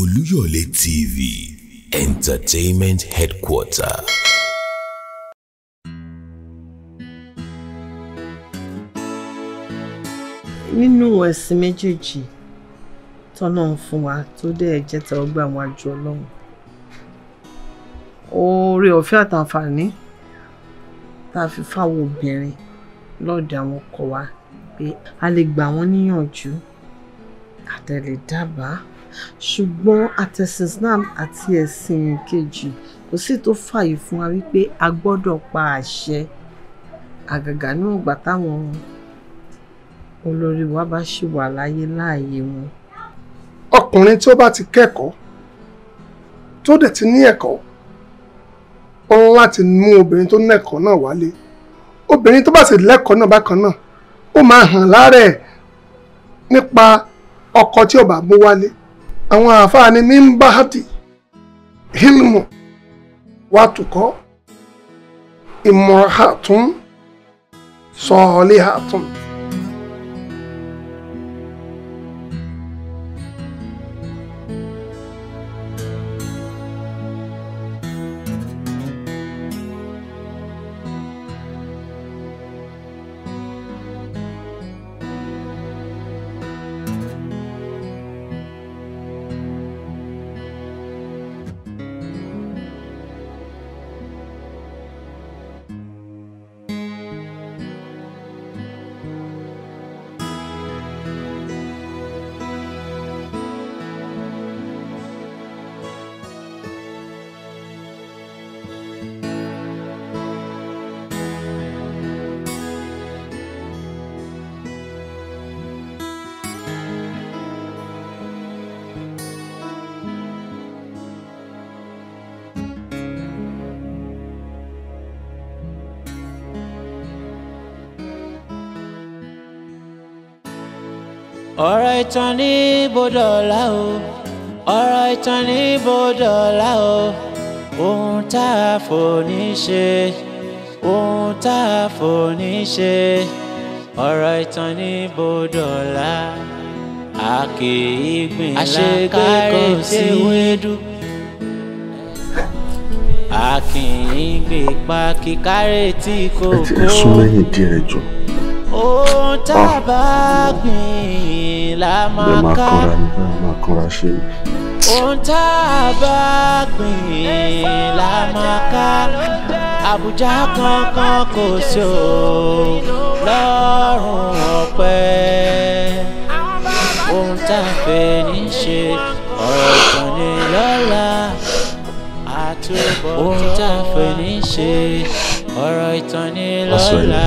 Olúyọ̀lé TV Entertainment Headquarter. nínú ẹ̀sìn méjèèjì tọ́nà ń fún wa tó dẹ̀ jẹ́ tẹ́wọ́gbà wọn àjọ ọlọ́run oore ọ̀fẹ́ àtàǹfààní tá a fi fáwọn obìnrin lọ́ọ̀dẹ̀ àwọn ọkọ wa pé a lè gbà wọ́n níyànjú àtẹ̀lé dábàá ṣùgbọ́n àtẹ̀sìn Islam àti ẹ̀sìn kejì kò sí tó fààyè fún wa wípé a gbọ́dọ̀ pa àṣẹ àgàgà níwọ̀n ìgbà táwọn olórí wa bá ṣì wà láyé láàyè wọn. ọkùnrin tí ó bá ti kẹ́kọ̀ọ́ tó dẹ̀ ti ní ẹ̀kọ́ ó ń láti mú obìnrin tó nẹ́kọ̀ọ́ náà wálé obìnrin tó bá sì lẹ́kọ̀ọ́ náà bákan náà ó máa hàn lára nípa ọkọ tí ó mú wálé àwọn àáfàá ni mímbáhátì hilmu wàtúkọ́ ìmọ̀ràhàtún sọ̀ọ́líhàtún. So ìtàn Tony, bòdọ̀lá o ọ̀rọ̀ ìtàn ní bòdọ̀lá o ohun tá a fò ní ṣe ohun tá a fò ní ṣe ọ̀rọ̀ ìtàn ní bòdọ̀lá a kì í gbìn pa kíkárẹ̀ tí kò kó. ẹ ti sún lẹ́yìn díẹ̀ jù ohun tá a bá gbìn la máa ká ohun tá a bá gbìn la máa ká àbújá kankan kò sí o lọ́rùn ọ̀pẹ ohun tá a fẹ́ ní ṣe ọ̀rọ̀ kan ní lọ́la ohun tá a fẹ́ ní ṣe ọ̀rọ̀ ìtàn ní lọ́la.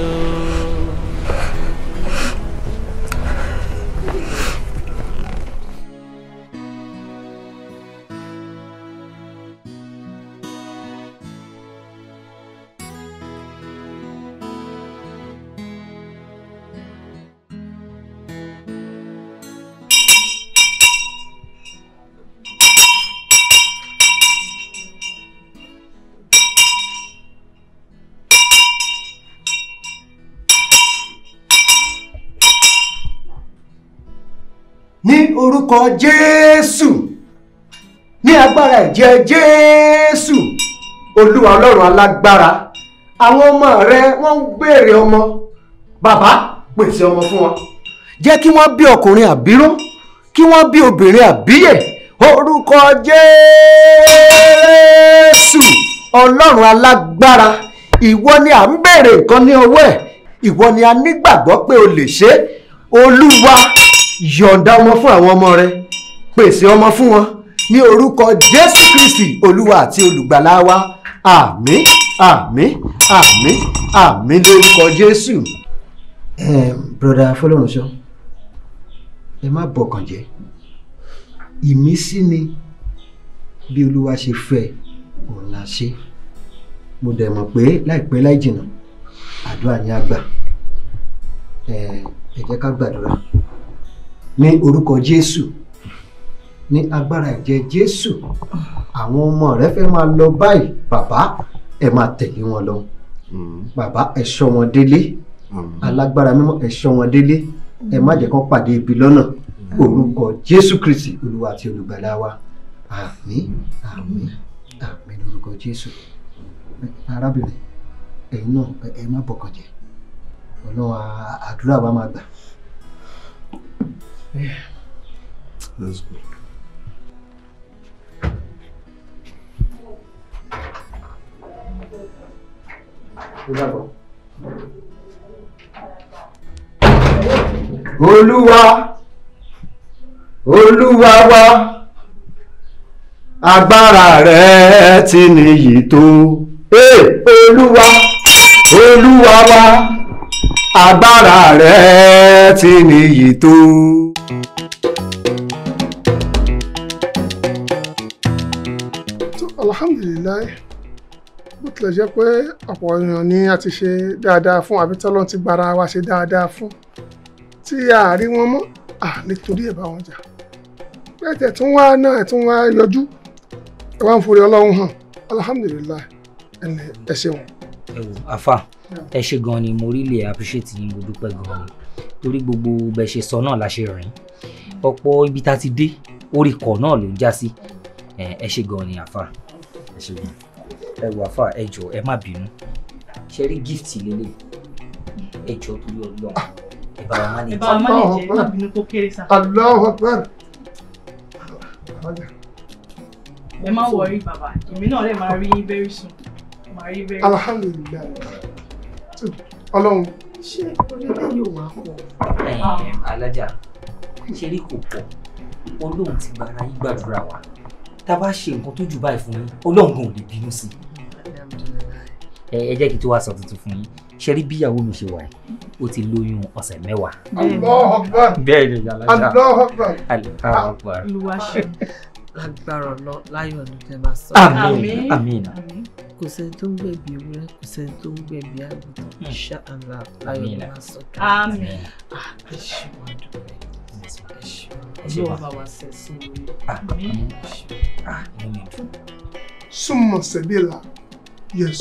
orúkọ jésù ní agbára ẹ̀jẹ̀ jésù olúwa ọlọ́run alágbára àwọn ọmọ rẹ wọ́n ń béèrè ọmọ bàbá pèsè ọmọ fún wọn jẹ́ kí wọ́n bí ọkùnrin àbíró kí wọ́n bí obìnrin àbíyè orúkọ jésù ọlọ́run alágbára ìwọ ni à ń béèrè nǹkan ní ọwọ́ ẹ̀ ìwọ ni a nígbàgbọ́ pé o lè ṣe olúwa yọ̀ǹda ọmọ fún àwọn ọmọ rẹ pèsè ọmọ fún wọn ní orúkọ jésù kristi olúwa àti olùgbàlà wa àmín àmín àmín àmín lórúkọ jésù. ẹ broda fọlọ́runṣọ́ ẹ má bọkàn jẹ́ ìmísí ni bí olúwa ṣe fẹ́ òun la ṣe mo dẹ̀ mọ̀ pé láìpẹ́ láì jìnnà àdúrà ni a gbà ẹ jẹ́ ká gbàdúrà ní orúkọ Jésù ní agbára ẹ̀jẹ̀ Jésù àwọn ọmọ rẹ fẹ́ máa lọ báyìí bàbá ẹ máa tẹ̀lé wọn lọ hmm. bàbá ẹ ṣọ́ wọn délé hmm. alágbára mímọ́ ẹ wọn délé ẹ má jẹ́ kán pàdé ibi lọ́nà hmm. orúkọ Jésù Kristi olúwa àti olùgbàlà wa àmín àmín àmín orúkọ Jésù arábìnrin ẹ̀yin náà ẹ má bọkàn jẹ́ Ọlọ́run àdúrà wa máa gbà. Yeah. That's good. Remember. Olúwa Olúwa wa agbára rẹ̀ ti nìyí tó. Olúwa Olúwa wa. Hey, wa agbára rẹ ti níyì tó. alhamdulilayi bó tilẹ̀ jẹ́ pé ọ̀pọ̀ èèyàn ni a ti ṣe dáadáa fún àbí tọ́lọ́n ti gbara wa ṣe dáadáa fún tí a rí wọn mọ́ à nítorí ẹ̀ bá wọn jà pẹ́ẹ́tẹ̀ tún wá náà tún wá yọjú ẹ wá ń forí ọlọ́run hàn alhamdulilayi ẹ ṣeun. ẹ wò afa tẹ́ ṣe gan ni mo really appreciate yín mo dúpẹ́ gan ni torí gbogbo bẹ́ẹ̀ ṣe sọ náà la ṣe rìn ọ̀pọ̀ ibi tá a ti dé orí kọ̀ náà ló ń já sí ẹ ṣe gan ni àfà ẹ ṣe gan ẹ wò àfà ẹ jọ ẹ má bínú ṣe rí gift lélẹ ẹ jọ torí Ọlọ́run ah, ẹ bá wa manage ẹ bá wa manage ẹ má bínú kó kéré sá. Allahu Akbar ẹ má wọrí bàbá èmi náà lè máa rí yín very soon máa rí very soon. alhamdulilayi ọlọ́run. ṣé orílẹ̀ yóò wá pọ̀. alájà ṣe rí kò pọ̀ ọlọ́run ti gba ara yín gbàdúrà wa tá a bá ṣe nǹkan tó jù báyìí fún yín ọlọ́run gan ò lè bínú sí i. ẹ jẹ́ kí n tó wá sọ tuntun fún yín ṣe rí bíyàwó mi ṣe wà ó ti lóyún ọ̀sẹ̀ mẹ́wàá. bẹ́ẹ̀ ni alájà alájà. lágbára lọ láyọ̀ ní tẹ́ máa sọ. àmín àmín kò sẹ́ni tó ń gbẹ̀bí ewúrẹ́ kò sẹ́ni tó ń gbẹ̀bí àgùntàn iṣẹ́ àlà ayọ̀ máa sọ káàkiri ah, ẹ ṣe wá dúpẹ́ ẹ ṣe wá ṣe wá bá wa sẹ́sìn orí ah, ẹ ṣe wá. Ah. súnmọ́ sẹ́bílà yẹn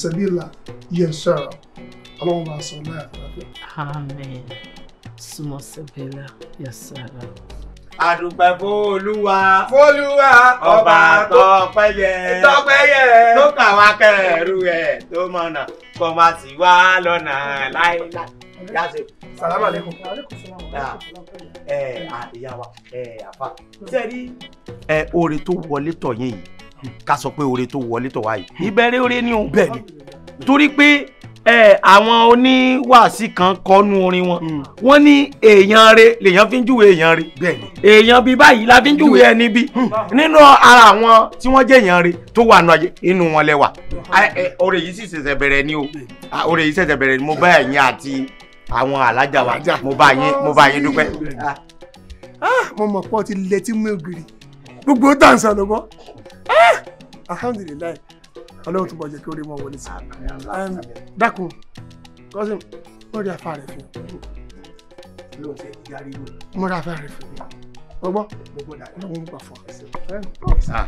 sẹ́bílà yẹn sọ̀rọ̀ ọlọ́run máa sọ náà. àmín súnmọ́ sẹ́bílà yẹn sọ̀rọ̀ àdùpẹ́ fóolúwa. fóolúwa ọba tọpẹ́yẹ. tọpẹ́yẹ. tó kà wá kẹrù ẹ̀ tó mọ̀nà kó má sì wá lọ́nà láéláé. salamu aleykum. ẹ ìyá wa ẹ àfa sẹ́ẹ̀rí. ẹ oore tó wọlé tọ̀ yín yìí ká sọ pé oore tó wọlé tọ̀ wá yìí ìbẹ̀rẹ̀ oore ni o. bẹ́ẹ̀ni torí pé ẹ àwọn oníwàásí kan kọnu orin wọn hmm. wọ́n ní èèyàn re lèèyàn fi ń júwe èèyàn re èèyàn bíi báyìí la fi ń júwe hmm. ẹni bí hmm. nínú ara àwọn tí wọ́n jẹ́ èèyàn re tó wà nù ayé inú wọn lẹ́wà ọ̀rẹ́ yìí sì ṣẹ̀ṣẹ̀ bẹ̀rẹ̀ ni o ọ̀rẹ́ yìí ṣẹ̀ṣẹ̀ bẹ̀rẹ̀ ni mo bá ẹ̀yin àti àwọn alájà wa mo bá yín mo bá yín dúpẹ́. Ah, mo mọ̀ pọ́ ti lẹ́tí mú ògiri gbogbo tàǹsán ló gbọ́ ah, alhamdulilayi ọlọ́run túbọ̀ jẹ́ kí orí wọn wọlé sí i dákun cousin ó rí afá rẹ̀ fún un mo rí afá rẹ̀ fún un gbogbo ọlọ́run ń gbà fún un. Ah.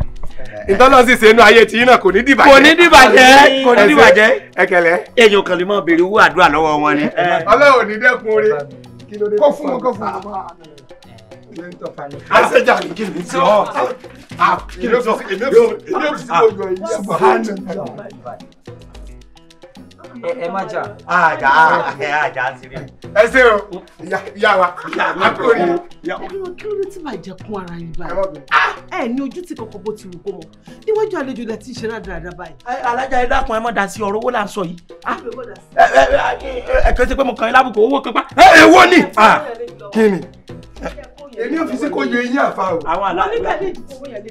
ìtọ́nà sì ṣe inú ayé tí náà kò ní dìbàjẹ́ kò ní dìbàjẹ́ kò ní dìbàjẹ́ ẹ̀kẹ́lẹ́. èèyàn kan lè máa béèrè owó àdúrà lọ́wọ́ wọn ni. ọlọ́run ò ní dẹ́kun oore kó fún wọn kó fún wọn. Ah asẹjà kí ni tí ọ kí ni tí ọ yóò fi sí ojú ẹyẹ subahana. ẹ má jà. àjà ẹ àjà sírí. ẹ ṣe o ìyá wa akóri. kí ló dé tí màá jẹ kún ara yín báyìí. ẹ ní ojú tí kọkọ bó ti wù kó mọ níwájú àlejò náà ti ń ṣe rádaràda báyìí. alájà ẹ dákun ẹ má dá sí ọ̀rọ̀ owó là ń sọ yìí. ẹ kẹsí pé mo kàn yín lábùkù owó kan pa. ẹ ẹ wo ni. kí ni èmi ò fi sí kó yẹ eyín àfa o. àwọn àlá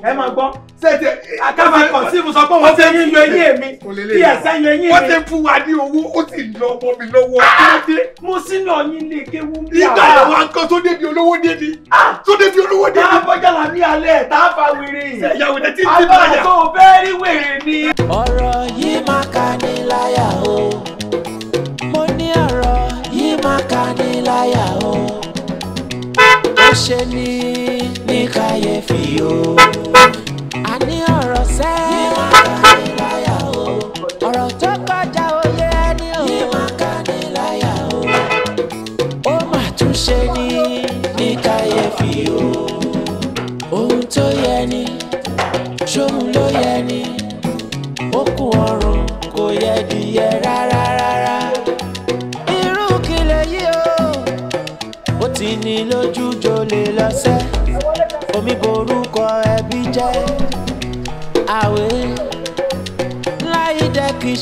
ẹ máa gbọ́. sẹ́tẹ̀ akáfà kan sí ibùsọ̀ pé wọ́n ti ń yọ eyín èmi bí ẹ̀sẹ̀ yọ eyín èmi. wọ́n ti fún wa ní owó ó sì lọ ọmọ mi lọ́wọ́. Ah! mo sínú ọyìn lè kéwu bí àwọn. ìgbà yẹn wa tó débi olówó débi. Ah! tó débi olówó débi. tá bọ́jà làbí alẹ́ tá fa wèrè. ṣe ìyàwó tí ń ti bàjẹ́. àbá ṣe ní ní kàyéfì o. a ní ọ̀rọ̀ sẹ́ẹ̀.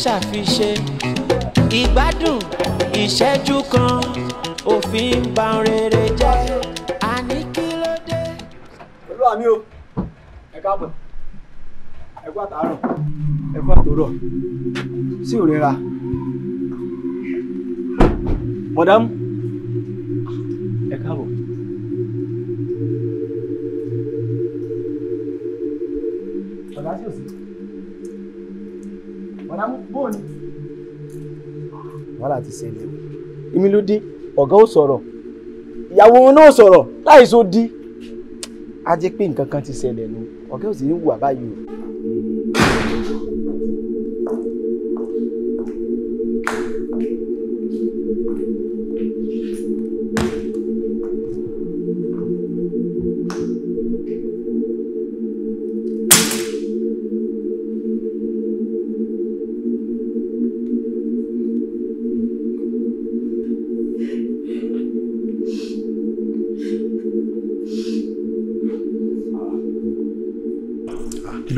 ṣàfiṣe ìgbádùn ìṣẹ́jú kan òfin ń ba rere jẹ́ àní kí ló dé. olú àmì o ẹ káàbọ̀ ẹ kú àtàárọ̀ ẹ kú àtòrọ̀ sí òrera mọ̀dámù. láti ṣẹlẹ̀ o èmi ló dé ọ̀gá ò sọ̀rọ̀ ìyàwó òun náà sọ̀rọ̀ láìsọ di a jẹ́ pé nǹkan kan ti ṣẹlẹ̀ nu ọ̀gá ò sì ní wà báyìí o.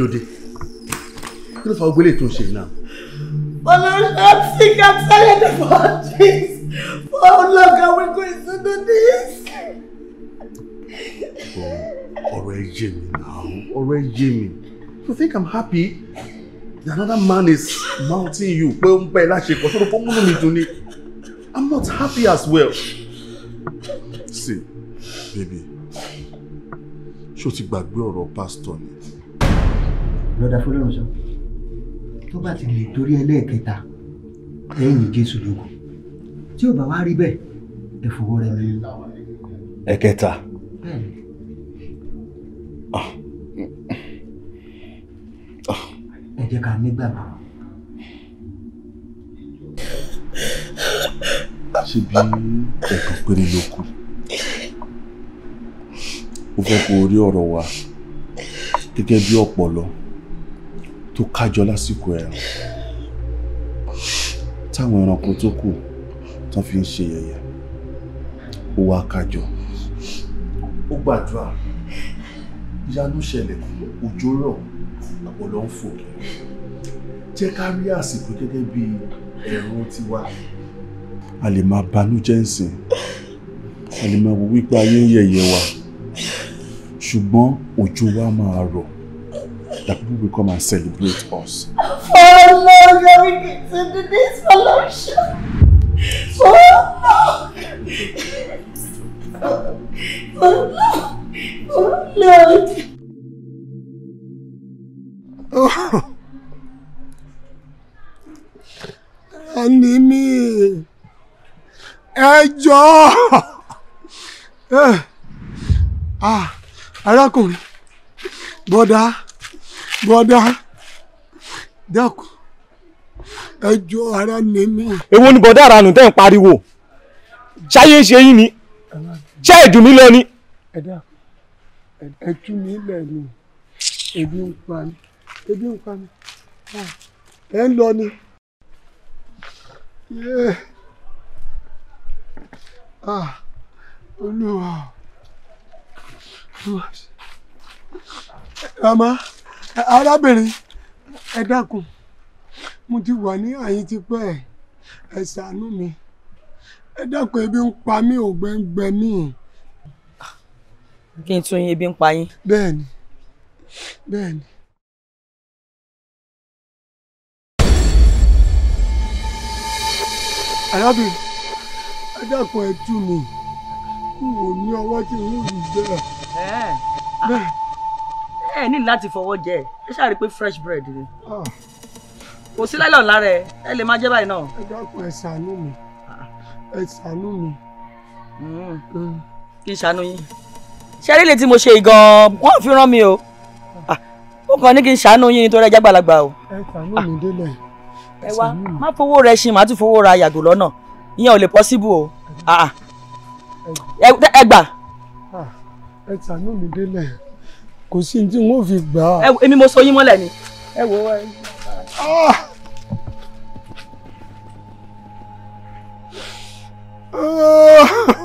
ló dé kí ló fa ogbélé tó ń ṣe náà. olùrànlọ́wọ́ ti ká tẹ́lẹ̀ ní fọ́ọ̀tìs for how long are we going to do this. ọ̀rọ̀ ẹ yé mi náà ọ̀rọ̀ ẹ yé mi you think i'm happy that another man is mounting you pé ó ń bá ẹ láṣepọ̀ sọ́dọ̀ fún múnú mi dùn ni i'm not happy as well. see baby ṣó ti gbàgbé ọ̀rọ̀ pásítọ̀ ni lọ́dà fọlọ́run sọ tó bá ti lè torí ẹlẹ́ẹ̀kẹta ẹ̀yìn jésù lógo tí ò bá wá rí bẹ́ẹ̀ ẹ fọwọ́ rẹ mi. ẹ̀kẹta. ẹ jẹ́ ká nígbàgbọ́. ṣe bí ẹ̀kan péré ló kù ó fẹ́ kó rí ọ̀rọ̀ wa gẹ́gẹ́ bí ọ̀pọ̀lọ tó kájọ lásìkò ẹ̀rùn táwọn ẹranko tó kù tán fi ń ṣe yẹ̀yẹ́ ó wá kájọ ó gbàdúrà ìyanu ṣẹlẹ̀ òjò rọ̀ ọ̀pọ̀lọ́ ń fò jẹ́ ká rí àsìkò gẹ́gẹ́ bí ẹ̀rùn tiwa a lè máa banújẹ́ ǹsìn a lè máa wo wípé ayé ń yẹ̀yẹ́ wa ṣùgbọ́n òjò wa máa rọ̀ that people will come and celebrate us. Oh Lord, let me get into this fellowship. Oh Lord. Oh Lord. Oh Lord. Oh. Àní mi. Ẹ jọ̀ọ́. Eh, ah, arákùnrin. Bọ́dà bọ́dá dẹ́kun ẹjọ́ ara ni mí. èwo ni bọ́dá ara nù tẹ́ ń pariwo ṣáyé ṣe yín ni ṣá ìdùn mi lọ ni. ẹ tú mi lẹ̀ ni ebi ń pa mi ebi ń pa mi ẹ ń lọ ni. Ah, olúwa. Mama. arábìnrin ẹ dákun mo ti wà ní àyín tipẹ́ ẹ ṣàánú mi ẹ dákun ebi ń pa mí ògbẹ́ ń mí. kí n tún yín ebi ń pa yín. arábìnrin ẹ dákun ẹ ní láti fọwọ́ jẹ ẹ ṣáà rí i pé fresh bread ni ah. kò sí láìlọ lára ẹ ẹ lè máa jẹ báyìí náà. ẹ dákun ẹ ṣàánú mi ẹ ṣàánú mi. Hmm. Hmm. kí n ṣàánú yín ṣe rí lè tí mo ṣe gan-an wọ́n fi rán mi o mo ah, kàn ní kí n ṣàánú yín nítorí ẹjá gbàlagbà o. ẹ ṣàánú mi délẹ̀. Ah. ẹ wá má fowó rẹ ṣin màá tún fowó ra yàgò lọ́nà ìyẹn ò lè pọ́síbù o ẹ gbà. ẹ ṣàánú mi délẹ̀ kò sí ní tí wọn ò fi gbà á. èmi mo so yín mọ́lẹ̀ ni. ẹ wo ẹ. Ah! ah!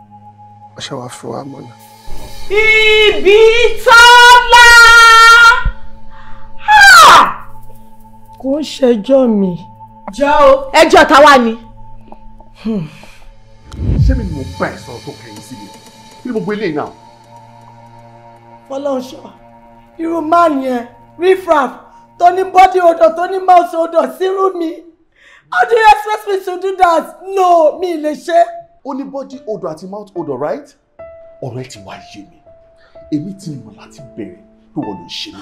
ṣe wàá fi wá mọ́nà. ibi tọ́lá kò ń ṣẹjọ́ mi. jọ o ẹjọ́ táwa ni. Hmm. ṣé mi ni mo bá ẹ sọ̀rọ̀ tó kẹ́yìn sí mi kí ni gbogbo eléyìí náà. fọlọ́nṣọ irú máa yẹn riffraff tó ní body odor tó ní mouth odor sírú mi how do you expect me to do that no mi ì lè ṣe é ó ní body odor àti mouth odor right ọ̀rọ̀ ẹ ti wá yé mi èmi ti mọ̀ láti bẹ̀rẹ̀ pé wọ́n ló ń ṣe mí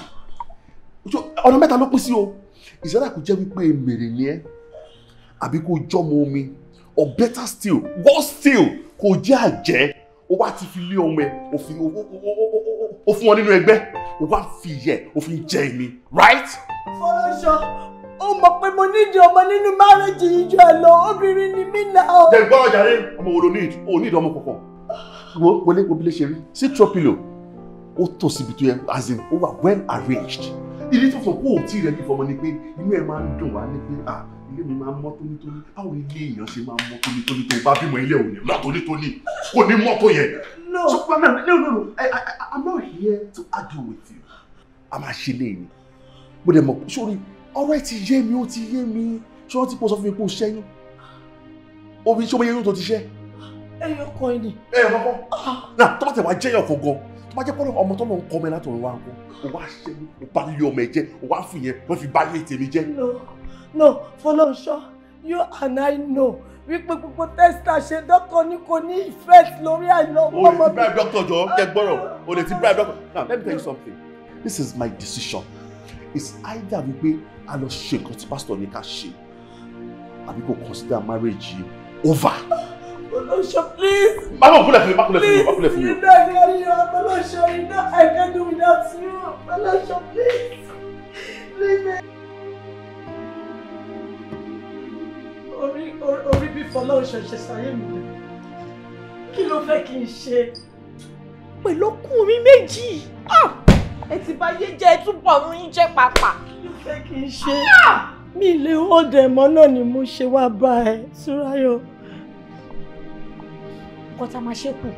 ọ̀nà mẹ́ta ló pín sí o ìṣẹ́dá kò jẹ́ wípé mèrè ni ẹ́ àbí kò jọmọ omi or better still worse still kò jẹ́ àjẹ́ o wá ti fi lé ọmọ ẹ òfin o fún wọn nínú ẹgbẹ́ o wá fi yẹ òfin jẹ èmi right. fọlọ́ṣọ́ ó mọ̀ pé mo nídìí ọmọ nínú márẹ́jì ìjọ ẹ̀ lọ obìnrin ni mí nà ó. jẹ́ gbọ́dọ̀ jàre ọmọ wo ló ní ò ní ìdánwò kankan wo wọlé wo bílé ṣe rí sí tropilo ó tò síbi tó yẹ as in ó wà well arranged ìdí tó sọ pé ò tí rẹ bí fọmọ ni pé inú ẹ máa ń dùn wá ní pé ah ilé mi máa ń mọ́ tónítóní báwo ilé èèyàn ṣe máa ń mọ́ tónítóní tó bá bímọ ilé òní lọ tónítóní kò ní mọ́tò yẹn. no so no no no I, I, I'm not here to argue with you. a máa ṣe léyìn mo dẹ̀ mọ̀ sórí ọ̀rọ̀ ẹ ti yé mi ó ti yé mi ṣé wọ́n ti pọ̀ sọ fún mi pé o ṣẹ́yún omi ṣé o yẹ yóò tó ti ṣẹ́. ẹyọ kọ ẹ ní. ẹyọ kọkọ na tó bá tẹ wá jẹyọ kọgọ tó bá jẹ pọlọ ọmọ tó lọ ń kọ mi látọ̀ wá ńkọ́ o wá ṣe o bá lé ọmọ ẹ jẹ o wá fún yẹn wọ́n fi bá lé tèmi jẹ. no no fọlọ́nṣọ́ you and I know wípé gbogbo tẹ́sítà ṣe dọ́kọ̀ ní kò ní ìfẹ́ lórí àìlọ́ ọmọ mi. o lè ti bribe doctor jọ kẹ gbọ́rọ̀ o lè ti ah. bribe doctor now let me tell you something this is my decision it's either wípé a lọ ṣe nǹkan tí pásítọ̀ ní ká ṣe àbí kò consider marriage yìí over. Olóṣọ please. Báwo kúlẹ̀ fún mi, báwo kúlẹ̀ fún mi, báwo kúlẹ̀ fún mi. Iná ni ariwo, Olóṣọ iná, I can't do without you. Olóṣọ please, leave me. Orí orí bí Fọlọ́ṣọ ṣe sáyé mi. Kí ló fẹ́ kí n ṣe? Pẹ̀lú ọkùnrin méjì. Ah! ẹ ti bá yé jẹ́ ẹ túbọ̀ ọ̀run yín jẹ́ pàápàá. kí ló fẹ́ kí n ṣe? Ah! mi ilé ọ̀dẹ̀ mọ́ náà ni mo ṣe wá bá ẹ Súráyọ̀. nǹkan tá a máa ṣe kù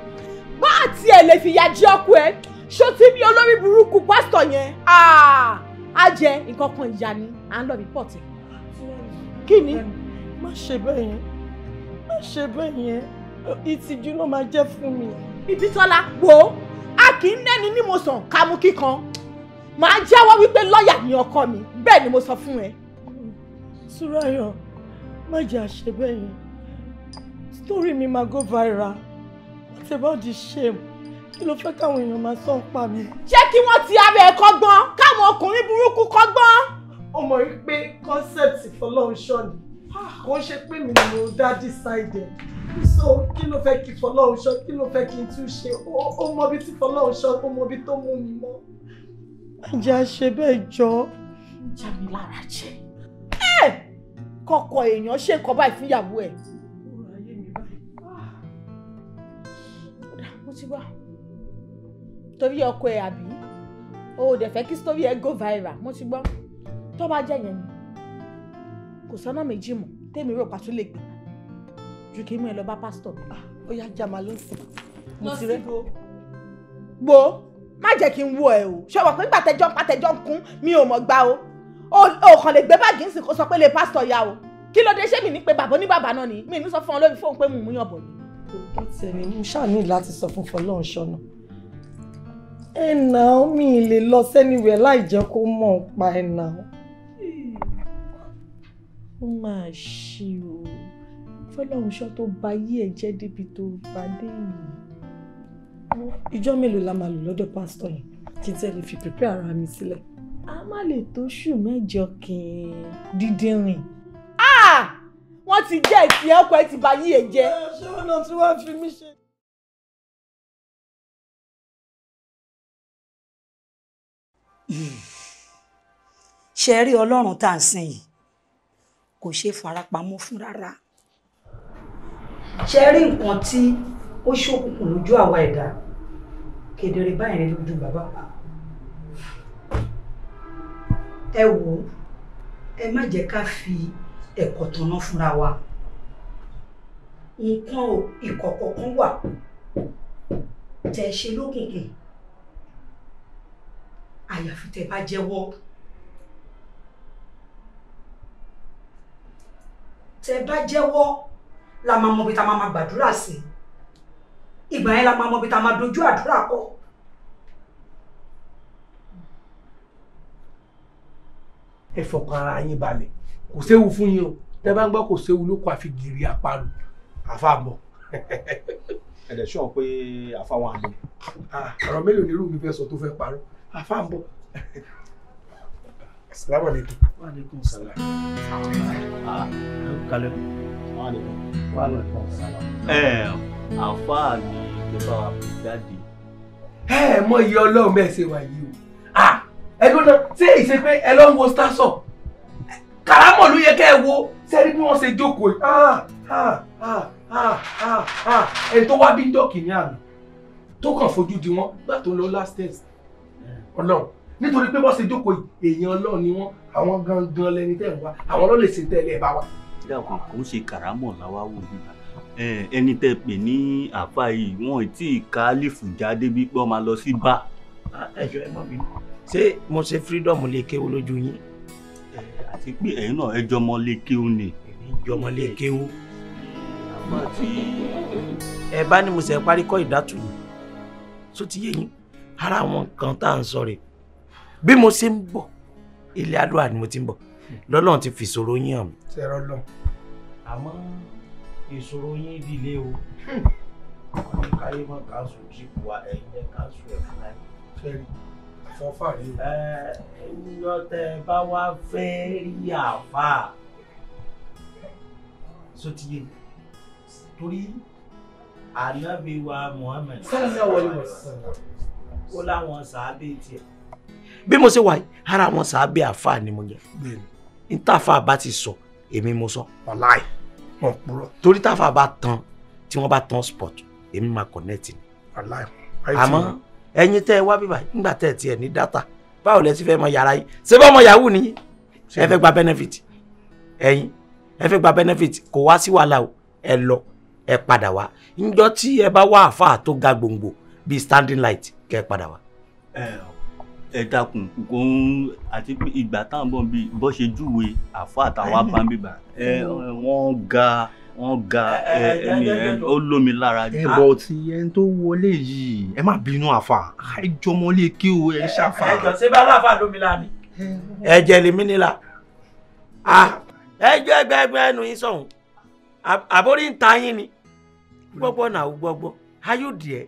bá àti ẹ̀ lè fìyà jẹ ọkọ ẹ ṣó ti ní olórí burúkú pásítọ̀ yẹn á ah! jẹ nǹkan kan ìyá ni à ń lọ bí pọ̀ tẹ̀. kí ni má ṣe bẹ́ẹ̀ yẹn má ṣe bẹ́ẹ̀ yẹn ìtìjú náà máa jẹ́ fún mi. Bíbítọ́lá wo a kì í nẹ́ni ní mo sàn kámú kíkan màá jẹ́wọ́ wípé lọ́ọ̀yà ni ọkọ mi bẹ́ẹ̀ ni mo sọ fún ẹ. Súráyọ̀ má jẹ́ àṣẹ bẹ́ẹ̀ yẹn story mi máa go viral what about the shame kí ló fẹ́ káwọn èèyàn máa sọ pa mi. ṣé kí wọ́n ti ara ẹ̀ kọ́gbọ́n káwọn ọkùnrin burúkú kọ́gbọ́n. ó mọ̀ wípé concept fọlọ́run ṣọ́ni kò ṣe pé mi ni mo dá decided. so kí ló fẹ́ kí fọlọ́run ṣọ́ kí ló fẹ́ kí n tún ṣe ó mọ bí tí fọlọ́run ṣọ́ ó mọ bí tó mú mi mọ́. ajá ṣe bẹ́ẹ̀ jọ. ń jẹ mi lára jẹ. ẹ kọkọ èèyàn ṣe nǹkan báyìí fún ìyàwó ẹ. mo ti wá torí ọkọ ẹ àbí o ò dẹ̀ fẹ́ kí sítórí ẹ go viral mo ti gbọ́ tó bá jẹ́ yẹn ni kò sọ́nà méjì mọ̀ tèmi rò pàtó lè gbà ju kí mú ẹ lọ bá pásítọ̀ mi. Ah, ó yá já máa lọ sí mo ti rẹ́ gbó má jẹ́ kí n wo ẹ o ṣọwọ́ pé gbàtẹ́jọ́ pàtẹ́jọ́ ń kún mi ò mọ̀ gbá o o kàn lè gbé báàgì nsìn kó sọ pé lè pásítọ̀ ya o kí ló dé ṣé mi ní pé bàbá ní bàbá náà ni mi ní sọ fún ọ lórí fóun pé mò ń yàn bọ̀ ni. kò tẹ̀lé mo ṣáà ní láti sọ fún fọlọ́run ṣọ́nà ẹ̀ nà ó mi ì lè lọ sẹ́niwẹ̀ láì jẹ́ kó mọ̀ pa ẹ̀ nà ó ó máa ṣe o fọlọ́run ṣọ́ tó ba yí ẹ̀ jẹ́ débi tó bá dé yìí. ìjọ mélòó la máa lò lọ́dọ̀ pásítọ̀ yẹn kí n tẹ́lẹ̀ fi pèpè ara mi sílẹ̀ a má lè tóṣù mẹ́jọ kìn dídínrín. Ah! wọ́n ti jẹ́ ìtì ọkọ̀ ẹ ti ba yí ẹ̀ jẹ́. ṣé ọ̀nà tí wọ́n fi mí ṣe. ṣe rí ọlọ́run tá à ń sìn yìí kò ṣe farapamọ́ fún rárá. ṣe rí nǹkan tí ó ṣòkùnkùn lójú àwa ẹ̀dá kedere báyìí ní lójú bàbá pa ẹ wò ó ẹ má jẹ́ ká fi ẹ̀kọ́ tanná fúnra wa nǹkan ìkọ̀kọ̀ kan wà tẹ̀ ṣe lókùnkùn àyàfi tẹ́ bá jẹ́wọ́. tẹ bá jẹ́wọ́ la máa mọ ibi tá a máa gbàdúrà sí ìgbà yẹn la máa mọ ibi tá a máa dojú àdúrà kọ. ẹ fọkàn ara yín balẹ̀ kò séwu fún yín o tẹ bá ń gbọ́ kò séwu ló kọ àfi gìrì àparò àfàbọ̀. ẹ dẹ̀ sọ pé àfàwọn àmì. Ah, ọ̀rọ̀ mélòó ni irú mi fẹ́ sọ tó fẹ́ parọ́ àfàbọ̀. Assalamu alaikum. Wa alaikum Ah, Kalẹ̀. Wa alaikum. Wa alaikum salam. Ẹ àfáà ni ìjọba wa fi jáde. Ẹ mọ iye ọlọ́run bẹ́ẹ̀ ṣe wà yìí o. Ẹ gbọ́dọ̀ ṣé ìṣe pé ẹ lọ ń wo star sọ? Kàrámọ̀ ló yẹ kẹ́ ẹ wo sẹ́rí ah, ah. ṣe jókòó yìí. Ẹ tó wá bí dọ́kì ní àná tó kàn fojú di wọ́n gbà to ń last test. Ọlọ́run nítorí pé bọ́sẹ̀ jókòó èèyàn ọlọ́ọ̀ ni wọ́n àwọn gangan lẹni tẹ̀ ń wá àwọn ọlọ́ọ̀ lè ṣe tẹ́lẹ̀ bá wa. dákun kò ń ṣe kàrámọ̀ làwa wò nígbà ẹni tẹ pè ní àfa yìí wọn tí kálífù jáde bí pé wọn máa lọ sí bá. ẹjọ ẹ mọ mi ṣé mo ṣe freedom lè kéwú lójú yín. àti pé ẹ̀yin náà ẹjọ ọmọ lè kéwú ni. ẹjọ lè kéwú. ẹ bá ní mo ṣe parí kọ́ ìdátù yìí só ti yé yín ara àwọn nǹkan tá à ń sọ rèé bí mo ṣe ń bọ̀ ilé àdúrà ni mo ti ń bọ̀ lọ́lọ́run ti fi ìṣòro yín hàn mí. sẹ́rọ lọ. àmọ́ ìṣòro yín dìlé o wọ́n ní káyé mọ́ káṣù jíìpù wa ẹ̀yin jẹ́ káṣù ẹ̀ fún ẹ̀. fẹ́ẹ̀rì àfọ́fà rí o. ẹ ẹ lọ tẹ bá wá fẹ́ rí àfà sotiye torí ànábì wa Muhammad. sẹ́ni náà wọlé wọ̀ sí. ó láwọn sàábé tiẹ̀ bí mo ṣe wà yìí ara wọn sàábẹ́ àfáà ni mo jẹ n táfà bá ti sọ èmi mo sọ. ọláì wọn purọ́. torí táfà bá tán tí wọ́n bá tán sport èmi máa connect ni. ọláì àmọ́ ẹ̀yin tẹ́ ẹ wá bíbá nígbà tẹ́ ẹ ní data báwo lẹ ti fẹ́ mọ yàrá yìí ṣé bá ọmọ yahoo ni ẹ fẹ́ gba benefit ẹ̀yin ẹ fẹ́ gba benefit kò wá sí wàhálà o ẹ lọ ẹ padà wá njọ tí ẹ bá wá àfáà tó ga gbòǹgbò bíi standing light kẹ ẹ padà wá. ẹ ọ ẹ dákun kò ń àti pé ìgbà táwọn bọ̀ bí bọ́ ṣe júwe àfọ àtàwọn abambíbà ẹ wọ́n ga wọ́n ga ẹni ẹ ó lómi lára jù. ẹbọ tí ẹni tó wọlé yìí ẹ má bínú àfà àìjọmọlé kí o ẹ ṣàfà. ẹ jọ ṣé bá láfa lómi la ni ẹjẹ lèmi nílà ẹjọ ẹgbẹ ẹgbẹ ẹnu yín sọhùn àbórí ń ta yín ni gbọgbọ náà gbọgbọ ayọdìẹ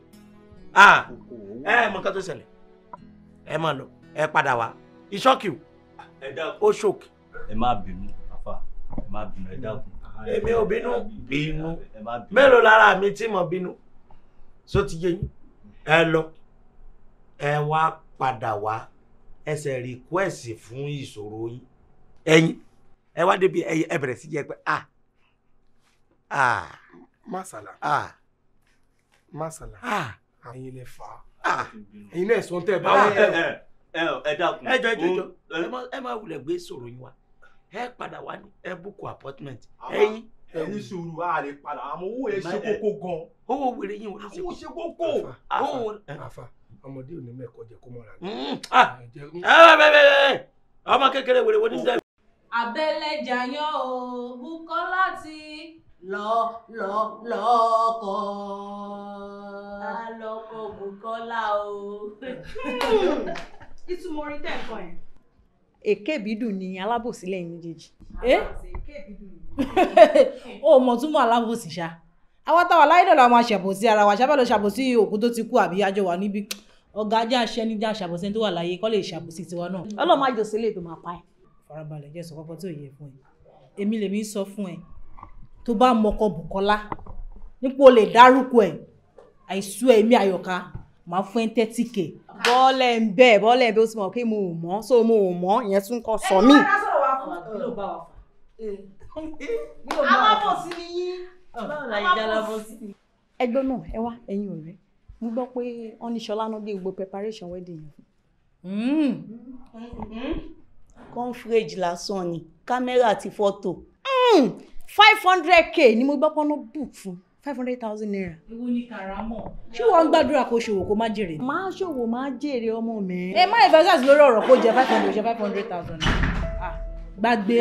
ẹ mọ nǹkan tó ẹ máa lọ ẹ padà wá ìṣọ́kì ó ṣòkì. ẹ má bínú afa ẹ má bínú ẹ dákun. èmi ò bínú bínú mélòó lára mi tí mo bínú só ti yé yín ẹ lọ ẹ wá padà wá ẹsẹ̀ rìkwẹ́sì fún ìṣòro yín ẹ̀yin ẹ wá débi ẹ bẹ̀rẹ̀ sí jẹ pé ah a. Ah, masala a ah, masala a. Ah. ẹ̀yin Ah, mm-hmm. ẹ̀yin náà ẹ̀sùn tẹ́ ẹ bá ah, wà. Eh, eh, eh, oh, ẹ dákun ẹ jọ ẹ jọ ẹ oh, máa wulẹ̀ gbé sọ̀rọ̀ yín wa ẹ padà wá ní ẹ búkú appointment ah, ẹ̀yin ẹni sùúrù a lè padà àmọ́ owó yẹn ṣe kókó gan. owó wèrè yín wọlé ṣe kókó. owó ṣe kókó. àfa ọmọdé ò ní mẹ́kọ jẹ kó mọ́ra. Mm, ọmọ kékeré wèrè wo ni oh. sẹ́yìn. abẹ́lẹ̀ jàyàn o Bùkọ́lá ti lọ lọ lọkọ. a lọ kọ Bùkọ́lá o. ìtumọ̀ orin tẹ̀ kọ yẹn. èké bídùn ni alábòsí lẹ́yìn méjèèjì. ó eh? mọ túmọ̀ alábòsí ṣá àwa táwa láyé dọ̀la máa ṣàbòsí ara wa ṣábà lọ ṣàbòsí òkú tó ti kú àbí àjọ wà níbí ọ̀gá ajá aṣẹ́nijà ṣàbòsí tó wà láyé kọ́ lè ṣàbòsí tiwa náà ọlọ́mọ àjọṣe lè tó máa pa ẹ̀. farabalẹ̀ jẹ́ sọ pápá tó yẹ fún ẹ èmi lèmi sọ fún ẹ tó bá mọkọ Bùkọ́lá nípò lè dárúkọ ẹ̀ àìsú ẹ̀mí àyọ̀ká máa fún ẹ thirty k. bọ́ọ̀lẹ̀ ń bẹ̀ bọ́ọ̀lẹ̀ ń bẹ̀ ó ti mọ̀ pé mo ò mọ̀ so mo ò mọ̀ ìyẹn tún kọ sọ mí. ẹgbẹ́ náà ẹ wá ẹ̀yin ọ̀rẹ́ mo gbọ́ pé wọ́n ní Ṣọlá náà dé gbogbo preparation wedding yẹn. Hmm. confrage lásán ni kámẹ́rà àti fọ́tò. Hmm five hundred k ni mo gbọ́ pọ́nú book fún five hundred thousand naira. ewu ni karamọ. ṣé wọn ń gbàdúrà kó ṣòwò kó má jèrè. máa ṣòwò máa jèrè ọmọ mi. ẹ má investors lórí ọ̀rọ̀ kó jẹ five hundred jẹ five hundred thousand naira. gbàgbé.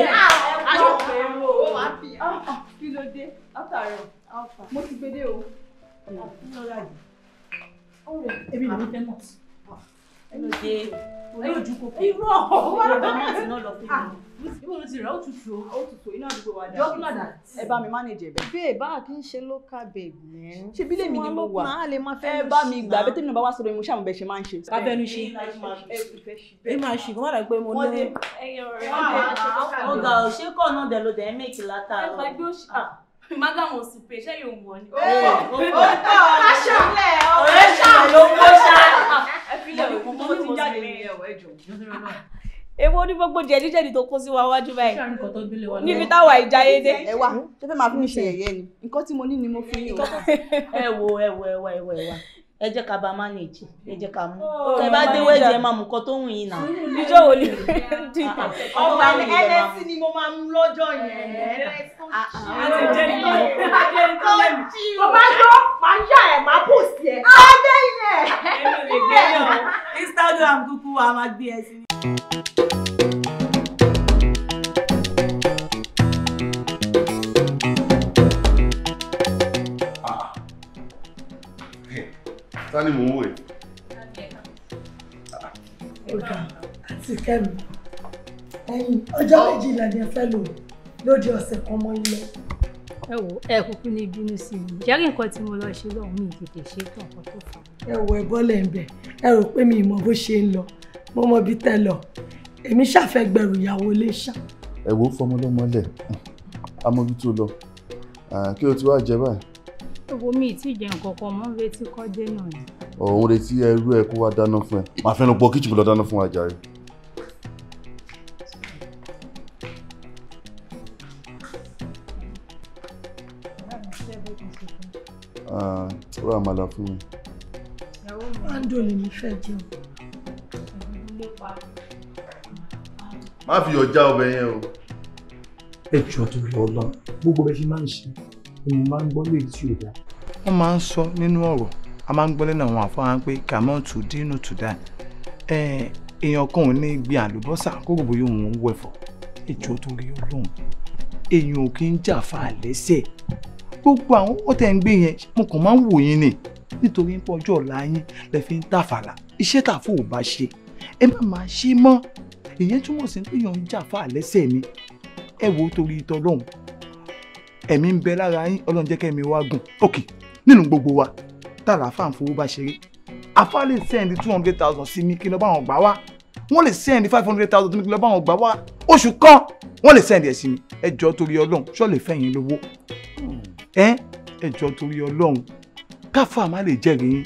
aṣọ pẹ̀lú o máa fi kí ló dé látàrí ọ̀fà mo ti gbédé o. èmi ló ń fẹ́ mọ̀. ẹ ló dé ẹ ló ju kókó. irọ́ ọ̀hún wà lọ́wọ́ àti náà lọ fún mi ibo ló ti rẹ̀ ó tutù o ó tutù iná àdúgbò wa dà jọ́kúlà dà ẹ bá mi manage ẹ̀bẹ̀. babe báà kí n ṣe local babe yẹn ṣé bí lèmi ni mo wà ẹ bá mi gbà bẹ́ẹ̀ tèmi náà bá wá sọ́dọ̀ mi mo ṣàmùbẹ ṣe máa ń ṣe. kábẹ́nu ṣe ẹ máa ṣì kó má dàgbé mo ní. ọgá ò ṣe kọ́ náà dẹ̀ ló dẹ̀ mẹ́kì látàárọ̀. Ah, madam òsùpè ṣé yóò wọ ni. ó tọ̀ ọ́ ṣàlẹ̀ ọ̀rẹ́ ṣàlẹ̀ ló ń kó ṣá. ẹ fi lè mú mọ́tò sí ilé ẹ̀wọ̀ ẹ̀jọ̀ èwo ní gbogbo jẹ̀díjẹ̀dí tó kó sí wa wájú báyìí níbi táwa ìjà yé dé. ẹ wá ṣé fẹ́ máa fi mi ṣe yẹ̀yẹ́ ni nǹkan tí mo ní ni mo fi yín o. ẹ wo ẹ wo ẹ wá ẹ wá ẹ wá ẹ jẹ́ ká bá manage ẹ jẹ́ ká mú oh, ẹ bá dé wẹ́ẹ̀dì ẹ máa mú nǹkan tó wù yín náà. níjọ́ wo ni ah, ah, ọmọ ẹlẹ́sì ni mo máa mú lọ́jọ́ yẹn ẹlẹ́sì ah, tó jí o bá tó máa yà ẹ̀ máa pò sí ẹ̀. adé yẹn. Instagram kúkú wa máa gbé ẹ sí Tani mò ń wò yìí? Ọ̀gá àti Kẹ́mi, ẹ̀yin ọjọ́ méjìlá ni ẹ fẹ́ lò lóde ọ̀sẹ̀ kan mọ́ ilé. Ẹ wo ẹ kúkú ní bínú sí mi, jẹ́rìí nǹkan tí mo lọ ṣe lọ́hùn-ún mi tètè ṣe tán nǹkan tó fà. Ẹ wo ẹ̀bọ́ lẹ̀ ń bẹ̀, ẹ pé mi ìmọ̀ bó ṣe ń lọ mo mọ ibi tẹ́ lọ èmi ṣàfẹ́ gbẹrù ìyàwó iléṣà. ẹ wo fọmọlọmọlẹ amọbi tó lọ kí o ti wá jẹ báyìí. èwo mi ì tí ì jẹ nǹkan kan mọ́ retí kọ́dé náà ni. òun retí ẹrú ẹ kó wá dáná fún ẹ màá fẹ́ lọ pọ kíchìn lọ dáná fún wa jàre. ó rà màlà fún mi. ìyàwó mi. máa ń dòlè mi fẹ́ jẹun má fi ọjà ọbẹ̀ yẹn o. ẹ jọ tó lọ lọ gbogbo bẹ ṣe máa ń ṣe ni mo máa ń gbọ́ lórí tí ò dá. wọ́n máa ń sọ nínú ọ̀rọ̀ a máa ń gbọ́ lẹ́nu àwọn àfọwọ́n pé kàmọ́ tù dínú tù dá èèyàn kan ò ní gbin àlùbọ́sà kókò bóyá òun ń wẹ̀fọ́ ìjọ tó rí ọlọ́run èèyàn ò kí ń jà fa àlẹ́sẹ̀ gbogbo àwọn ọ̀tẹ̀ ń gbé yẹn mo kàn máa ń wò yín ni nítorí pé ọjọ́ ọ̀la yín lẹ fi ń tàfàlà iṣẹ́ tàfó ò bá ṣe ẹ má máa ṣe mọ́ ìyẹn túmọ̀ sí pé èèyàn ń jà fáà lẹ́sẹ̀ mi ẹ wo torí tọlọ́hún ẹ̀mí ń bẹ lára yín ọlọ́run jẹ́ kẹ́mi wá gùn òkè nínú gbogbo wa tààlà fáà ń fowó bá ṣeré afá lè sẹ́ndì two hundred thousand sí mi kí ló bá wọn gbà wá wọ́n lè sẹ́ndì five hundred thousand sí mi kí ló bá wọn gbà wá oṣù kan wọ́n lè sẹ́ndì ẹ̀ sí mi ẹ torí ọlọ́run ṣọ́ọ̀lẹ̀ fẹ̀yìn lówó ẹ ẹ torí ọlọ́run káfà má lè jẹ́rìí yín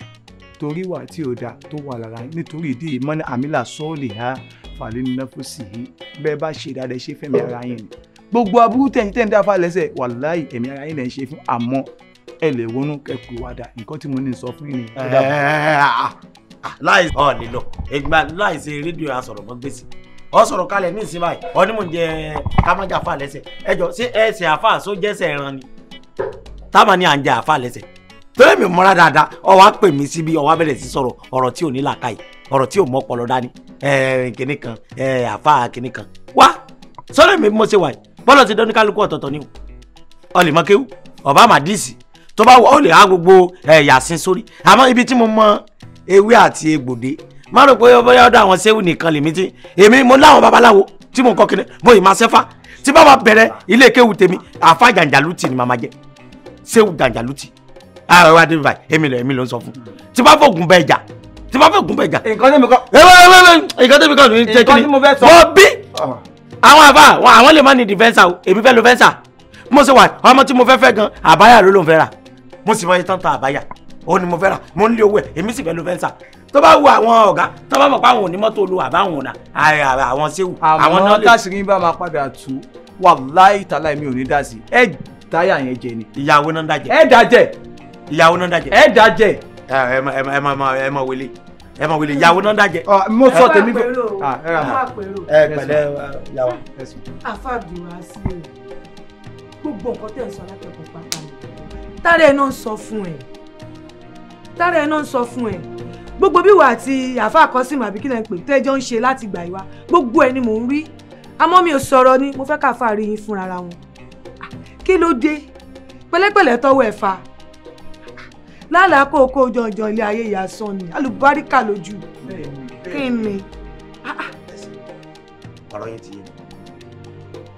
torí wà tí ò da tó wà lára nítorí ìdí ìmọ̀nà àmìlà sọ́ọ̀lì ha fàlẹ́ nínú fòsì yìí bẹ́ẹ̀ bá ṣe dáadáa ṣe fẹ́mi ara yẹn ni gbogbo aburú tẹ̀yìn tẹ̀yìn dáfà lẹ́sẹ̀ wàláì ẹ̀mí ara yẹn lẹ̀ ń ṣe fún àmọ́ ẹ lè wọnú kẹkù wàdà nǹkan tí mo ní sọ fún yìnyín. láì ọ̀ nílò ìgbà láì ṣe rédíò asọ̀rọ̀ mọ́ gbèsè ọ sọ̀rọ̀ kalẹ̀ ní ìsinmi báyìí ọ ní mò ń jẹ kámájà fà lẹ́sẹ̀ ẹjọ́ ṣé ẹsẹ̀ àfà sójẹ́sẹ̀ ẹran ni táwọn ni à ń jẹ àfà lẹ́sẹ̀ torí mi mọ́ra dáadáa ọ wá pè mí síbi ọ wá bẹ̀rẹ̀ sí sọ̀rọ̀ ọ̀rọ̀ tí ò ní làákàyè ọ̀rọ̀ tí ò mọ́ ọpọlọ dání kìnní kan àfa kìnní kan wá sọ́rọ̀ mi mo ṣe wà yìí bọ́lọ̀ ti dán kálukú ọ̀tọ̀ọ̀tọ̀ ni o lè mọ kéwú ọba àmàdíìsì tó bá wọ ọ lè há gbogbo yàsín sórí àmọ́ ibi tí mo mọ ewé àti egbòde má rò pé bóyá ọ̀dọ̀ àwọn sẹ́wù nìkan lèmi tí èmi mo láwọn babaláwo tí mo kọ́ kiri mo ì máa ṣẹ́fà tí bá wa bẹ̀rẹ̀ ilé kéwù tèmi àfa jàǹjàlùtì ni màmá jẹ sẹ́wù jàǹjàlùtì àwọn ẹwà dé báyìí èmi lọ èmi lọ sọ fún tí bá fògùn bẹ jà tí bá fògùn bẹ jà. nǹkan tẹ́mi kọ́. ẹ wẹ́ẹ́ wẹ́ẹ́ nǹkan tẹ́mi kọ́ ní jẹ́ kí ni mo bí ah. àwọn àbá àwọn lè má ní dìfẹ́nsà o èmi fẹ́ lo fẹ́nsà mo ṣe wà ọmọ tí mo fẹ́ fẹ́ gan àbáyà ló ló ń fẹ́ rà mo sì máa yẹ tán ta àbáyà ó ní mo fẹ́ rà mo ń lé owó ẹ̀ èmi sì fẹ́ lo fẹ́nsà tó bá wu àwọn ọ̀gá tó bá mọ̀ pé àwọn ò ní àbáwọn ọ̀nà àwọn séwu. àwọn táṣìírí bá máa padà tú wàláì tàláì mi ò ní dá sí ẹ dáyà yẹn jẹ ni. ìyàwó náà dájẹ. ẹ dájẹ ìyàwó náà dàjẹ́. ẹ dàjẹ́. Ah, ẹ ma ẹ ma ẹ ma wele ẹ ma wele ìyàwó náà dàjẹ́. ọ mo sọ tèmi fún. Ah, ẹ má pèrò ẹ pẹ̀lẹ́ ìyàwó. àfa gbìyànjú àti rẹ gbogbo nǹkan tẹ̀ ń sọ látẹ̀kọ̀ pátá ni tára ẹ náà ń sọ fún ẹ tára ẹ náà ń sọ fún ẹ gbogbo bíwọ àti àfa àkọsímù àbí kí lẹ ń pè tẹ́ jọ ń ṣe láti gbà ìwá gbogbo ẹ ni mò ń rí àmọ́ mi ò sọ̀rọ̀ ni mo fẹ́ káfa rí yín fúnra wọn ah, kí ló dé pẹ̀lẹ́pẹ̀lẹ́ tọwọ́ ẹ̀ fa lálàá kó kó jọjọ ilé ayé ìyàsọ ni alùbáríkà lójú kí ni. ọ̀rọ̀ yín ti yé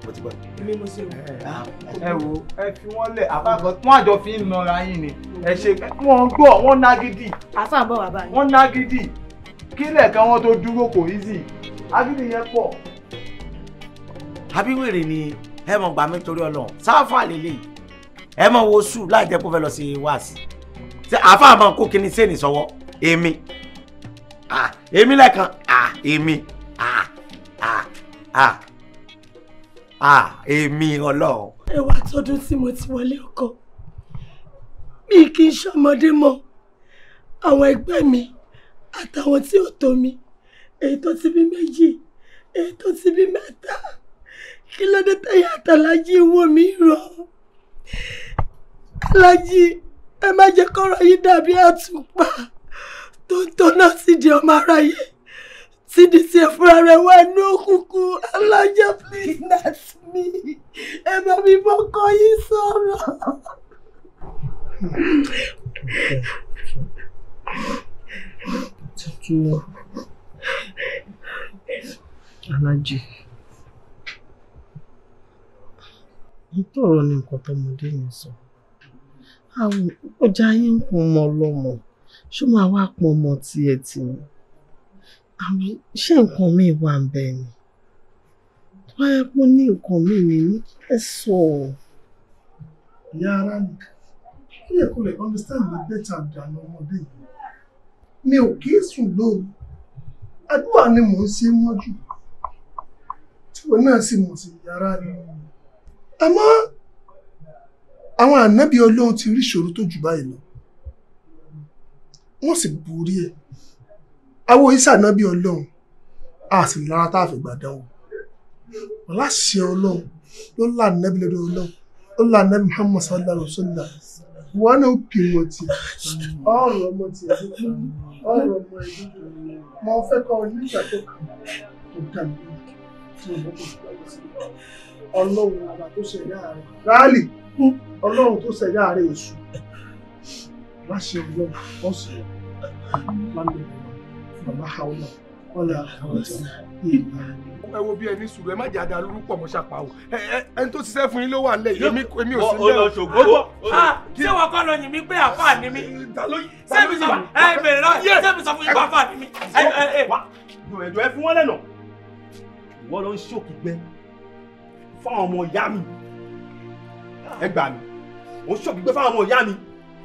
mo ti gbọ́. èmi mo ṣe wò. Ah, ẹ wo ẹ fi wọn lẹ àbábọ wọn àjọ fi ń nọra yín ni ẹ ṣe wọn gbọ́ wọn nágídì. àfáà bọ̀ wá báyìí. wọn nágídì kí lẹ̀kan wọn tó dúró kò easy agídì yẹn pọ̀. àbíwèrè ni ẹ mọ̀ gbà mí torí ọlọ́run sáfà lélẹ̀ ẹ mọ̀ wo sùúrù láì jẹ́ kó fẹ́ lọ sí wáàsí àáfàá máa kó kíní sẹ́ni sọ́wọ́ èmi èmi lẹ́kan èmi èmi ọlọ́run. ẹ wá tọdún tí mo ti wọlé ọkọ mi kì í ṣọmọdé mọ́ àwọn ẹgbẹ́ mi àtàwọn tí ò tó mi èyí tó ti bí méjì èyí tó ti bí mẹ́ta kí ló dé tẹ̀yà àtàlájì wò mí rọ̀ alájì ẹ má jẹ́ kọ́rọ̀ yìí dàbí àtùpà tó ń tọ́nà sídìí ọmọ aráyé sídìí tí ẹ fúnra rẹ wá inú òkùnkùn alájà please that's me ẹ bá mi bọ́kọ yìí sọ̀rọ̀. alájì nítorọ ni nǹkan tọmọdé yẹn sọ. So ọjà yín ń pọn ọmọ ọlọ́mọ ṣó máa wá pọn ọmọ tiẹ̀ tì ní àmì ṣé nǹkan míì wà ń bẹ ni wá yẹ kó ní nǹkan míì ní ní ẹ sọ ìyá ara mi ó yẹ kó lè understand the better than ọmọdé yìí mi ò kí í sùn lóru àdúrà ni mò ń ṣe mọ́jú tí wọn náà sì mọ̀ sí ìyá ara mi àmọ́ àwọn ànábì Ọlọ́run ti rí ìṣòro tó jù báyìí lọ wọ́n sì borí ẹ̀ awo isa ànábì Ọlọ́run a sì lára tá a fi gbà dánwò láṣẹ Ọlọ́run ló là ànábì lọ́dọ̀ Ọlọ́run ó là ànábì Muhammad sallallahu alaihi wa sallam wọn náà pè wọn tì ọ̀rọ̀ ọmọ tì ọ̀rọ̀ ọmọ ẹbí mo fẹ́ kọ onígbà tó kàn tó dàbí tó lọ bọ Ọlọ́run àbá tó ṣe yára rálì ọlọ́run tó ṣẹ̀dá rẹ̀ èṣù má ṣe ọjọ́ wọ́n sì wọ́n lè bàbá haúlà ọ̀là ẹ wo bí ẹni sùúrù ẹ má jẹ àdá lórúkọ mọ ṣàpá o ẹni tó ṣiṣẹ́ fún yín ló wà nílẹ̀ yìí èmi ò sí lẹ́wọ̀. ọgbọ ah, ṣé wọn kọ́ lọ yìn mí pé àfáà ni mí ṣé mi sọ ẹ bèrè lọ ṣé mi sọ fún yín pé àfáà ni mí. ẹjọ́ ẹ fún wọn lẹ́nà ìwọ ló ń ṣòkì gbẹ fáwọn ọmọ ìyá mi ẹ gbà mí ó ń ṣọ̀bí gbé fáwọn ọmọ ìyá mi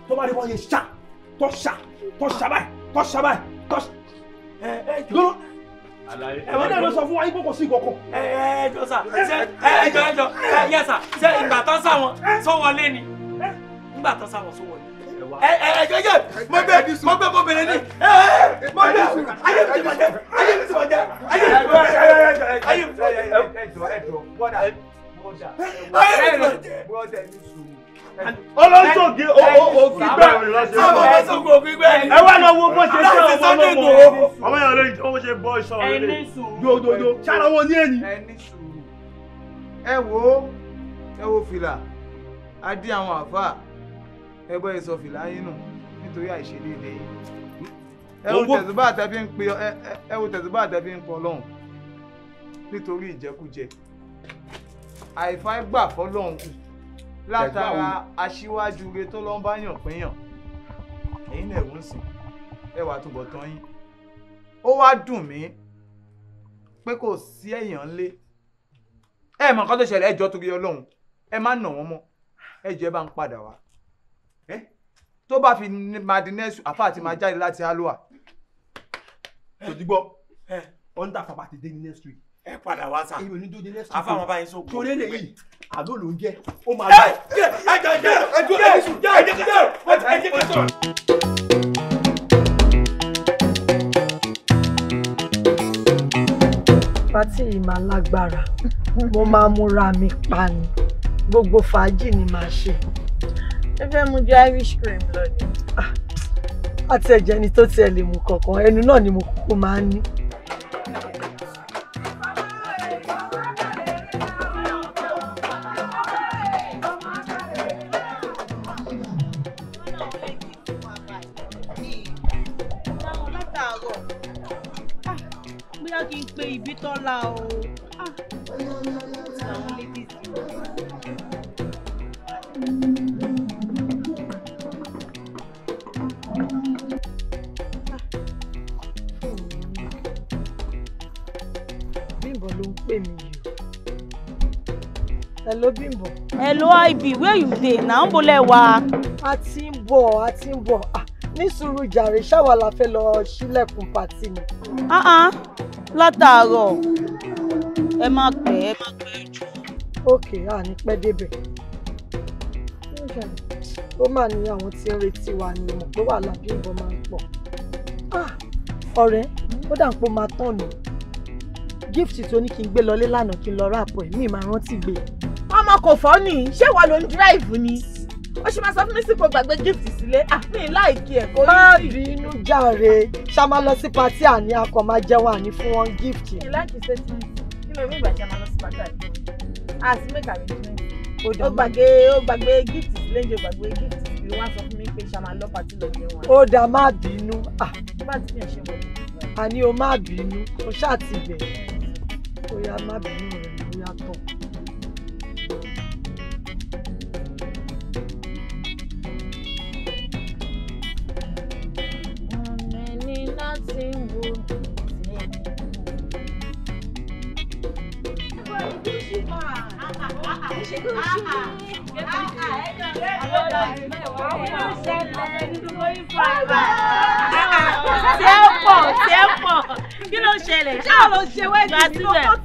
tó bá rí wọ́n yẹ ṣá tó ṣá tó ṣá báyìí tó ṣá báyìí tó ṣá ẹ ẹ gbọ́dọ̀ ẹ̀wọ̀n náà ló sọ fún wa yín kókò sí ìkókò. ẹ ẹ jọ sà ṣe ẹ jọ ẹ jọ ẹ yẹ sà ṣe ìgbà tán sáwọn sọwọlé ni ìgbà tán sáwọn sọwọlé ẹ ẹ ẹ ẹ mo gbé mo gbé mo bèrè ní ẹ ẹ mo gbé ayé mi ti bàjẹ́ ayé mi ti bàjẹ́ ayé mi ti bàjẹ́ ayé mi ti bàjẹ́ bọ́dà bọ́dà ní sùúrù. ọlọ́sọ̀gì òkìgbẹ́ ẹ wá lọ wo bó ṣe ṣe ọmọ ọmọ ọmọ yàrá lórí tó ṣe bọ́ iṣan rẹ lé dòdòdò ṣàlọ́wọ́ ní ẹ̀yìn. ẹ ní sùúrù ẹ wo ẹ wo fìlà adé àwọn àfà ẹ bọ́ ẹ fìlà yín nù nítorí àìṣedéédé yìí ẹ wo tẹ̀síbà tẹ́ fi ń pe ọlọ́run nítorí ìjẹkújẹ àìfáì gbà fọlọ́hún kù látara aṣíwájú re tó lọ́n bá yàn péyàn ẹ̀yin náà ẹ̀wọ̀n sìn ẹwà tó bọ̀ tán yín ó wá dùn mí pé kò sí èèyàn lé ẹ mọ nǹkan tó ṣẹlẹ̀ ẹjọ́ torí ọlọ́run ẹ má nà wọ́n mọ́ ẹjọ́ ẹ bá ń padà wá tó bá fi máa di nẹ́ẹ̀sì àfa àti máa jáde láti alua. kò dìgbọ́ ọ̀ ń tà fàbàtì dé ní next week ẹ padà wá sà àfàwọn báyìí sọ. torí èlé yìí àló ló ń jẹ ó máa gbà. ẹ jẹ ẹ jẹ ẹ jẹ ẹ jẹ ẹ jẹ ẹ jẹ ẹ jẹ ẹ jẹ pátì yìí máa lágbára mo máa múra mi pa ni gbogbo fàájì ni màá ṣe. ẹ fẹ́ mu ju irish cream lọ ni. àti ẹ̀jẹ̀ ni tó tiẹ̀ lè mú kankan ẹnu náà ni mo kúkú máa ń ní. lọ́la o. Bímbọ̀ ló ń pè mí yìí Hello Bimbo. Hello IB where you dey na n bolẹ̀ wá. A ti ń bọ̀ a ti ń bọ̀ ah, ní sùúrù jàre ṣáwa la fẹ́ lọ ṣílẹ̀kùn pàtì ni. Ah, ah látàárọ̀ ẹ má pẹ́ ẹ má pẹ́ jù. òkè à ní pẹ́ débẹ̀ ó mà ní àwọn tí ń retí wa ni mo pé wàhálà bí ìbọn máa ń pọ̀ ah, ọ̀rẹ́ ó dà ń pọ̀ máa tán nù gift tó ní kí n gbé lọlé lánàá kí n lọ ráàpọ̀ ẹ̀mí ìmọ̀ rántí gbé. ọmọ kò fọ́ ni ṣé wà ló ń dírìfù ni ó ṣe máa sọ fún mi sí kò gbàgbé gift sílé àfihàn láìkí ẹ kò rí sí. má bínú jàre ṣá máa lọ sí patí àní akọ máa jẹun àní fún wọn gift. mi láìkí ṣe tí kí ló mú ìgbà tí a máa lọ sí patí àní a sì mẹ́ka mi ó gbàgbé ó gbàgbé gift sílé ń jẹ́ gbàgbé gift sílé wọ́n sọ fún mi pé ṣá máa lọ patí lọ jẹun ó dà má bínú. Ah. bá àní o má bínú o ṣáà ti bẹ̀ ó yá má bínú rẹ̀ ó yá tán. ti ń wo tiẹ̀. tí ẹ pọ̀ tí ẹ pọ̀ kí ló ṣẹlẹ̀ ṣé o lọ ṣe wẹ́ẹ̀dì ọ̀rẹ́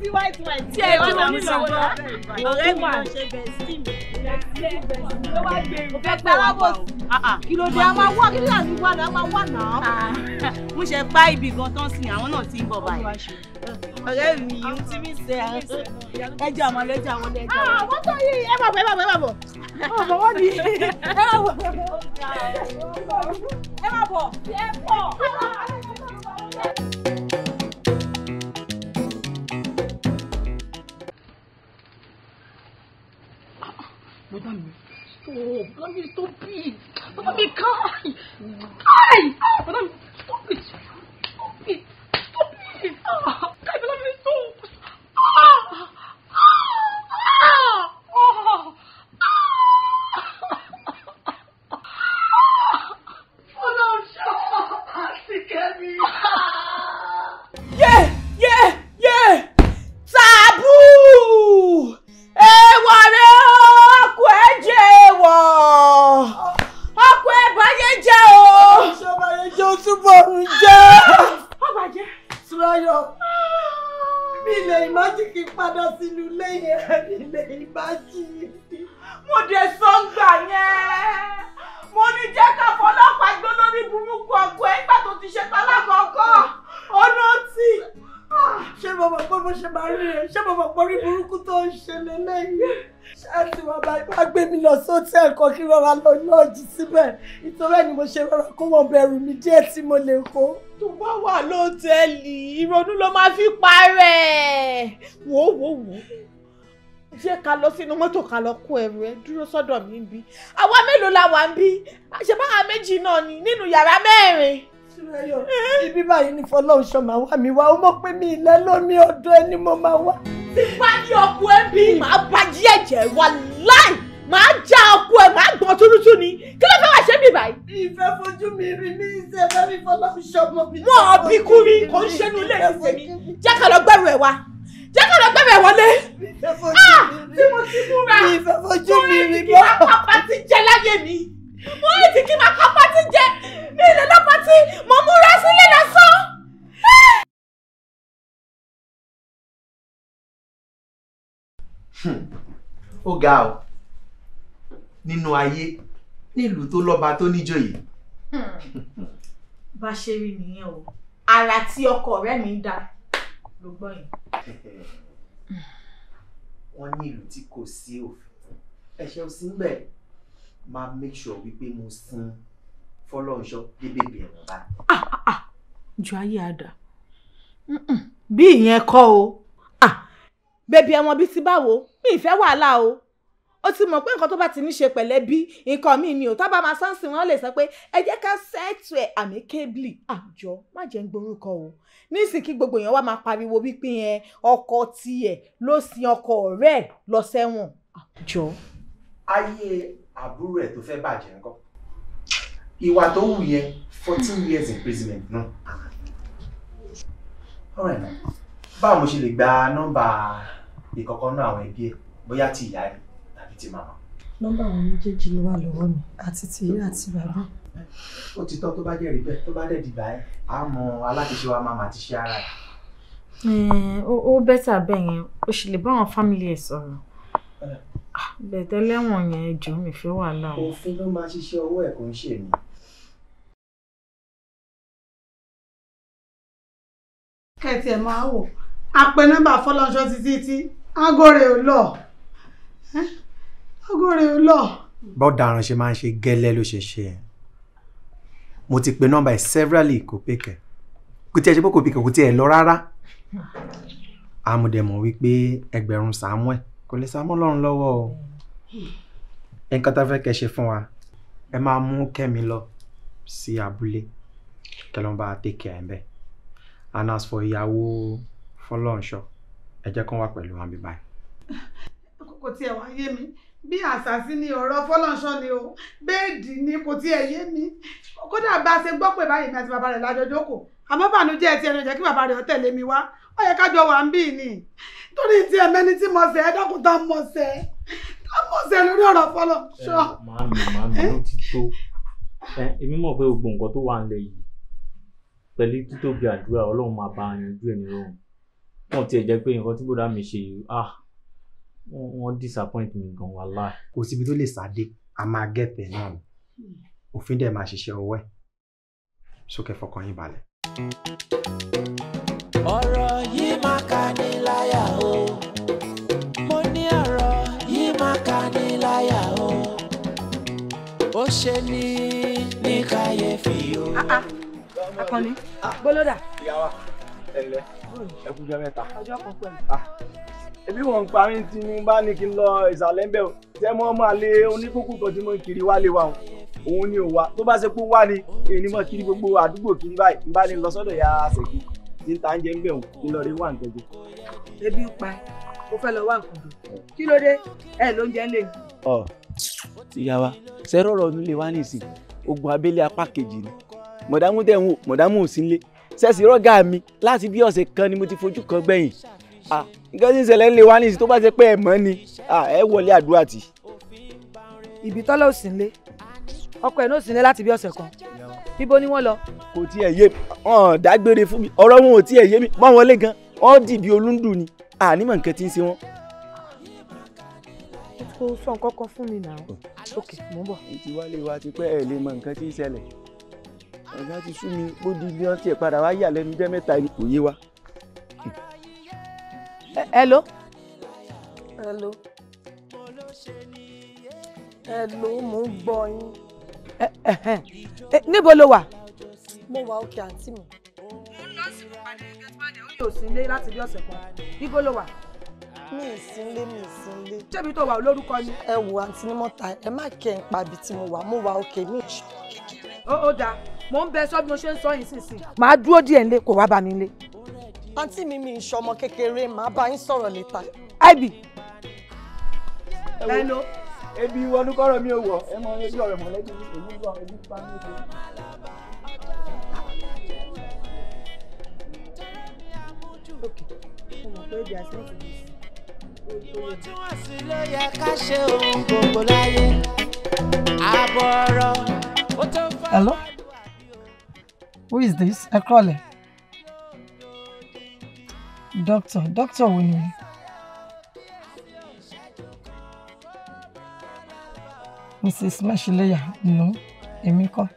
mi lọ ṣe bẹ̀ẹ́ sí mi ló wá gbé o fẹ́ pẹ́ wá bò kí ló dé a máa wá kí ló dé wá náà a máa wá náà. Ah. mo ṣe bá ibì gan tán sí àwọn náà ti ń bọ̀ báyìí. ọ̀rẹ́ mi ohun tí mi sẹ́ ẹjọ́ àmọ́ lẹ́jọ́ àwọn lẹ́jọ́. àwọn tó yí ẹ bàbọ̀ ẹ bàbọ̀ ah, ẹ bàbọ̀ ọ̀bọ̀ wọ́n ni ẹ 我把你，我把你都逼，我把你开，哎，我把你都逼，都逼，都逼啊！再把你都啊！mo ṣe rọra kó wọn bẹ̀rù mi díẹ̀ tí mo lè kó. tó bá wà lóòtẹ́ẹ̀lì ìrònú ló máa fi parẹ́ wò wò wò jẹ́ ká lọ sínú mọ́tò ká lọ kó ẹrù ẹ dúró sọ́dọ̀ mi bí àwa mélòó la wà ń bí ṣe bá wa méjì náà ni nínú yàrá mẹ́rin. ibi báyìí ni fọlọ́ọ̀ṣọ́ máa wà mí wá ó mọ̀ pé mi ìlẹ́ lómi ọ̀dọ̀ ẹni mo máa wá. tí bá ní ọkọ ẹbí màá bá jí ẹ̀jẹ̀ wà láì màá já ọkọ àgbà àgbọ̀n túrútú ni kí ló fẹ́ wá ṣe mí báyìí. ìfẹ́ fojú mi rí mi ìṣe ẹ̀fẹ́ mi fọlọ́ fi ṣọmọ mi. wọn ò bí kú mi kò ń ṣẹnu ilé ìṣe mi jẹ́ ká lọ gbẹ̀rù ẹ̀ wá jẹ́ ká lọ gbẹ̀rù ẹ̀ wọlé. Ah, tí mo ti múra ìfẹ́ fojú mi rí mi. wọ́n ti kí máa pápá ti jẹ láyé mi wọ́n ti kí máa pápá ti jẹ ilẹ̀ lọ́pọ̀ tí mo múra sílẹ̀ lọ́sàn. ó nínú ayé nílùú tó lọ́ba tó níjòyè. Hmm. bá ṣe rí nìyẹn o ara tí ọkọ rẹ mi ń ló gbọ́ yẹn. Hmm. wọ́n ní ìlú tí kò sí òfin ẹ̀ṣẹ̀ ò sí ń máa make sure wípé mo sin fọlọ́ọ̀ṣọ́ débèbè ẹ̀rọ bá. Ah, ah, ah. ju ayé àdá bí ìyẹn kọ́ o bèbè ẹ̀wọ̀n bíi ti báwo mi ì fẹ́ wàhálà o o ti mọ̀ pé nǹkan tó bá ti ní ṣe pẹ̀lẹ́ bí nǹkan míì ni ò tá bá máa sáǹsì wọn lè sọ pé ẹ jẹ́ ká ṣẹ́ẹ̀tù ẹ̀ àmì kébìlì àjọ má jẹ́ ń gborúkọ o nísìnyí kí gbogbo èèyàn wá máa pariwo wípé ẹ ọkọ tiẹ̀ ló sin ọkọ ọ̀rẹ́ ẹ̀ lọ sẹ́wọ̀n àjọ. ayé àbúrò ẹ̀ tó fẹ́ bàjẹ́ ńkọ́ ìwà tó wù yẹn fourteen years imprisonment náà ọ̀rẹ́ náà báwo mo ṣe lè gba nọ́mbà ìkọ̀kọ̀ náà àwọn ẹbí ẹ̀ bóyá ti ìyá rẹ̀ ti màmá. nọ́mbà àwọn méjèèjì ló wà lọ́wọ́ mi àti ti ìyá àti bàbá. ó ti tọ́ tó bá jẹ́rìí bẹ́ẹ̀ tó bá dẹ̀ dìgbà ẹ̀ á mọ aláṣẹṣe wa máa máa ti ṣe ara ẹ̀. ó bẹ́tà bẹ́ẹ̀ yẹn o sì lè bá àwọn fámìlì ẹ̀ sọ̀rọ̀ ah, bẹ̀tẹ̀ lẹ́wọ̀n yẹn jọ mi fẹ́ wàhálà. òfin ló máa ṣiṣẹ́ ọwọ́ ẹ̀ kò ń ṣèmi. kẹtì ẹ máa wò apẹ nọmba fọlọńṣọ títí tí aago ò lọ agore ò lọ. bọ́dàrán ṣe máa ń ṣe gẹ́lẹ́ ló ṣe ṣe ẹ̀ mo ti pe nọ́mbà ẹ̀ severally kò pé kẹ̀ kò tiẹ̀ ṣe pé kò pé kẹ̀ kò tiẹ̀ lọ rárá amúdẹ̀mọ̀ wípé ẹgbẹ̀rún Samuel kò lè Samuel lọ́run lọ́wọ́ o nǹkan tá a fẹ́ kẹ́ ṣe fún wa ẹ máa mú Kẹ́mi lọ sí abúlé kẹlọ́nba àtẹ̀kẹ́ ẹ̀ ń bẹ́ẹ̀ and as for ìyàwó fọlọ́nṣọ ẹ jẹ́ kán wà pẹ̀lú wọn bí báyìí. kò tiẹ̀ wá yé mi bí àṣàsí ni ọ̀rọ̀ fọlọ́nṣọ́ ni o bẹ́ẹ̀dì ni kò tí ẹ yé mi kódà bá a ṣe gbọ́ pé báyìí mi àti bàbá rẹ̀ lájọ jókòó àmọ́ bànújẹ́ ti ẹnu jẹ́ kí bàbá rẹ̀ ó tẹ̀lé mi wá ó yẹ kájọ wà ń bì ní torí ti ẹ̀mẹ́ni tí mo ṣe ẹ́ dákun tá mo ṣe ẹ́ tá mo ṣe lórí ọ̀rọ̀ fọlọ́nṣọ́. màámi màámi ló ti tó èmi mọ̀ pé gbogbo nǹkan tó wà ń lẹ̀ yìí pẹ̀lú títóbi àdúrà ọlọ́run máa bá yanjú ẹ̀ nírọ̀rùn wọn tiẹ̀ jẹ́ pé nǹkan tí bọ́dá mi ṣe yìí ah wọ́n disappoint mi gan wàhálà. kò síbi tó lè sáde a máa gẹ̀tẹ̀ náà ni òfin dẹ̀ máa ṣiṣẹ́ ọwọ́ ẹ̀ sókè fọkàn yín balẹ̀. ọ̀rọ̀ yìí máa ka ní láyà o mo ní ọ̀rọ̀ yìí máa ka ní láyà o ó ṣe ní ní kàyéfì o. Ah, ah. akọni ah. bólódà. ìyá wa ẹ mẹ́ta. ọjọ́ kan pẹ̀lú ebi wọn pa mí tí mo bá ní kí n lọ ìsàlẹ̀ ń bẹ̀ o tẹ́ mọ́ máa lé oníkókó kan tí mo ń kiri wálé wa o òun ni ò wá tó bá ṣe pé wá ni èyí ni mo kiri gbogbo àdúgbò kiri báyìí n bá ní lọ sọ́dọ̀ ya àṣẹ̀kí tí n ta ń jẹ ń bẹ̀ o kí n lọ rí wà nǹkan jẹ. ebi ń pa mo fẹ́ lọ wá nǹkan jẹ kí ló dé ẹ ló ń jẹ ń lè. ọ ìyá wa sẹ́rọ̀ ọ̀rọ̀ nílé wa nìsín ogun abẹ́lé apá kejì ni mọ̀dámú tẹ̀ ń wò mọ̀dámú ò sí nílé sẹ́sì rọ́gà mi láti bí ọ̀sẹ̀ kan ni mo ti fojú kan gbẹ̀yìn nǹkan tí ń ṣẹlẹ̀ ń lé wa ní ìsìn tó bá ṣe pé ẹ mọ̀ ni ẹ wọlé àdúrà tì. ìbí tọ́lá ò sí ń lé ọkọ ẹ̀ náà sì ń lé láti bí ọ̀sẹ̀ kan ibo ni wọ́n lọ. kò tiẹ̀ yé ọ̀n dágbére fún mi ọ̀rọ̀ wọn ò tiẹ̀ yé mi mọ́ wọn lé gan ọ́n dìbì olúndùn ni ànímọ̀ nǹkan tí ń ṣe wọ́n. kò sọ nǹkan kan fún mi náà ok mò ń bọ̀. ètí wálé wa ti pẹ́ ẹ̀ lè mọ nǹkan tí ń ṣẹlẹ̀ ọ̀gá ti sú mi bó di bí wọ́n tiẹ̀ padà wá yà lẹ́nu jẹ́ mẹ́ta kò yé wa. Eh, hello. hello. hello mo ń gbọ́ yín. Eh, eh, níbo ló wà. mo wà òkè àǹtí mi. mo ń lọ sí ìpàdé gẹ́tìmọ́dé ó yóò sí ilé láti bí ọ̀sẹ̀ kan níbo ló wà. mi ì sí ilé mi ì sí ilé. ṣébi tó wà olórúkọ ni. ẹ wo àǹtí ni mo ta ẹ má kẹ́ ń pa ibi tí mo wà mo wà òkè mi ì ṣùgbọ́n kékeré. ó dáa mo ń bẹ sọ bí mo ṣe ń sọ yìí sísìn. màá dúró díẹ̀ nílé kó wá bá mi nílé àǹtí mi mi ìṣọmọ kékeré màá bá yín sọ̀rọ̀ níta. ibi. hello ebi wọnú kọ́rọ̀ mi ò wọ̀ ẹ mọ ebi ọ̀rọ̀ mọ̀lẹ́bí èmi gbọ́ ebi pa mí ìwọ̀n tí wọ́n sì ló yẹ ká ṣe ohun gbogbo láyé àbọ̀ ọ̀rọ̀ ó tó fà. hello who is this ẹ kọ́ doctor doctor wo ni. mrs mashileya nù èmi kọ́.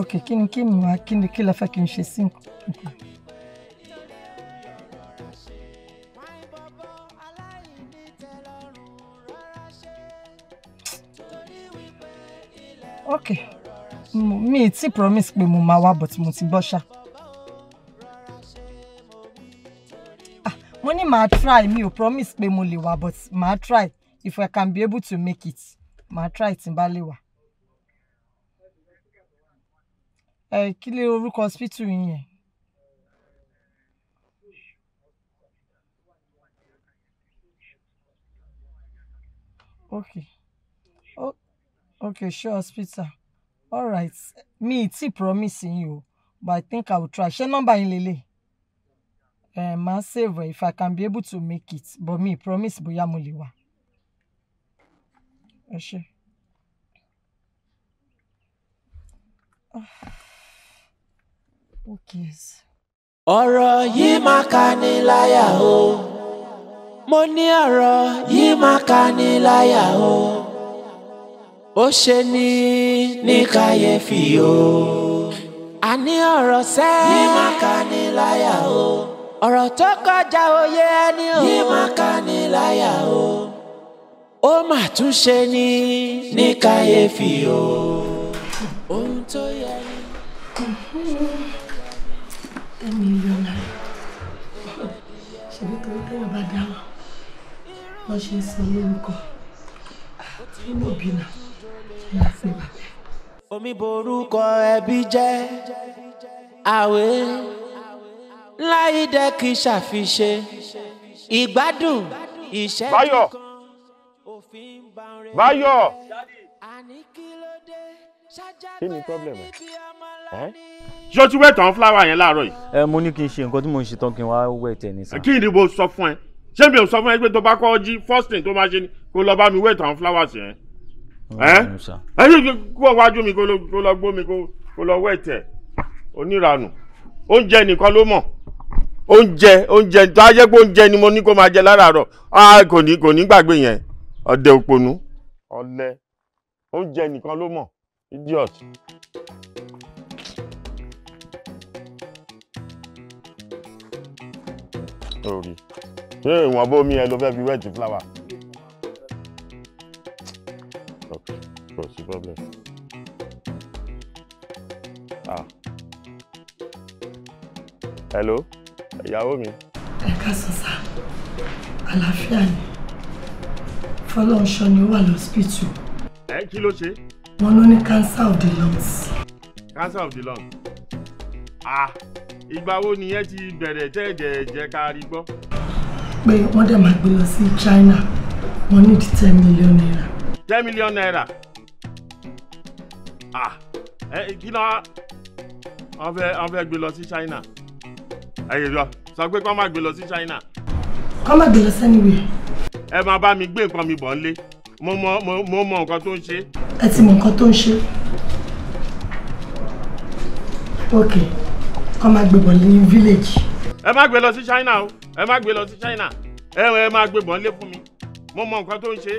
ok kí ni kí ni wàá kí ni kí la fẹ́ kí n ṣe sí nǹkan. ok mi ti promise pé mo máa wá but mo ti bọ́ ṣá. Ah, mo ní màá try mi ò promise pé mo lè wá but màá try if I can be able to make it ma try tí n bá lè wá. ẹ eh, kí lè orúkọ hospital yẹn. okay. Okay, sure, hospital. All right. me it's tíì promise yín but I think I will try. Share number in lélẹ̀? Ẹ máa save if I can be able to make it, but me promise bóyá mo lè wá. Ẹ ṣé. Ah. Ọ̀rọ̀ yìí máa ni láyà o. Mo ní ọ̀rọ̀ yìí máa ni láyà o ó ṣe ní ní kàyéfì o a ní ọ̀rọ̀ sẹ́ yìí má ka ní láyà o ọ̀rọ̀ tó kọjá òye ẹni o yìí má ka ní láyà o ó mà tún ṣe ní ní kàyéfì o ohun tó yẹ ni. ẹ̀mí yọ̀nà ṣèbí tó ń tẹ̀yọ̀ bá dáhùn wọ́n ṣe ń sọ lórúkọ inú òbí náà omi borúkọ ẹbí jẹ́ àwé láìdẹ kì í ṣàfiṣe ìgbádùn ìṣẹ́ báyọ̀ báyọ̀ kí ni problem ẹ ṣé o ti wẹ̀ tán fúláwà yẹn láàárọ̀ yìí. ẹ mo ní kí n ṣe nǹkan tí mo ń ṣe tán kí n wá wẹ̀ tẹ̀ ní sàn. kí ni mo sọ fún ẹ ṣé mi ò sọ fún ẹ pé tó bá kọ́ jí first thing tó máa ṣe ni kó lọ bá mi wẹ̀ tán fúláwà sí ẹ. ẹ kó wá jó mi kó lọ gbó mi kó lọ wẹ̀ tẹ̀ oníranù oúnjẹ nìkan ló mọ̀ oúnjẹ oúnjẹ tó pé ni mo ní kó máa jẹ láràárọ̀ kò ní kò ní gbàgbé yẹn ọ̀dẹ̀ òpònú ọlẹ oúnjẹ nìkan ló mọ̀ idiot. ṣé ìwọ̀n bómi ẹ ló fẹ́ fi wẹ́ẹ̀tì Ok, kò sí problem. Ah. Hello, ìyàwó mi. Ẹ káàsán sá, àlàáfíà ni. Fọlọ́nṣọ́ ni ó wà lọ́sípítù. Ẹ kí ló ṣe? Wọ́n ló cancer of the lungs. Cancer of the lungs? Ah, ìgbà wo nìyẹn ti bẹ̀rẹ̀ tẹ́ ẹ̀jẹ̀ ẹ̀jẹ̀ ká rí gbọ́? Pé wọ́n dẹ̀ máa gbé lọ sí China, wọ́n ní ten million naira ten million naira ah ẹ eh, kí náà wọ́n fẹ́ wọ́n fẹ́ gbé lọ sí China ẹ̀yẹ lọ sọ pé kọ́ máa gbé lọ sí China. kọ́ máa gbé lọ sẹ́ni wẹ̀. ẹ máa bá mi gbé nǹkan mi bọ̀ nílé mo mọ mo mọ nǹkan tó ń ṣe. ẹ ti mọ nǹkan tó ń ṣe. ok kọ́ máa gbé bọ̀ ní village. ẹ má gbé lọ sí China o ẹ má gbé lọ sí China ẹ ẹ má gbé bọ̀ nílé fún mi mo mọ nǹkan tó ń ṣe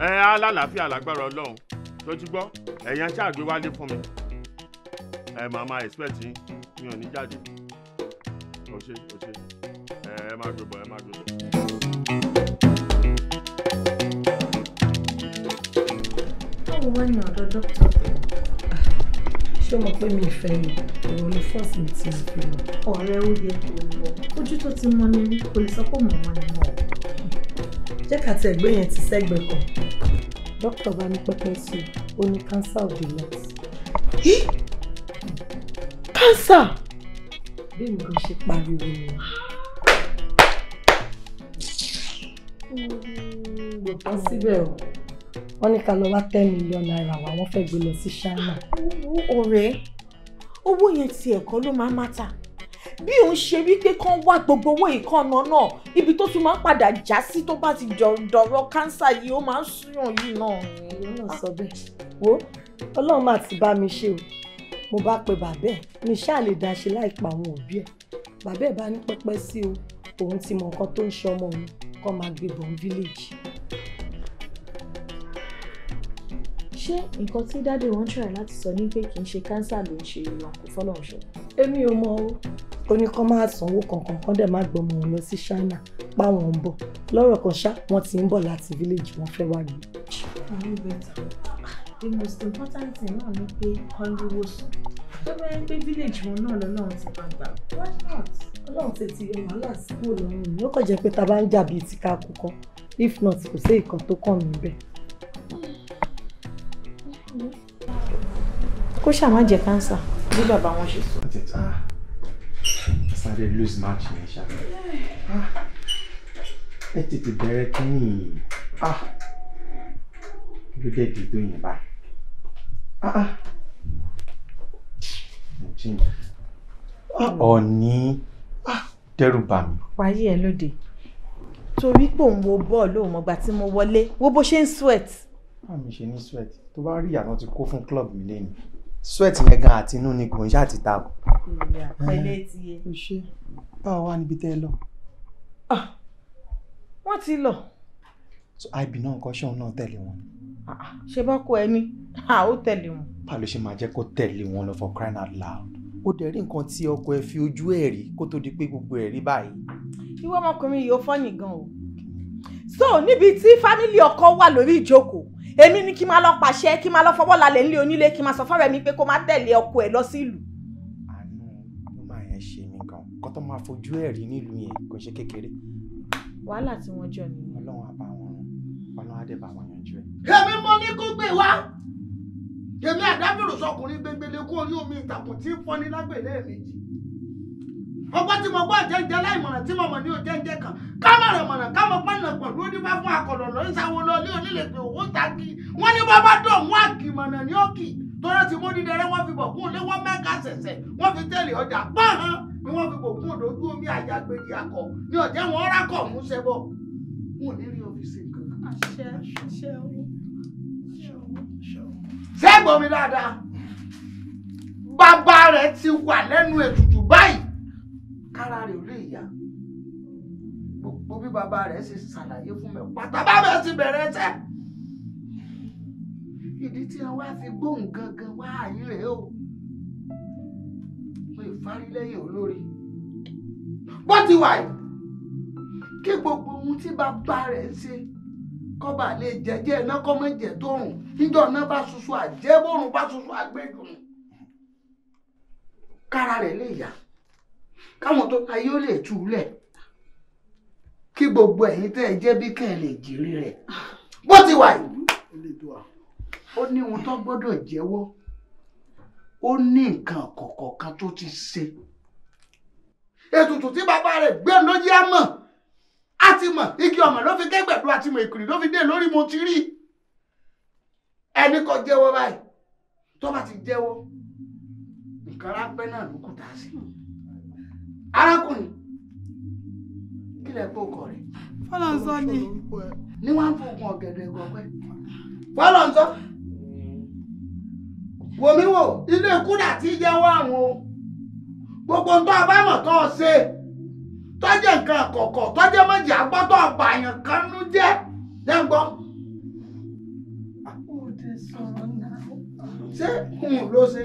ẹ alálàáfíà lágbára ọlọ́run tó ti gbọ́ ẹ̀yàn ṣáàgbé wálé fún mi ẹ máa máa expect yín mi ò ní jáde ó ṣe ó ṣe ẹ máa gbé bọ̀ ẹ máa gbé bọ̀. báwo wá ní ọ̀dọ̀ dókítà ṣé o mọ̀ pé mi ìfẹ́ mi èrò ní fọ́ọ̀sì mi ti ń fi hàn. ọ̀rẹ́ ó yẹ kó lọ ojú tó ti mọ ní kò lè sọ pé mọ̀ mọ̀ ọ́ jẹ́ ká ti ẹ̀gbẹ́ yẹn ti sẹ́gbẹ̀ kan. dókítà bá ní pẹ́pẹ́ sí i ó ní kánsà òbí lọ. kánsà. bí mi kò ṣe pariwo nìyẹn. gbò hmm, tán síbẹ̀ o wọ́n ní ká lọ wá ten million naira wá wọ́n fẹ́ gbé lọ sí China. ọ̀rẹ́ owó yẹn ti ẹ̀kọ́ ló máa ń mátà bí òun ṣe rí pé kán wá gbogbo owó ìkànnà náà ibi tó tún máa ń padà já sí tó bá ti dọ̀rọ̀ kánsà yìí ó máa ń súyàn yìí náà. ìyẹn náà sọ bẹ́ẹ̀ wo ọlọ́run máa ti bá mi ṣe o mo bá pe bàbá ẹ̀ mi ṣáà lè dá ṣe láì pa àwọn òbí ẹ̀ bàbá ẹ̀ bá ní pẹ́pẹ́ sí o òun ti mọ nǹkan tó ń ṣe ọmọ òun kó máa gbé bọ̀ fílẹ̀jì. ṣé nǹkan tí dáàdì wọn try láti sọ ní pé kì í ṣe kánsà ló ń ṣe ìrọ̀rùn kò fọlọ́run ṣe. èmi ò mọ o ó ní kán máa sanwó kankan kán dẹ̀ máa gbọmọ òun lọ sí China páwọn ń bọ̀ lọ́rọ̀ kan ṣá wọ́n ti ń bọ̀ láti village wọn fẹ́ wá gbé. àwọn ìbẹ̀tà the most important thing náà ni pé kán lówó sùn tó bá ń gbé village wọn náà lọ́lọ́run ti máa gbà ọlọ́run ti ti yọ wàhálà sípò lọ́rùn ni ó kàn jẹ́ pé ta bá ń jà bíi ti ká if not kò sí ìkan tó kàn níbẹ̀ kó ṣàmá jẹ kánsà bí bàbá wọn ṣe sọ. sáré lose match yẹn ṣá ẹ tètè bẹ̀rẹ̀ kínní ah. ló dé di tó yẹn báyìí. Ah, ah. ọ̀ọ́ni dẹ́rù bà mí. wáyé ẹ lóde torí pò ń wo bọ́ọ̀lù òun ọgbà tí mo wọlé wo bó ṣe ń sweat àmì ṣe ní sweat tó bá rí ìyàtọ̀ ti kó fún club mi lẹ́nu sweat yẹn gan àti inú ni kò ń ṣáà ti ta kù. pẹ̀lẹ́ ti yẹ. o ṣe báwo wá níbi tẹ́ ẹ lọ. Ah, wọ́n ti lọ. so ibi náà kọ́ ṣé òun náà tẹ̀lé wọn. Ah, ah, ṣe bá kó ẹni ó tẹ̀lé wọn. báwo ló ṣe máa jẹ́ kó tẹ̀lé wọn lọ for crying out loud. ó dẹ̀ rí nǹkan tí ọkọ ẹ fi ojú ẹ̀ rí kó tó di pé gbogbo ẹ̀ rí báyìí. ìwọ ọmọkùnrin yìí ó fọ́nyìn gan o. so níbi tí fámìlì ọkọ wà lórí ìjókòó èmi ni kí n máa lọ pàṣẹ kí n máa lọ fọwọ́ lálẹ́ nílé onílé kí n máa sọ fọ́rẹ́ mi pé kó má tẹ̀lé ọkọ ẹ̀ lọ sí ìlú. àánú ló máa yẹn ṣe mí gan kó tó máa fojú ẹ̀ rí nílùú yẹn kò ṣe kékeré. wàhálà tí wọ́n jọ nìyẹn. ọlọ́run àbá wọn ọlọ́run á dẹ̀ bá wọn yanjú ẹ̀. èmi mo ní kó gbé wá èmi àdábìrò sọkùnrin gbẹngbẹlẹ kó orí omi ìtàkùn tí ń fọ́ni lágbèlè méjì ọgbọ́n tí mo gbọ́ jẹ́jẹ́ láìmọ̀ràn tí mo mọ̀ ní òjẹ́jẹ́ kan kámọ̀ràn mọ̀ràn kámọ̀ pọ̀nà pọ̀lú onífà fún akọ̀lọ̀ lọ́sàwọ́ lọ́lé onílẹ̀pẹ̀ owó takí wọ́n ní bàbá dọ̀ wọ́n àkìmọ̀nà ní òkì tọ́lá ti mú dídẹrẹ́ wọ́n fi bọ̀ kún un lé wọ́n mẹ́ka ṣẹ̀ṣẹ̀ wọ́n fi tẹ̀lé ọjà pọ́nrán ni wọ́n fi bò kún un lójú omi àjàgbèjì akọ ní ọ̀jẹ́ wọn rákọ̀ mú ṣẹbọ wọn ò ní rí ọ́fíìsì nǹkan kan. ṣé gbọ́ mi dáadáa bàbá rẹ̀ ti wà lẹ́nu ètùtù báyìí kára rẹ̀ ò lè yá gbogbo bí bàbá rẹ̀ ṣe ṣàlàyé fún mi pátá bàbá mi ti bẹ̀rẹ̀ ẹsẹ̀ ìdí tí wọ́n á fi gbóhùn gangan wá àyín rẹ̀ o mo ìfarí lẹ́yìn olórí bó ti wà yìí kí gbogbo ohun tí bàbá rẹ̀ ń ṣe kọ́ba lè jẹ́jẹ́ iná kọ́mọ́jẹ́ tó rùn níjọ́ iná bá ṣoṣo àjẹ́bọ̀rùn bá ṣoṣo àgbẹ̀dùn kára rẹ̀ lè yá káwọn tó pa yóò lè tú lẹ̀ kí gbogbo ẹ̀yin tẹ́ ẹ jẹ́ bí kẹ́ ẹ lè jìrì rẹ̀ bó ti wà yìí ó ní ohun tó gbọ́dọ̀ jẹ́wọ́ ó ní nǹkan kọ̀ọ̀kọ̀ kan tó ti ṣe ètùtù tí bàbá rẹ̀ gbé ló yá mọ̀ á ti mọ̀ igi ọmọ ló fi kẹ́gbẹ̀dú àti mọ̀ èkìrì ló fi dé lórí mo ti rí ẹni kò jẹ́wọ́ báyìí tó bá ti jẹ́wọ́ nǹkan ráńpẹ́ náà ló kù tá a sí arákùnrin kí lẹ kó kọ rẹ. fọlọ́nsọ ni. ní wọ́n á fògùn ọ̀gẹ̀dẹ̀ gọ̀pẹ́. fọlọ́nsọ wòmí wò ilé kúdà tí jẹ́wọ́ àrùn o gbogbo ntọ́ abámọ̀ tó o ṣe tọ́jẹ́ nǹkan àkọ́kọ́ tọ́jẹ́ méjì agbọ́tọ̀ ọ̀pààyàn kan nú jẹ́ dẹ́gbọ́. ṣé òun ló ṣe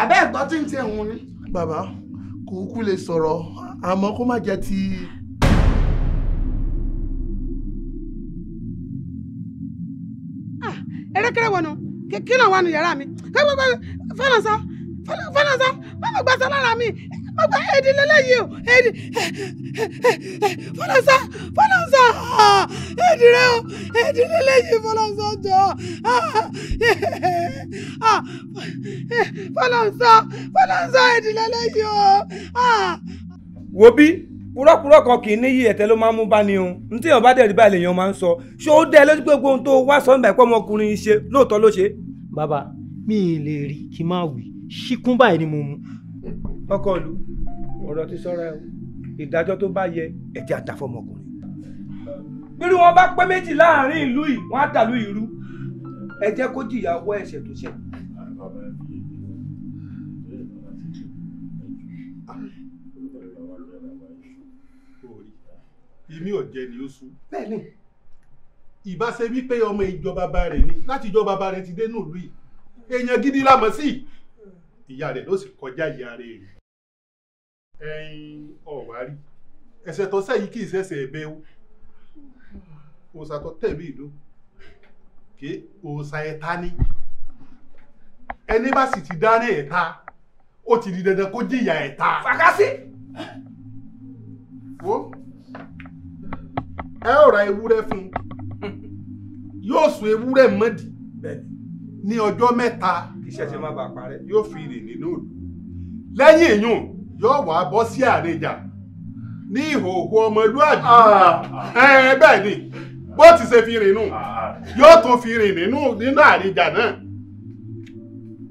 àbẹ́ ẹ̀gbọ́ tí ń ṣe òun ni. bàbá kùkú lè sọ̀rọ̀ àmọ́ kó má jẹ́ ti. Ah, erékeré wọnú kí náà wà nù yàrá mi fẹ́ràn sá fẹ́ràn sá báwo gbàsá lára mi ọgbà ẹdín lẹ́lẹ́yìí o ẹdín fọlọ́nsá fọlọ́nsá ẹdín rẹ o ẹdín lẹ́lẹ́yìí fọlọ́nsá jọ fọlọ́nsá fọlọ́nsá ẹdín lẹ́lẹ́yìí o. wo bí kúrọ́kúrọ́ kan kì í níyì ẹ̀tẹ́ ló máa ń mú bá ni o n tí èèyàn bá dẹ̀ rí báyìí lèèyàn máa ń sọ ṣé ó dẹ́ lójú pé gbóhùn tó wá sọ nígbà pé ọmọkùnrin ṣe lóòótọ́ ló ṣe. bàbá mi ì lè rí kí n máa wí ṣíkún báyìí ni mo mú ọkọ ìlú ọ̀rọ̀ ti sọ́ra ẹ̀ ìdájọ́ tó bá yẹ ẹ̀ ti àtà fọmọkùnrin. bírú wọn bá pé méjì láàrin ìlú yìí wọn á dàlú ìlú ẹ jẹ́ kó jìyà wọ ẹ̀ṣẹ̀ tó ṣẹ̀. ìmí ọ̀jẹ̀ ni ó sùn. bẹ́ẹ̀ni. ìbáṣe wípé ọmọ ìjọba bá rẹ̀ ni láti ìjọba bá rẹ̀ ti dé nùlú yìí èèyàn gidi la mọ̀ sí ìyá rẹ̀ ló sì kọjá ìyá rẹ̀ rẹ̀ ẹyin ọ̀wárí ẹsẹ̀ tó sẹ́yìn kì í ṣẹ̀ṣẹ̀ ẹ̀bẹ̀ o òòṣà tó tẹ̀mí ìlú kí òòṣà ẹ̀ta ni ẹni bá sì ti dáná ẹ̀ta ó ti di dandan kó jìyà ẹ̀ta. fàkásí. wo ẹ ó ra ewúrẹ́ fún un yóò sun ewúrẹ́ mọ́dì ní ọjọ́ mẹ́ta. kí iṣẹ́ ṣe má bàa parẹ́. yóò fi rè nínú òòlù lẹ́yìn èèyàn yóò wá bọ́ sí àárín ìjà ní ìhòòhò ọmọlúàbí ah. bẹ́ẹ̀ ni bó ti ṣe fi rìn nù ah, ah. yóò tún fi rìn nínú nínú àárín ìjà náà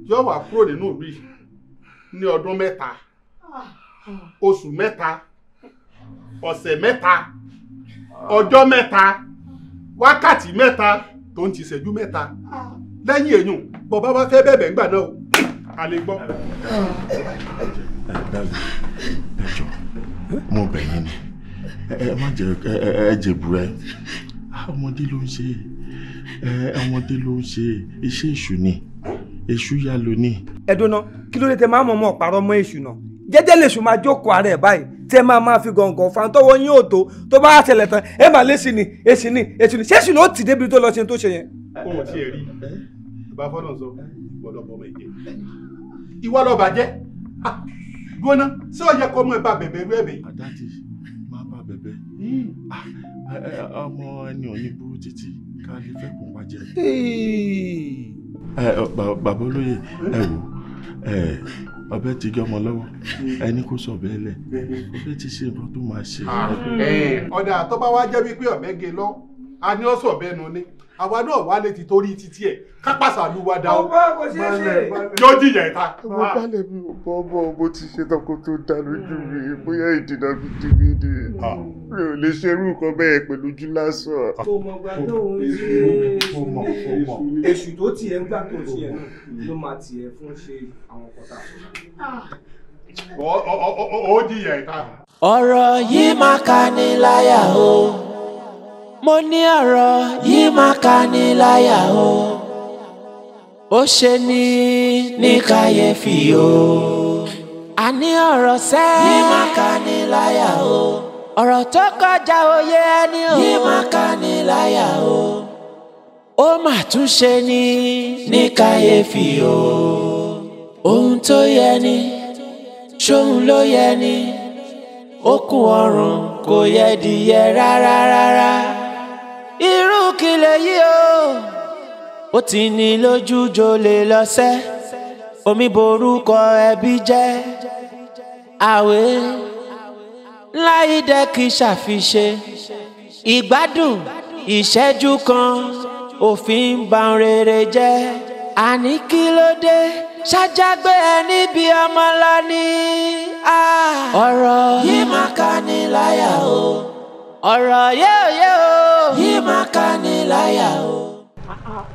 yóò wá kúrò nínú ìlú yìí ní ọdún mẹ́ta oṣù mẹ́ta ọ̀sẹ̀ mẹ́ta ọjọ́ mẹ́ta wákàtí mẹ́ta tó ń ti ṣẹ́jú mẹ́ta lẹ́yìn èyàn bọ̀bá wá fẹ́ bẹ̀bẹ̀ ńgbà náà o a lè gbọ́ ẹjọ mo bẹ̀ yín ni ẹ má jẹ ẹ jẹ burẹ ah, ọmọdé ló ń ṣe ọmọdé ló ń ṣe iṣẹ́ èṣù ni èṣù yá ló ní. ẹ̀dùnà kí ló dé tẹ máa mọ̀ mọ́ ọ̀pàrọ̀ mọ́ èṣù náà jẹ́jẹ́ lèṣù máa jókòó ààrẹ báyìí tẹ máa máa fi gàngàn fa yín ò tó tó bá ṣẹlẹ̀ tán ẹ máa léṣì ni èṣì ni èṣì ni ṣéṣì ni ó ti débi tó lọ ṣe tó ṣe yẹn. kó o tiẹ̀ rí bá fọ́nà sọ ìwọ lọ́bọ̀ ọmọ ìjẹ́ ìwọ lọ́bàjẹ́ ah, gbóná ṣé ó yẹ kó mọ ẹbá bẹ̀bẹ̀ rú ẹ̀bẹ̀ yìí. àdájì máa bá bẹ̀bẹ̀ ah, hmm. ah, eh, eh, ọmọ ẹni ò ní burú títí ká lè fẹ́ kó wá jẹ. Eh, bàbá olóye ẹ wò ọbẹ̀ ti gé ọmọ lọ́wọ́ hmm. ẹni kò sọ ọbẹ̀ lẹ̀ ọbẹ̀ hmm. ti ṣe nǹkan tó máa ṣe. Ah, ọ̀dà tó bá jẹ́ wípé ọbẹ̀ gé lọ a ní ó sọ ọbẹ̀ nu ni àwa náà wà lè ti torí títí ẹ̀ kápásà ló wá dá o yóò jìyà ẹ̀ta. mo ah. balẹ̀ mi ò bọ́ bọ́ mo ti ṣe tọkọ tó dá lójú mi bóyá ìdènà mi ti mi dé mi ò lè ṣerú nǹkan bẹ́ẹ̀ pẹ̀lú ojú lásán. kò mọ̀ gbà tó ń èṣù tó tiẹ̀ ń gbà tó tiẹ̀ ló máa tiẹ̀ fún ṣe àwọn kọ́tà. Ah. ó jìyà ẹ̀ta. ọ̀rọ̀ yìí máa kani láyà o mo ní ọ̀rọ̀ yìí máa ka ní láyà o ó ṣe ní ní kàyéfì o àní ọ̀rọ̀ sẹ́ yìí máa ka ní láyà o ọ̀rọ̀ tó kọjá òye ẹni o yìí máa ka ní láyà o ó mà tún ṣe ní ní kàyéfì o ohun tó yẹ ni ṣóhun ló yẹ ni ó kún ọrùn kò yẹ dìyẹ rárá rárá irú kìlẹ̀ yìí o ó ti ní lójú jolè lọ́sẹ̀ omi borúkọ ẹbí jẹ́ àwẹ̀ láìdẹ́ kì í ṣàfiṣe ìgbádùn ìṣẹ́jú kan òfin ba rere jẹ́ àní kí ló dé ṣájágbé ẹ níbi ọmọlá ní ah, ọ̀rọ̀ yìí má ká ní láyà o ọ̀rọ̀ yóò yóò yìí máa ká ní láyà o.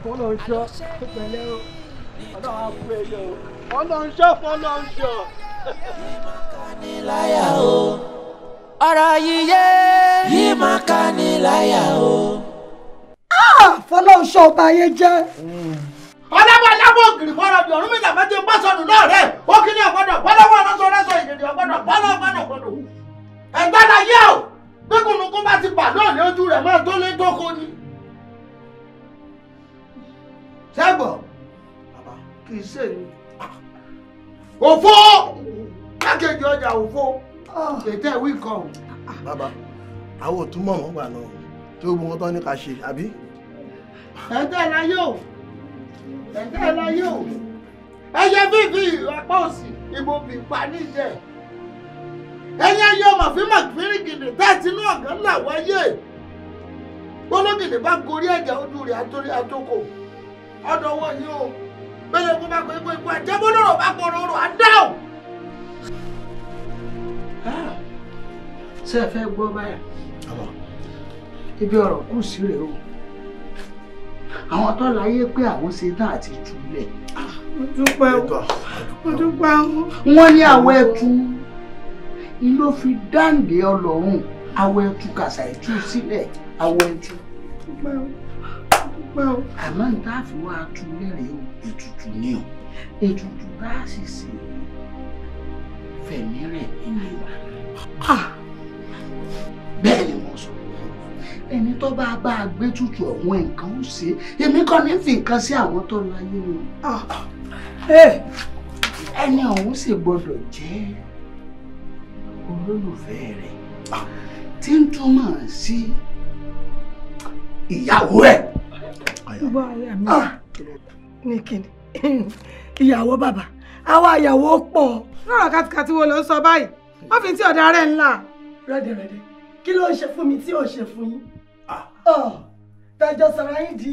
fọlọ́nṣọ́ pẹ̀lẹ́ o ọlọ́run á fún ẹyẹ o fọlọ́nṣọ́ fọlọ́nṣọ́. yìí máa ká ní láyà o. ọ̀rọ̀ yìí yé yìí máa ká ní láyà o. fọlọ́nṣọ́ ọba ayé jẹ́ ọlọ́wọ́ aláwọ̀ ògiri fọ́nrọ́ bí ọ̀rùn mìíràn méjì bá sọnù náà rẹ̀ ó kí ni ọ̀gbọ́dọ̀ bọ́lọ́wọ́ ọ̀rọ̀ sọ rẹ̀ sọ ọ̀gbọ́dọ̀ bọ́lọ́ ọ̀gbọ́dọ̀ gbọ́dọ̀ ẹ̀gbọ́dọ̀ yẹ́ o pé kùnùkùn bá ti pàdé òní ojú rẹ̀ máa tó lé tóko ni. ṣẹ́gbọ̀ bàbá kì í ṣe mi. òfo kákejì ọjà òfo ètò ẹ̀wí kan. bàbá àwọn ò túmọ̀ wọ́n gbà náà tí ó gbọ́ wọn tán ní ká ṣe àbí. ẹ̀dá ẹ̀ yóò ẹ̀dá ẹ̀ yóò ẹ̀yẹ fífi ọ̀pá òsì ìbò fìpa níjẹ̀ ẹ̀yin ayé ọmọ fi mà kiri gidi tẹ́ẹ̀tì inú ọ̀gán làwọ̀ ayé gbólógìdì bá gorí ẹ̀jẹ̀ ojú rẹ̀ àtórí àtókò ọ̀dọ̀ wọ̀ yìí o bẹ́ẹ̀ kó bá pé ikú ikú àjẹmọ́lọ́rọ̀ bá pọ̀ rọrọ̀ àdáhùn. Ah, ṣé ẹ fẹ́ gbọ́ báyà ibi ọ̀rọ̀ kù sí rèé o àwọn tó láyé pé àwọn ṣe náà àti jùlẹ̀. Ah, mo dúpẹ́ o mo dúpẹ́ o. wọ́n ní àwọn ẹ̀tún ló fi dáǹdé ọlọ́run awọ ẹtu kàṣà ẹtu sílẹ̀ awọ ẹtu àmọ́ n tá fi wá tu lẹ́rìí o ètùtù ni o ètùtù bá a sì ṣe fẹ̀mí rẹ̀ nínú ìwà bẹ́ẹ̀ ni wọ́n sọ ẹni tó bá bá a gbé tutù ọ̀hún nǹkan ó ṣe èmi kàn ní fi nǹkan sí àwọn tó lọ ayé mi ẹni ọ̀hún sì gbọ́dọ̀ jẹ́ olólùfẹ́ rẹ̀ ah, tí ń túmọ̀ sí ìyàwó ẹ̀. bọ́ aya mi ah. ní kíni ìyàwó bàbá àwa ìyàwó pọ̀. lọ́rọ̀ kàtìkàtì wo ló ń sọ báyìí wọ́n fi tí ọ̀dà rẹ̀ ńlá. rẹ́dẹ̀rẹ́dẹ̀ kí ló ń ṣe fún mi tí ò ṣe fún yín. Ah. tẹjọ sọ̀rọ̀ yín di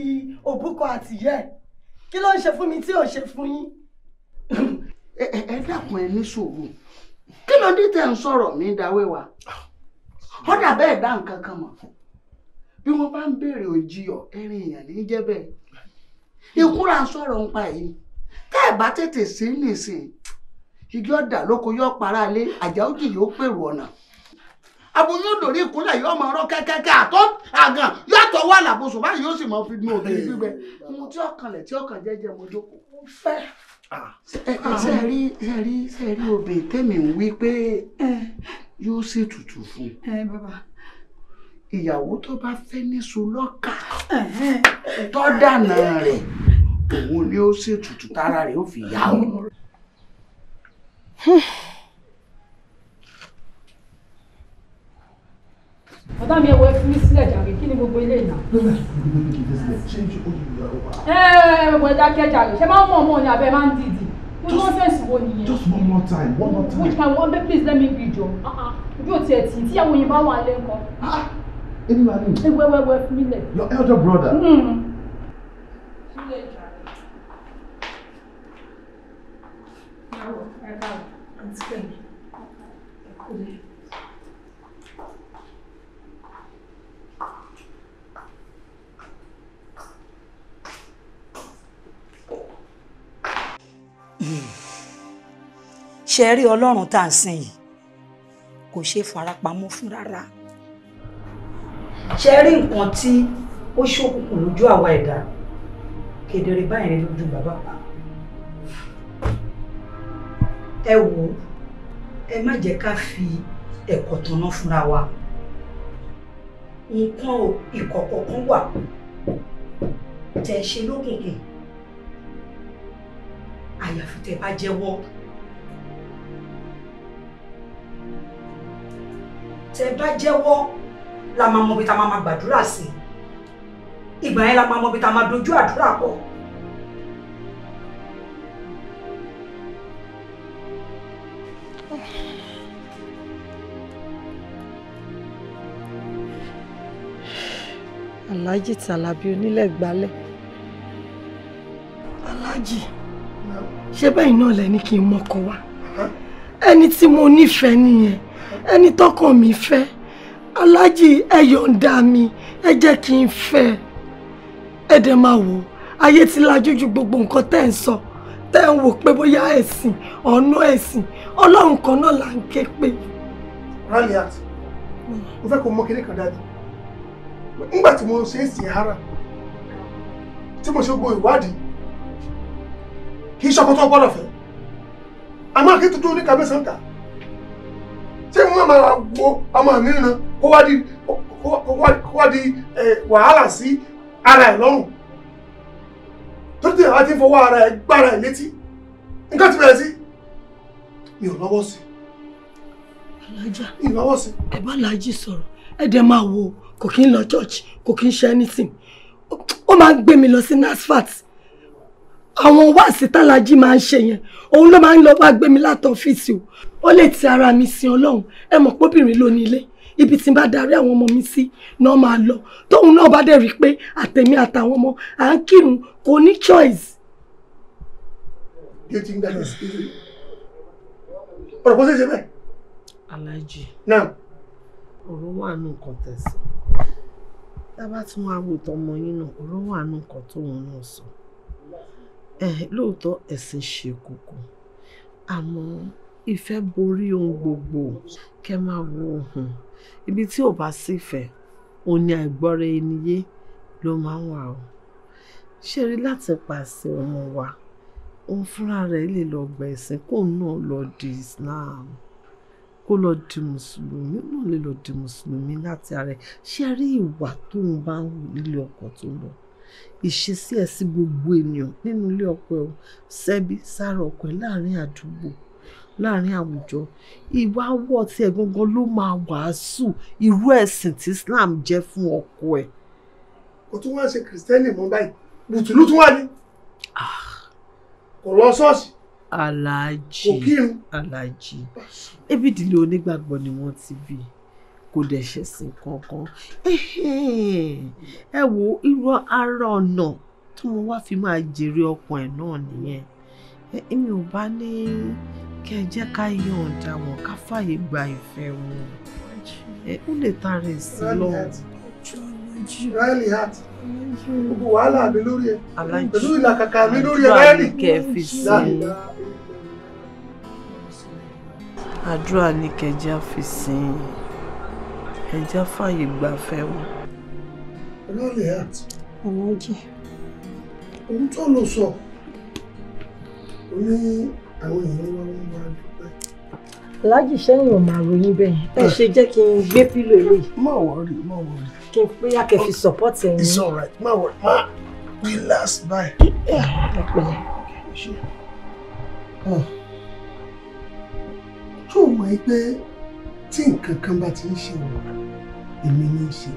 òbúkọ àtìyẹ́ kí ló ń ṣe fún mi tí ò ṣe fún yín. ẹ ẹ ẹ ní sùúrù kí ló dé tẹ̀ ń sọ̀rọ̀ mi dáwé wa bẹ́ẹ̀ dá nǹkan kan mọ̀ bí wọ́n bá ń béèrè òjìyọ̀ ẹ̀rín èèyàn ní jẹ́ bẹ́ẹ̀ ìkúra ń sọ̀rọ̀ ń pa èyí tẹ́ ẹ̀ bá tètè sí nìsín igi ọ̀dà lóko para lé yóò pèrò ọ̀nà òdòrí ìkúnlẹ̀ yóò mọ ọ̀rọ̀ kẹ́kẹ́kẹ́ àtọ́ àgàn yàtọ̀ wà báyìí yóò sì mọ fi tí ọkàn lẹ̀ tí ọkàn jẹ́jẹ́ mo jókòó fẹ́ẹ́. Ah. ṣe rí ṣe rí ṣe rí obì tẹ́mi ń wí pé yóò ṣètùtù fún un eh, ìyàwó tó bá fẹ́ níṣu lọ́kà tó dànà rẹ̀ òun ni ó ṣètùtù tára rẹ̀ ó fi yá o. Hmm. ọ̀tá mi ẹ̀wọ̀ ẹ sílẹ̀ jàre kí ni gbogbo ilé ìná. ẹ wọ ẹ jàre ṣe máa ń mọ̀ ọmọ ni àbẹ máa ń dìdì just one more time one more time. which kind one please let me greet you ah, ah. ojú òtí ẹ̀ tì tí àwọn òyìnbá wà lẹ́ nǹkan. Ah. wà ní. ewéwéwé fún mi lẹ. your elder brother. Mm. Thank you. ṣe rí ọlọ́run tá à ń sìn yìí kò ṣe farapamọ́ fún rárá ṣe rí nǹkan tí ó ṣókùnkùn lójú àwa ẹ̀dá kedere báyìí lójú bàbá pa ẹ wò ẹ má jẹ́ ká fi ẹ̀kọ́ tanná fúnra wa nǹkan ìkọ̀kọ̀ kan wà tẹ̀ ṣe lókùnkùn àyàfi tẹ́ bá jẹ́wọ́ tẹ́ bá jẹ́wọ́ la máa mọ ibi tá a máa gbàdúrà sí ìgbà yẹn la máa mọ ibi tá a máa dojú àdúrà kọ. aláàjì tàlàbí onílẹ̀ gbálẹ̀ aláàjì ṣé bẹ́ẹ̀ náà lẹ ní kí n mọ́kọ wá ẹni tí mo nífẹ̀ẹ́ nìyẹn ẹni tọkàn mi fẹ́ aláàjì ẹ yọ̀ǹda mi ẹ jẹ́ kí n fẹ́ ẹ dẹ̀ máa wò ayé ti lajú ju gbogbo nǹkan tẹ́ ń sọ tẹ́ ń wò pé bóyá ẹ̀sìn ọ̀nà ẹ̀sìn ọlọ́run kan náà là ń ké pé. Raliat mo fẹ́ kó mọ kíní kan dájú nígbà tí mo ṣe é sìn ara tí mo ṣe gbọ́ ìwádìí kì í ṣọkọ tó gbọ́dọ̀ fẹ́ àmọ́ kí tuntun ní kàmí sànkà ṣé wọ́n máa wo ọmọ mi nìyẹn kó wá di kó wá di wàhálà sí ara ẹ̀ lọ́rùn tó ti àwọn ti fọwọ́ ara ẹ̀ gbára ẹ̀ létí nǹkan ti bẹ̀rẹ̀ sí mi ò lọ́wọ́ sí alájà ìlọ́wọ́ sí. ẹ bá láàjì sọ̀rọ̀ ẹ dẹ̀ máa wo kò kí ń lọ church kò kí ń ṣe anything ó máa ń gbé mi lọ sí NASFAT àwọn wáàsí tálájí máa ń ṣe yẹn òun ló máa ń lọ wá gbé mi láti o ó lè ti ara mi sin ọlọ́run ẹ mọ̀ póbìnrin ló ní ilé ibi tí n bá darí àwọn ọmọ mi sí náà máa lọ tóun náà bá dẹ̀ rí i pé àtẹ̀mí àtàwọn ọmọ à ń kírun kò ní choice. do you think that is easy? ọ̀rọ̀ kò ṣeé ṣe bẹ́ẹ̀. alájí ọ̀rọ̀ wà nù nǹkan tẹ̀sán tá a bá tún wá wò tọmọ yín náà ọ̀rọ̀ wà nù nǹkan tóun náà sọ. Eh, lóòótọ́ ẹ̀sìn ṣe kókó àmọ́ ìfẹ́ borí ohun gbogbo kẹ́ máa wo ohun ibi tí ò bá sí ìfẹ́ òun ni àìgbọ́ra ẹni yé ló máa ń wà o ṣe rí láti pàṣẹ ọmọ wa òun fúnra rẹ̀ lè lọ gba ẹ̀sìn kóun náà lọ di Islam kó lọ di mùsùlùmí náà lè lọ di mùsùlùmí láti ara ẹ̀ ṣe rí ìwà tóun ń wù nílé ọkọ tó lọ ìṣesí ẹ̀ sí gbogbo ènìyàn nínú ilé ọkọ ẹ̀ sẹ́bí sára ọkọ ẹ̀ láàrin àdúgbò láàrin àwùjọ ìwà wọ tiẹ̀ gangan ló máa wàásù irú ẹ̀sìn tí Islam jẹ́ fún ọkọ ẹ̀. o tún wá ṣe kìrìsìtẹ́nì mọ́ báyìí bùtùlù tún wà ní. kò lọ ṣọ́ọ̀ṣì. aláàjì aláàjì ebi ìdílé onígbàgbọ́ ni wọ́n ti bí i kò dẹ̀ ṣẹ̀sìn kankan ẹ wo irú ara ọ̀nà tí mo wá fi máa jèrè ọkàn ẹ̀ náà nìyẹn èmi ò bá ní kí ẹ jẹ́ ká yọ̀ǹda wọn ká fààyè gba ìfẹ́ wọn ó lè ta rẹ̀ sí lọ́wọ́. Ráìlì hàt gbogbo wàhálà mi lórí ẹ pẹ̀lú ìlàkàkà mi lórí ẹ ráìlì kẹfì sí àdúrà ní kẹjá fi sìn ín ẹja fàyè gbafẹ́ o. olóyè àt. àwọn jì. ohun tó lọ sọ ó ní àwọn èèyàn wá wọn máa dúpẹ́. lájì sẹ́yìn ò máa ròyìn bẹ́ẹ̀ ẹ ṣe jẹ́ kí n gbé pílò eléyìí. má wọrí má wọrí. kí n pé a kẹ́ fi support ẹ̀ ní. it's alright má wọrí má relax bye. ẹ pẹ̀lẹ́. ṣé o mọ̀ ẹ́ pé tí nǹkan kan bá ti ń ṣe wọn èmi ní í ṣe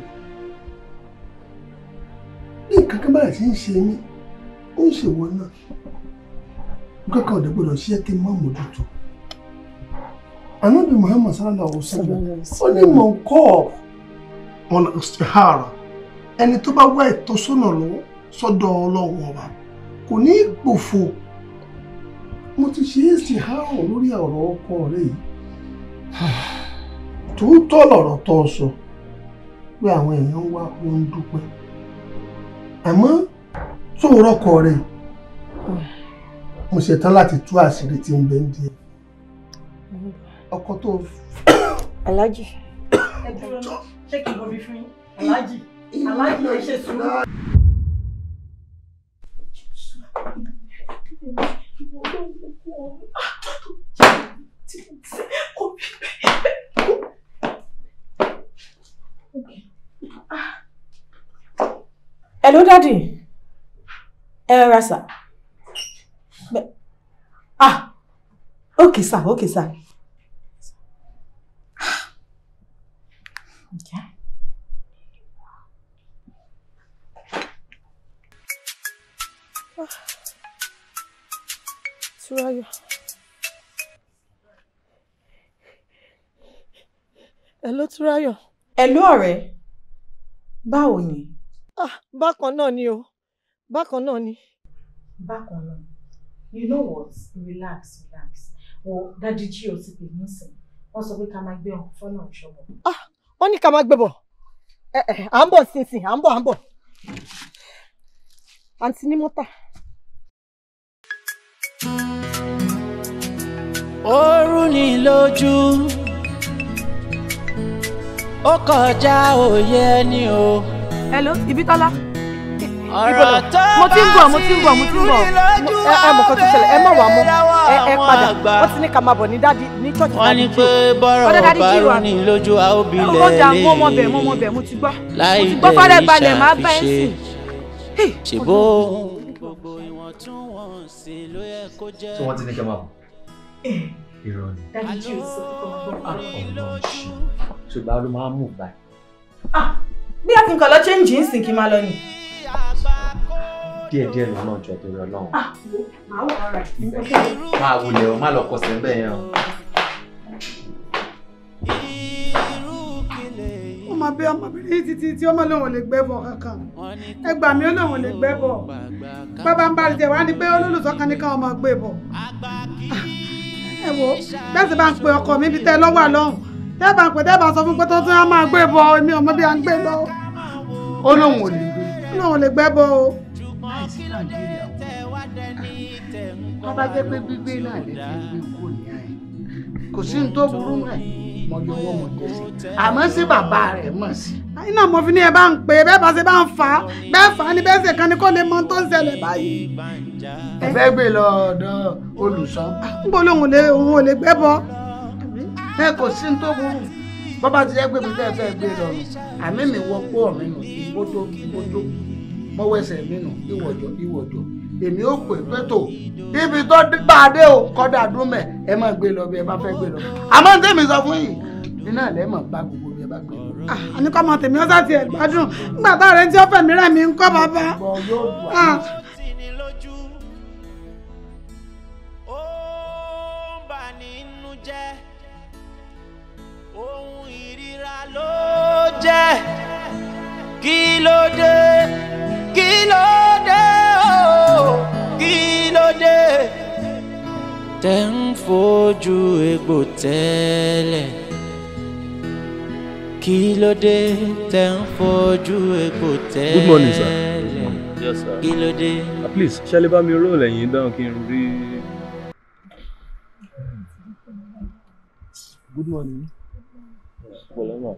bí nǹkan kan bá ti ń ṣe mí ó ń ṣe wọn náà nǹkan kan ò dé gbọdọ̀ ṣiṣẹ́ tí mọ́ mójútó anabi muhammad sallallahu alaihi wa sallam ó ní mọ̀ ń kọ́ ọ̀nà istihara ẹni tó bá wá ìtọ́sọ́nà lọ́wọ́ sọ́dọ̀ ọlọ́run ọba kò ní gbòfo mo ti ṣe é sí lórí ọ̀rọ̀ ọkọ rẹ yìí. tòótọ́ lọ̀rọ̀ tó sọ pé àwọn èèyàn ń wá wọn ń dúpẹ́ àmọ́ sòwòrọ̀ kọ rẹ̀ mo ṣetán láti tú àṣírí tí ń bẹ ń díẹ̀ ọkọ tó. aláàjì. ẹ dúró náà ṣé kí n bọ̀ bí fún yín aláàjì aláàjì ẹ ṣe sùúrù. Thank you. Ah. Hello, Daddy. Hello, rárá Ah, okay sir. okay sir. Okay. Suraya. Hello, Suraya. ẹ̀lú ọ̀rẹ́ báwo ni. Ah, bákan náà ni o bákan náà ni. bákan náà you know what relax relax wo dájú jí o ti pè mí sìn wọ́n sọ pé ká máa gbé ọkọ fọnà ìṣọwọ. ah wọ́n ní ká máa gbé bọ̀ ẹ eh, ẹ eh, à ń bọ̀ sínsìn à ń bọ̀ à ń bọ̀ àǹtí ní mọ́tà. oorun ni lójú. ó kọjá òye ẹni o. hello Ibítọ́lá ọ̀rọ̀ tó bá ti rú ni lójú àwọn ẹ mọ̀ kan tó ṣẹlẹ̀ ẹ má wà mọ́ ẹ padà wọ́n ti ní ká máa bọ̀ ní dáàdi ní church dáàdi jù wọ́n ní pé bọ́rọ̀ bá ni lójú àwọn òbí lẹ̀ lé ó dà mọ́ ọmọ bẹ̀ mọ́ bẹ̀ mo ti gbọ́ mo ti gbọ́ fọ́lẹ̀ balẹ̀ máa bá ẹ sìn. ṣèbó gbogbo ìwọ̀ntúnwọ̀nsì ló tí wọ́n ti ní kẹ́ máa bọ̀ irọ́ ni. dájú tí o sọ fún ọgbọ́n. ọ̀nà ṣì ṣùgbọ́n ló máa ń mú báyìí. bí a ti ń kọ̀ lọ ṣéǹjì ń sìn kí n máa lọ ni. díẹ̀ díẹ̀ ló náà jọ torí ọlọ́run. Ah, máa wulẹ̀ o má lọ kọsẹ̀ ń bẹ̀ yẹn o. ọmọ abẹ́ ọmọbìnrin títí tí ọmọ lòun ò lè gbẹ́bọ̀ kankan ẹgbàá mi ó lòun ò lè gbẹ́bọ̀ bàbá ń bá rí jẹ wá ní pé olólùsọ kan ní káwọn máa gbé bọ̀ wo bẹ́ẹ̀sì bá ń pe ọkọ mi ibi tẹ́ lọ́wọ́ àlọ́hùn tẹ́ bá ń pe tẹ́ bá sọ fún pé tó tún á máa gbé bọ èmi ọmọ bí a ń gbé lọ. ó lóun ò lè ó lóun ò lè gbẹ́ bọ o. bàbá jẹ́ pé gbígbé náà lè fi gbé kó ní àyè kò sí ní tó burú náà mọ yọwọ́ mọ jẹ́sí àmọ́ sí bàbá rẹ̀ mọ̀ sí. iná mo fi ní ẹ bá ń pè é bẹ́ẹ̀ bá ṣe bá ń fà á bẹ́ẹ̀ fà á ní bẹ́ẹ̀ ṣe kan ni kò lè mọ tó ń ṣẹlẹ̀ báyìí ẹ fẹ́ gbé lọ ọ̀dọ̀ olùṣọ́. Ah, n bolo òun lè òun ò lè gbẹ́ bọ. ẹ kò sí ní tó burú bọ́bá ti yẹ gbèmí tẹ́ ẹ fẹ́ gbé lọ àmì mi wọ pọ́ mi nù ìbótó ìbótó mọ́wẹ́sẹ̀ mi nù ìwọ̀jọ́ ìwọ̀jọ́ èmi ò pè pé tò ibi tó bá a dé o kọ́dà dún mẹ́ ẹ máa gbé lọ bí ẹ bá fẹ́ gbé lọ àmọ́ ní tèmi sọ fún yìí nínú àlẹ́ mọ̀ bá gbogbo bí ẹ bá gbé lọ. Ah, ah, àníkọ́ mọ tèmi ọ́sà tiẹ̀ gbádùn nígbà tá a rẹ̀ ń tí rẹ̀ mi ń kọ́ bàbá. jẹ́ ohun ìríra ló jẹ́ kí ló dé kí ló dé o oh, kí ló dé tẹ̀ ń fojú egbò tẹ́lẹ̀ kí ló dé tẹ̀ ń fojú egbò tẹ́lẹ̀. good morning sir. yes sir. kí ló dé. please ṣe lè bá mi ró lẹ́yìn dáhùn kí n rí. Good morning. Good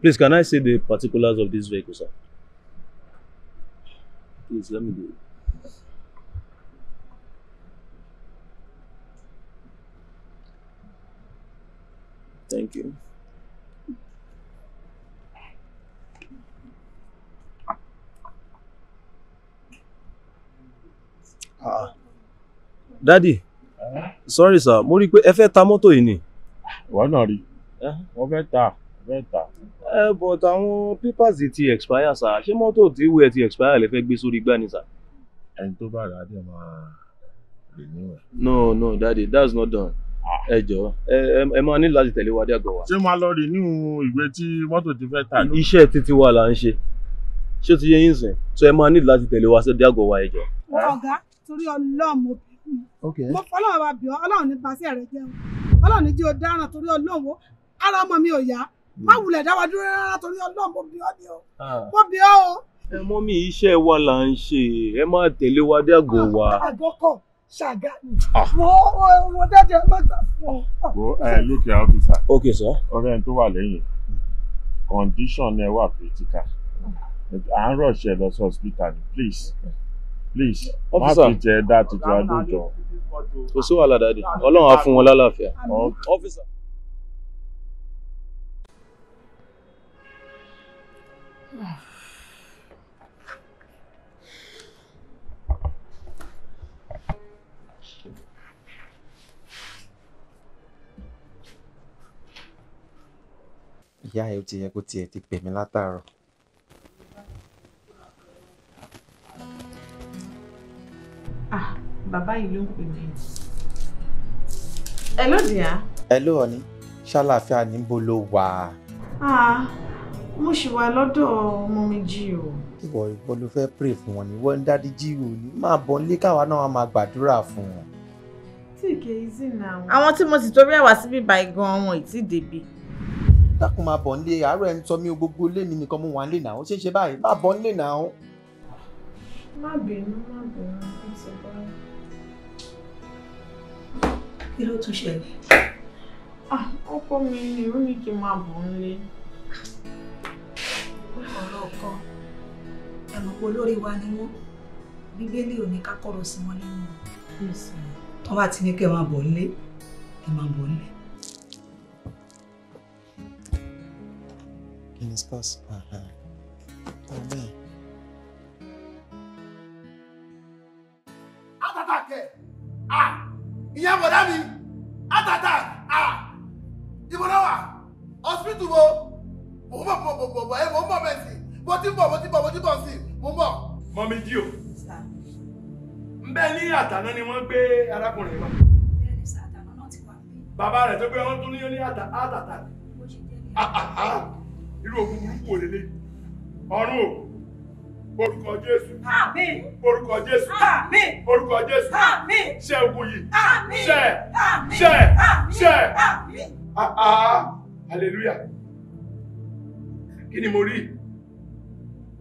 Please, can I see the particulars of this vehicle, sir? Please, let me do it. Thank you. Ah, Daddy, uh -huh. sorry sir, mo rí i pé ẹ fẹ́ ìwọ náà rí wọ́n fẹ́ ta fẹ́ ta. ẹ but àwọn papers ti expire sir ṣé mọ́tò tí ìwé ẹ̀ ti expire lè fẹ́ gbé sórí gbani sir. ẹni tó bá rà á dẹ̀ máa rè ní no no daddy that's not done ah. ẹ jọ̀ọ́ ẹ máa ní láti tẹ̀lé wa dẹ́gbọ̀ wa. ṣé máa lọ rí nínú ìwé tí mọ́tò ti fẹ́ tà lọ. iṣẹ́ títí wa là ń ṣe ṣé ó ti yé yín sìn so ẹ máa ní láti tẹ̀lé wa sí dẹ́gbọ̀ wa ẹ jọ̀ọ́. ọ̀gá torí ọlọ́run mo fọ ọlọ́run wa bìọ́ ọlọ́run ní basí ẹ̀rẹ̀ jẹun ọlọ́run ní jí o dáràn torí ọlọ́run wo ara ọmọ mi ò yá hmm. má wulẹ̀ dáwà dúró rárá torí ọlọ́run mo bìọ́ ni o mo bìọ́ o. ẹ mọ mi iṣẹ́ wa là ń ṣe ẹ máa tẹ̀lé wa dé àgọ́ wa. àgọ́ kọ̀ ṣàgá wo wo dájú ọlọ́sàn fún ọ. ẹ lókè ọfíìsà ọ̀rẹ́ ẹni tó wà lẹ́yìn hmm. condition ẹ wà critical hmm. à ń rọ̀ṣẹ̀ lọ sí hospital please. Okay please má fi jẹ ẹdá tuntun adójọ. kò sí wàhálà dáadé ọlọ́run á fún wọn lálàáfíà. ọ́fíìsà. ìyá ẹ ó ti yẹ kó tiẹ̀ ti pè mí látàárọ̀. hello dear. hello honey ṣàlàáfíà níbo ló wà. ah mo ṣì wà lọ́dọ̀ ọmọ méjì o. ìwọ ìwọ ló fẹ́ pray fún wọn ni wọ́n ń dádí jíwò ni máa bọ̀ nílé káwa náà máa gbàdúrà fún wọn. tí ìkè easy now. àwọn tí mo ti torí ẹ̀wà síbí báyìí gan-an wọn ì tí ì débi. dákun máa bọ̀ nílé àárọ̀ ẹ̀ ń sọ mí o gbogbo ilé mi nìkan mo wà nílé náà ó ṣeé ṣe báyìí máa bọ̀ nílé náà. má bínú má bínú kí ló tún ṣẹlẹ̀. ọkọ ah, mi ni ó ní kí n máa bọ̀ nílé. ọ̀rọ̀ kan ẹ̀mọ̀ pé olórí wa ni wọ́n bíbélì ò ní ká kọ̀rọ̀ sí wọn lẹ́nu. tó bá ti ní kí ẹ máa bọ̀ nílé ẹ máa bọ̀ nílé. Kí ni spas? Amen. Atatake! Ah! Ìyá bọ̀dá mi! bọ̀ ẹ mò ń bọ̀ bẹ́ẹ̀ sí mo ti bọ̀ mo ti bọ̀ mo ti bọ̀ sí mo ń bọ̀. mọ́mí jí o ń bẹ ní àtàná ni wọ́n gbé arákùnrin wa. bàbá rẹ̀ tó gbé wọn tún ní ní àtàtà ah, ah, ah. irú òkú burúkú òlélẹ̀ ọ̀run o orúkọ jésù àmín orúkọ jésù àmín orúkọ jésù àmín ṣe òkú yìí àmín ṣe ṣe ṣe àmín hallelujah kí ni mo rí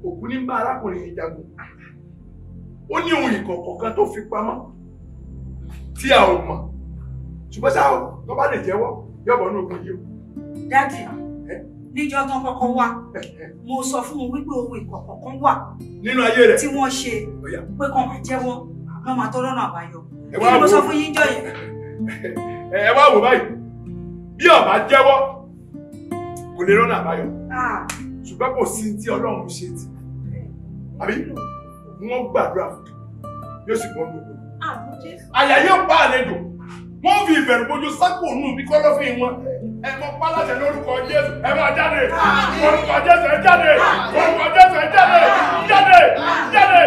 òkú ní bá arákùnrin yìí jagun ó ní ohun ìkọ̀kọ̀ kan tó fi pamọ́ tí a ò mọ̀ ṣùgbọ́n ṣáà tó bá lè jẹ́wọ́ yọ̀bọ̀ ní ogun yìí o. dádì níjọ́ tán kọ́kọ́ wá mo sọ fún wọn wípé ohun ìkọ̀kọ̀ kan wà nínú ayé rẹ̀ tí wọ́n ṣe pé kàn máa jẹ́wọ́ wọ́n máa tọ́ lọ́nà àbáyọ kí ni mo sọ fún yín jọ yẹn. ẹ wá wò báyìí bí ọba jẹ́wọ́ kò lè rọ́nà àbáyọ. Ah ṣùgbọ́n kò sí tí ọlọ́run ṣe ti àbí wọ́n gbàdúrà fún yóò sì gbọ́n lóko. àyà yóò bá àlejò wọ́n fi ìbẹ̀rù bójú sápò nù bí kọ́lọ́fín wọn ẹ mọ pálásẹ̀ lórúkọ jésù ẹ máa jáde orúkọ jésù ẹ jáde orúkọ jésù ẹ jáde jáde jáde.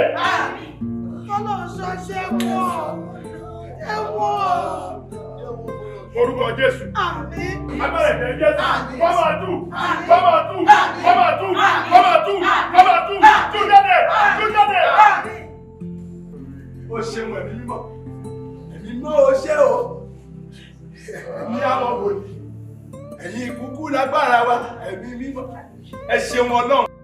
kọ́lọ́ ṣọṣẹ́ wọ̀ ẹ wọ̀ orúkọ jésù agbára ẹ̀jẹ̀ jésù bàbá tú bàbá tú bàbá tú bàbá tú bàbá tú tú jáde tú jáde. o ṣeun ẹ̀mí mímọ́ ẹ̀mí mímọ́ o ṣé o ẹ̀mí àmọ́ wòlíì ẹ̀yin kúkú lágbára wa ẹ̀mí mímọ́ ẹ ṣeun ọlọ́run.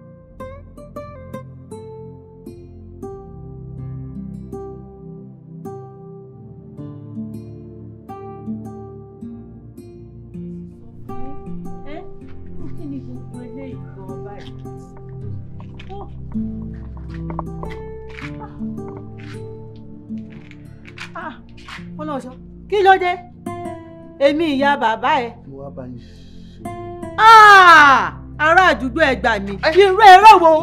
kí ló dé èmi ìyá bàbá ẹ. mo wá bá yín ṣe. Ah! ará àdúgbò ẹ gbà mí irú ẹ̀rọ wo.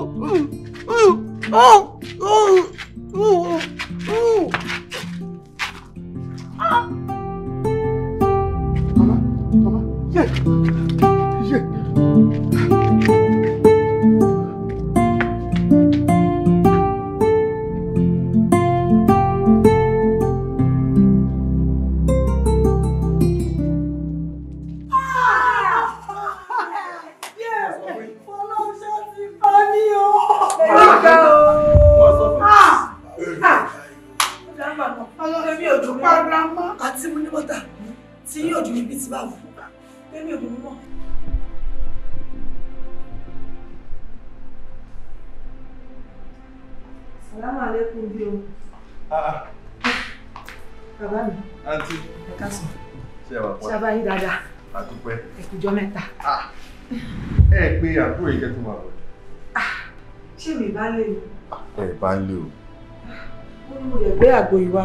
mama mama Yeah.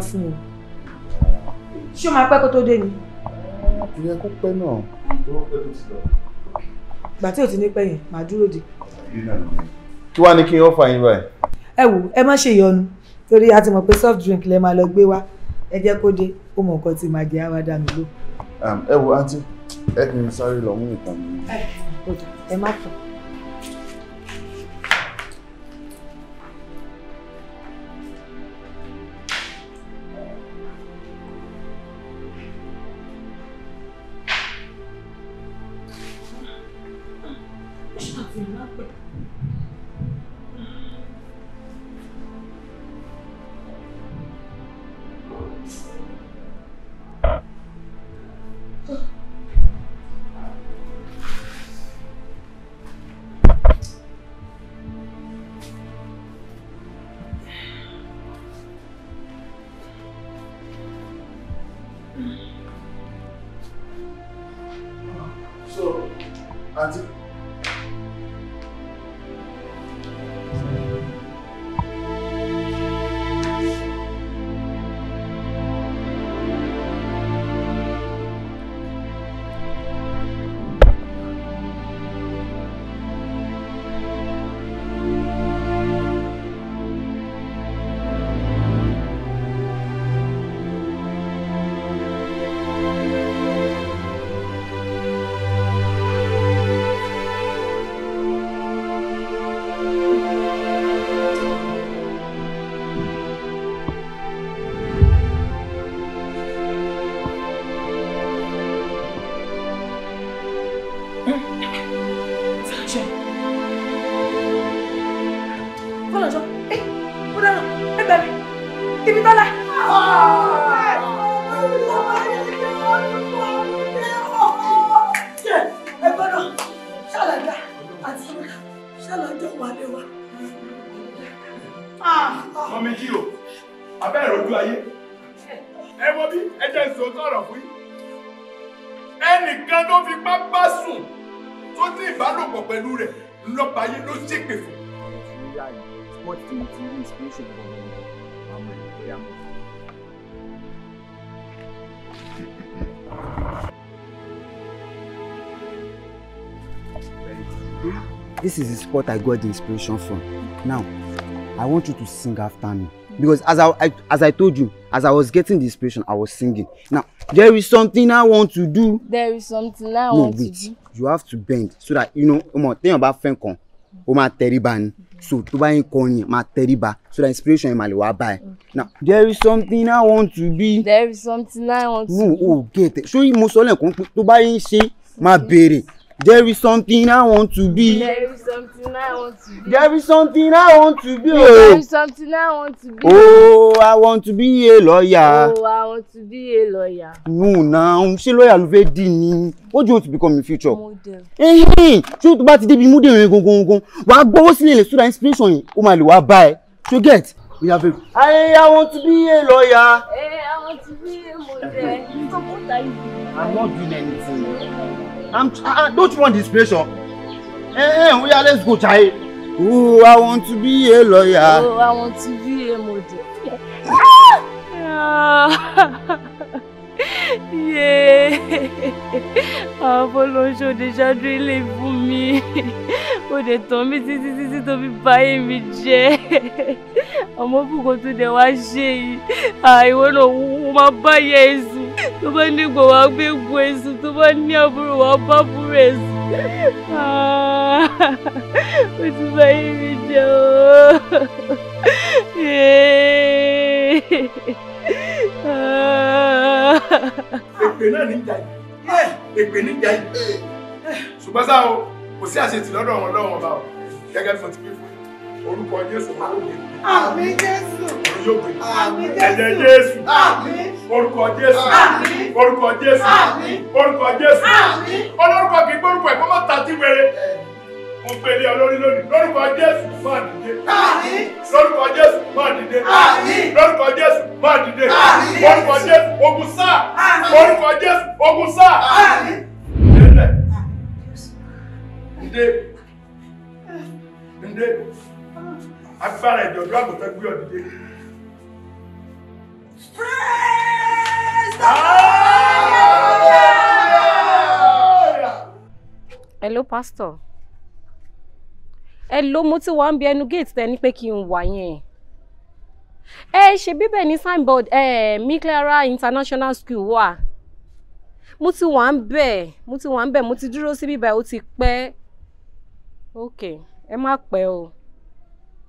fún o ṣé o máa pẹ́ kó tó dé ni. ìyẹn kó pẹ́ náà. ìgbà tí ò ti ní pẹ́ yẹn màá dúró de. kí wàá ní kí n ọ́fà yín báyìí. ẹ wò ẹ má ṣe ìyọnu torí a ti mọ̀ pé soft drink lẹ máa lọ gbé wá ẹ jẹ́ kó dé ó mọ nǹkan tí màá jẹ àwa dà mí ló. ẹ wo àǹtí ẹ kì í sáré lọ mú ìtàn mi. ẹ má fọ. kódà ẹ gbà mí tìbí tọ́lá. ẹ gbọ́dọ̀ ṣàlàyé àti ṣàlàyé wà lé wa. Ah. Ah. mọ̀mí jí o abẹ́ ìrọ̀jú ayé ẹ wọ bí ẹ jẹ́ ìṣòótọ́ ọ̀rọ̀ fún yín ẹnìkan ló fi pápá sùn tó ní ìbálòpọ̀ pẹ̀lú rẹ̀ lọ́ba yìí ló ṣépè fún sport tí mo ti rí inspiration gbọ̀ngàn àwọn This is the spot I got the inspiration from. Now, I want you to sing after me. Because as I, I as I told you, as I was getting the inspiration, I was singing. Now, there is something I want to do. There is something I no, want wait. to do. You have to bend so that you know, ọmọ téèyàn bá fẹ́ nǹkan, ó so tó bá yín kọrin máa tẹríba so that inspiration yẹn máa lè wá bá ẹ now there is something i want to be there is something i want to be no o oh, get it ṣé mo sọ lẹ́ẹ̀kan pé tó bá yín ṣe máa béèrè There is something I want to be. There is something I want to be. There is something I want to be. Oh. There is something I want to be. Oh, I want to be a lawyer. Oh, I want to be a lawyer. No, now, ṣé lọ́ọ̀yà ló fẹ́ dì ní? What do you want to become in future? Model. Ẹ̀hìn, ṣé o tó bá ti débi múdè rẹ̀ gangan, wàá gbọ́wọ́ sílẹ̀ lè sódà inspiration yìí, ó máa lè wá bá ẹ. To get. We have I, I want to be a lawyer. Hey, I want to be a model. Come on, I'm not doing anything. I'm, I, I don't want this pressure. Eh, we eh, are. let's go, Chai. Oh, I want to be a lawyer. Oh, I want to be a model. Yeah. Yay! Àbọ̀ ló ń ṣòde ṣáájú ilé fún mi. Ó dẹ̀ tàn mí títí títí tó fi báyé mi me. Ọmọ bùkún tó dẹ̀ wá ṣe yìí. Àìwọ́n ah, náà wọ́n máa báyé èso tó bá ní gbọ̀n wá gbé gbọ́ èsì tó bá ní àbúrò wá bá búrò èsì ah, ó ti bá yí mi jẹ ooo. Ah. èpè náà ní ìjà yìí eh, èpè ní ìjà yìí eh, ṣùgbọ́n sáà o kò sí àṣetì lọ́dọ̀ wọn lọ́wọ́ ọba o gẹ́gẹ́ bí mo ti wí fún orúkọ Jésù máa ń gbé. Àmín Jésù. Yóò gbé. Àmín Jésù. Ẹ̀jẹ̀ Jésù. Àmín. Orúkọ Jésù. Àmín. Orúkọ Jésù. Àmín. Orúkọ Jésù. Àmín. Olórúkọ kì í gbórúkọ ẹ̀ kó má ta tí wéré. Mo pè ní olórí lónìí. Lórúkọ Jésù máa dìde. Àmín. Lórúkọ Jésù máa dìde. Àmín. Lórúkọ Jésù máa dìde. Àmín. Orúkọ Jésù ogun sáà. Àmín. Orúkọ Jésù ogun sáà. Àmín. Dìde. Dìde. Dìde agbára ìjọ̀dún àgùntàn gbé ọ̀dìdé. hello pastor hello mo ti wà ń bi ẹnu gate tẹ ní pé kí n wà yẹn ẹ ṣe bíbẹ̀ ní signboard ẹ miclara international school wà mo ti wà ń bẹ̀ mo ti wà ń bẹ̀ mo ti dúró sí bíbẹ̀ ó ti pẹ́ ok ẹ má pẹ́ o. Okay.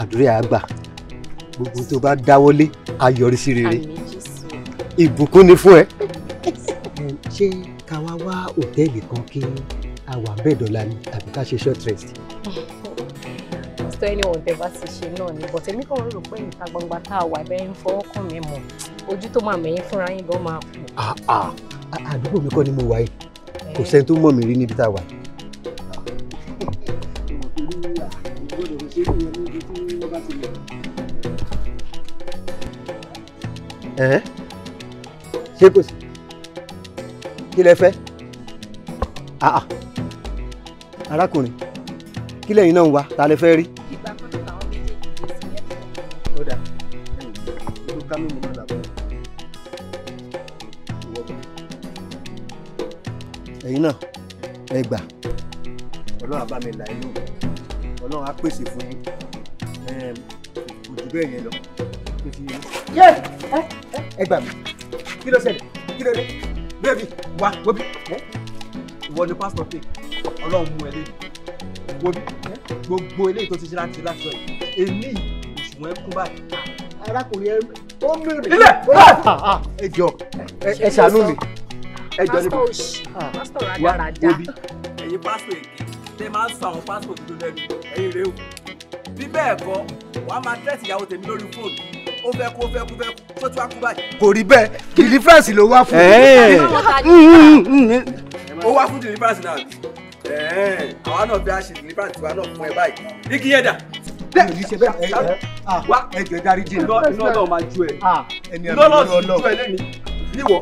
àdúrà àgbà gbogbo tó bá dáwọ́lé á yọrí sí rere ìbùkún ni fún ẹ. ṣé ká wá wá òtẹ́ẹ̀lì kan kí a wà bẹ́ẹ̀ dọ̀la ni àbí ká ṣe short rest. pásítọ̀ ẹni ọ̀dẹ bá ti ṣe náà ni bọ̀tẹ́ mi kàn rò pé ìta gbangba tá a wà bẹ́ẹ̀ ń fọwọ́ kàn mí mọ̀ ojú tó máa mẹ́yìn fúnra yín gan máa kù. Ah, ah, àdúgbò mi kọ́ ni mo wà yìí kò sẹ́ni tó mọ̀ mí rí níbi tá a wà yìí. ṣé kò sí kí lẹ fẹ́ ah, ah. arákùnrin kí lẹ́yìn náà ń wá ta lẹ fẹ́ rí. ìgbà kan tó làwọn méjèèjì lè sí lẹ́kọ̀ọ́. ó dà irú kámínú náà làwọn ìwọ bá. ẹ̀yin náà ẹ gbà ọlọ́run á bá mi là inú ọlọ́run á pèsè fún yín ẹ gbà mí kí ló ṣẹlẹ̀ kí ló dé bẹ́ẹ̀bi wá wẹ́bi ìwọ ni pásítọ̀ pé ọlọ́run mú ẹ lé wẹ́bi gbogbo eléyìí tó ti ṣe láti láti sọ yìí èmi òṣùwọ̀n ẹ kú báyìí. arákùnrin ah, ah, ah. ẹ ó mèrè. ilẹ̀ ẹ jọ ẹ ṣàánú mi ẹ jọ níbi wá wẹ́bi. ẹ̀yin pásítọ̀ èké tẹ́ máa ń sọ àwọn pásítọ̀ tó lẹ́nu ẹ̀yin rèé o bí bẹ́ẹ̀ kọ́ wàá máa tẹ̀sí ìyàwó tèmi lórí fóònù ó fẹ́ kú fẹ́ kú fẹ́ kú tó wá kú báyìí. kò rí bẹ́ẹ̀ deliverance ló wá fún mi. Eh. ó wá fún deliverance náà eh, àwa náà bí a ṣe deliverance tiwa náà fún ẹ báyìí igi yẹn dà bẹ́ẹ̀ ní ṣe bẹ́ẹ̀ wá ẹjọ́ dárí jìn iná náà máa ju ẹ ah, iná náà ju ẹ lẹ́nu níwọ̀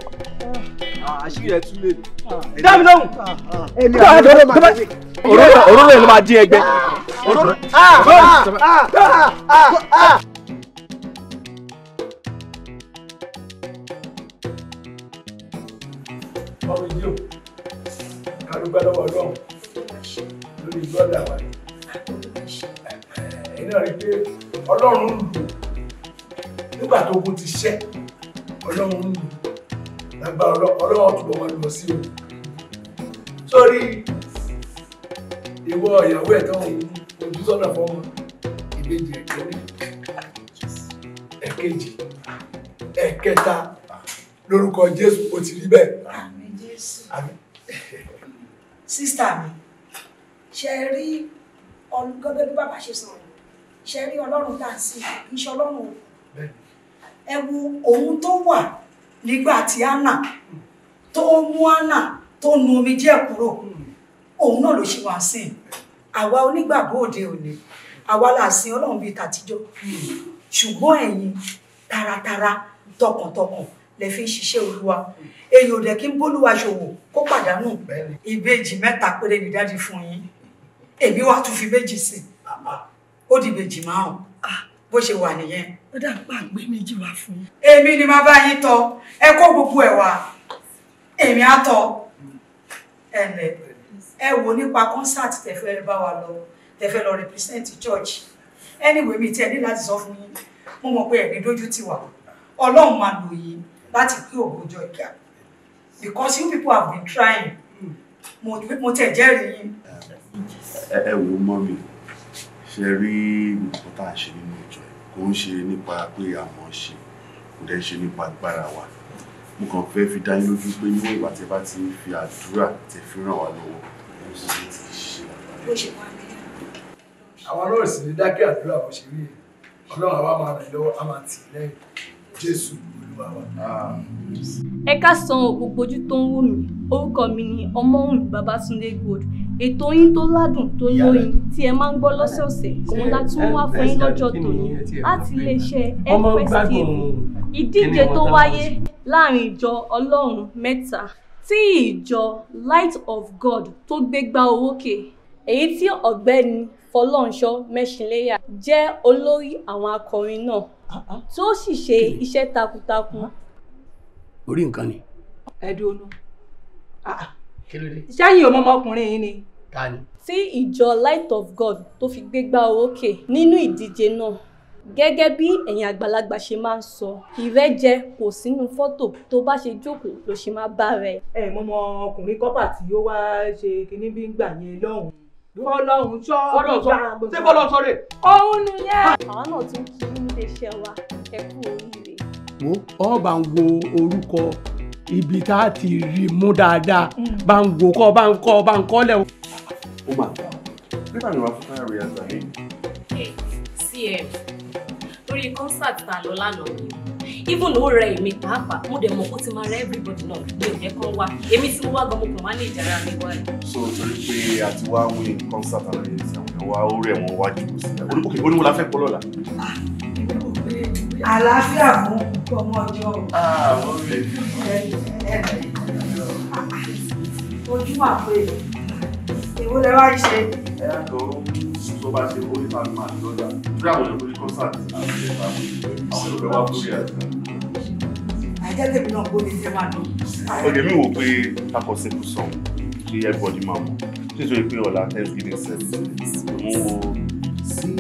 ah, àṣírí ẹ tún lè ah. dáàmì lóhùn ẹni àdúrà máa ṣe. òróró ẹ ló máa dín ẹgbẹ́. ọmọ ìjọ kálukú lọ́wọ́ ọlọ́run lórí gbọ́dọ̀ àwọn ẹ̀yìn náà rí pé ọlọ́run ń lù nígbà tó kún ti ṣẹ́ ọlọ́run ń lù lágbára ọlọ́run túbọ̀ wọn lọ sí o sórí ìwọ ìyàwó ẹ̀ tó ń ojú sọ́nà fọ́mọ ìbejì ẹ̀kẹ́ ní ẹ̀kejì ẹ̀kẹta lórúkọ Jésù ó ti rí bẹ́ẹ̀ sísítà mi ṣe rí gẹ́gẹ́ bí bàbá ṣe sọ̀rọ̀ ṣe rí ọlọ́run tá à ń ọlọ́run o ẹ wo ohun tó wà nígbà tí anna tó mú anna tó nu omi jẹ́ kúrò òun náà ló ṣe wá sìn àwa onígbàgbọ́ òde òní àwa là sìn ọlọ́run bíi tàtijọ́ hmm. ṣùgbọ́n ẹ̀yin taratara tọkàntọkàn lè fi ń ṣiṣẹ́ olúwa èyí ò dẹ̀ kí n bólúwa ṣòwò kó pàdánù ìbejì mẹ́ta péré ni dáàdi fún yín èmi wá tún fi méjì sí ó di ìbejì márùn ah. bó ṣe wà nìyẹn. ó dà pa àgbé méjì wá fún yín. èmi ni màá bá yín tọ ẹ kó gbogbo ẹ wá èmi á tọ ẹ lẹ ẹ wò nípa kọ́nsáàtì tẹ̀fẹ́ bá wa lọ tẹ̀fẹ́ lọ represent church anyway mi tiẹ̀ ní láti sọ fún yín mo mọ̀ pé ẹ̀ ní dójú tì wá ọlọ́run máa lò yín láti gbé ògbójọ ìgbà because you people have been trying mo tẹ̀ jẹ́rìí yín. ẹ wo mọ́ mi ṣe rí nǹkan tá à ń ṣe nínú ìjọ ẹ kò ń ṣe nípa pé àmọ́ ṣe kò dẹ̀ ṣe nípa agbára wa mo kàn fẹ́ fi dá yín lójú pé níwọ̀n ìgbà tẹ́ bá ti ń fi àdúrà tẹ́ fi ràn wá lọ́wọ́ mo sì ti ṣe àwọn náà ní dákẹ́ àdúrà bó ṣe rí ọlọ́run àwa máa rìn lọ́wọ́ á máa tì lẹ́yìn jésù olúwa wa. ẹ ká san gbogbo ojú tó ń wò mí orúkọ mi ni ọmọwùnmí babátúndé gold ètò yín tó ládùn tó lóyin tí ẹ máa ń gbọ́ lọ́sẹ̀ọ̀sẹ̀ òun la tún wá fún yín lọ́jọ́ tòní láti iléeṣẹ́ mfs ìdíje tó wáyé láàrin ìjọ ọlọ́run mẹ́ta tí ìjọ light of god tó gbégbá orókè èyí tí ọ̀gbẹ́ni fọlọ́nṣọ́ mẹ́ṣinléyà jẹ́ olórí àwọn akọrin náà Ah, ah. tí ó sì ṣe iṣẹ́ takuntakun. Ah. orí nǹkan ni. ẹdùnú sẹ́yìn ọmọkùnrin yìí ni. ta ni. tí ìjọ light of god tó fi gbégbá orókè nínú ìdíje náà gẹ́gẹ́ bí ẹ̀yin àgbàlagbà ṣe máa ń sọ ìrẹ́jẹ kò sínú fọ́tò tó bá ṣe jókòó ló ṣe máa bá rẹ. ẹ mọ ọmọ ọkùnrin kọ́pà tí ó wá ṣe kinní bí ń gbà yẹn lọ́hùn-ún fọlọ́hún sọ fọlọ́hún sọ ṣé fọlọ́hún sọ rè. òun nu yẹn. àwọn náà ti ń kí nílé iṣẹ́ wa ẹ kú oríire. mo ọ bá ń wo orúkọ ibi tá a ti rí mú dáadáa mm. bá ń wo kọ́ bá ń kọ́ bá ń kọ́lẹ̀. ó mà dá nígbà ní wàá fún káyọ̀ rí àgbà yìí. cf lórí concert ta lọ lánàá ni o even ó rẹ èmi pàápàá mo dẹ̀ mọ̀ kó ti máa rẹ everybody náà mi ò jẹ́ kán wá èmi tí mo wá gan mo kàn máa ní ìjára mi wá so torí pé a ti wá wí concert àwọn ẹ̀yẹ sí àwọn wa ó rẹ̀ wá jù sí i oníwó la fẹ́ kọ́ lọ́la. àlàáfíà fún ọmọ ọjọ́ ah, ojú mà pé èwo lẹ wá ṣe. ẹ á lọ bá ṣe owó nípa ní màá lọ́dà bí àwọn èèyàn lórí concert àti ẹ̀ka àwọn èèyàn fẹ́ wá lórí àti. àjẹtẹ̀mí mi wò pé akọ̀sẹ̀kù sàn kí everybody máa mọ̀ nítorí pé ọ̀la thanksgiving service mo wo. sí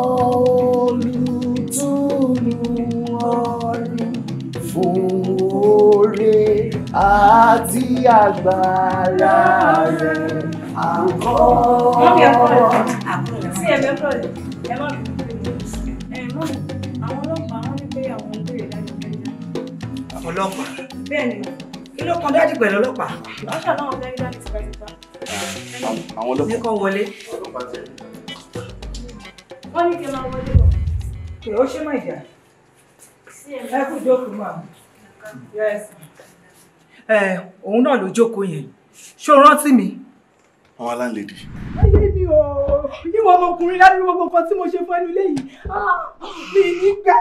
olùtúlù ọrùn fún oore àti agbára rẹ̀ àkọ́ sí ẹ̀mẹ́ fúlọ̀dì ẹ má bí ẹ mọ́ àwọn ọlọ́pàá wọn ní pé àwọn ń béèrè dájú pé ní. ọlọ́pàá. bẹ́ẹ̀ni kí ló kan dájú pẹ̀lú ọlọ́pàá. lọ́sà náà fẹ́ dá ní tipátipá. àwọn ọlọ́pàá. ní kò wọlé. wọ́n ní kí n máa wọlé bọ̀. pé ó ṣe má ìjà. ẹ kú jókòó mà. òun náà ló jókòó yẹn ṣó rántí mi àwọn aláǹlẹ̀dì. ayé mi o ìwọ ọmọkùnrin ládùúgbò gbogbo nǹkan tí mo ṣe fún ẹnu léyìí ah, mi ní gbà.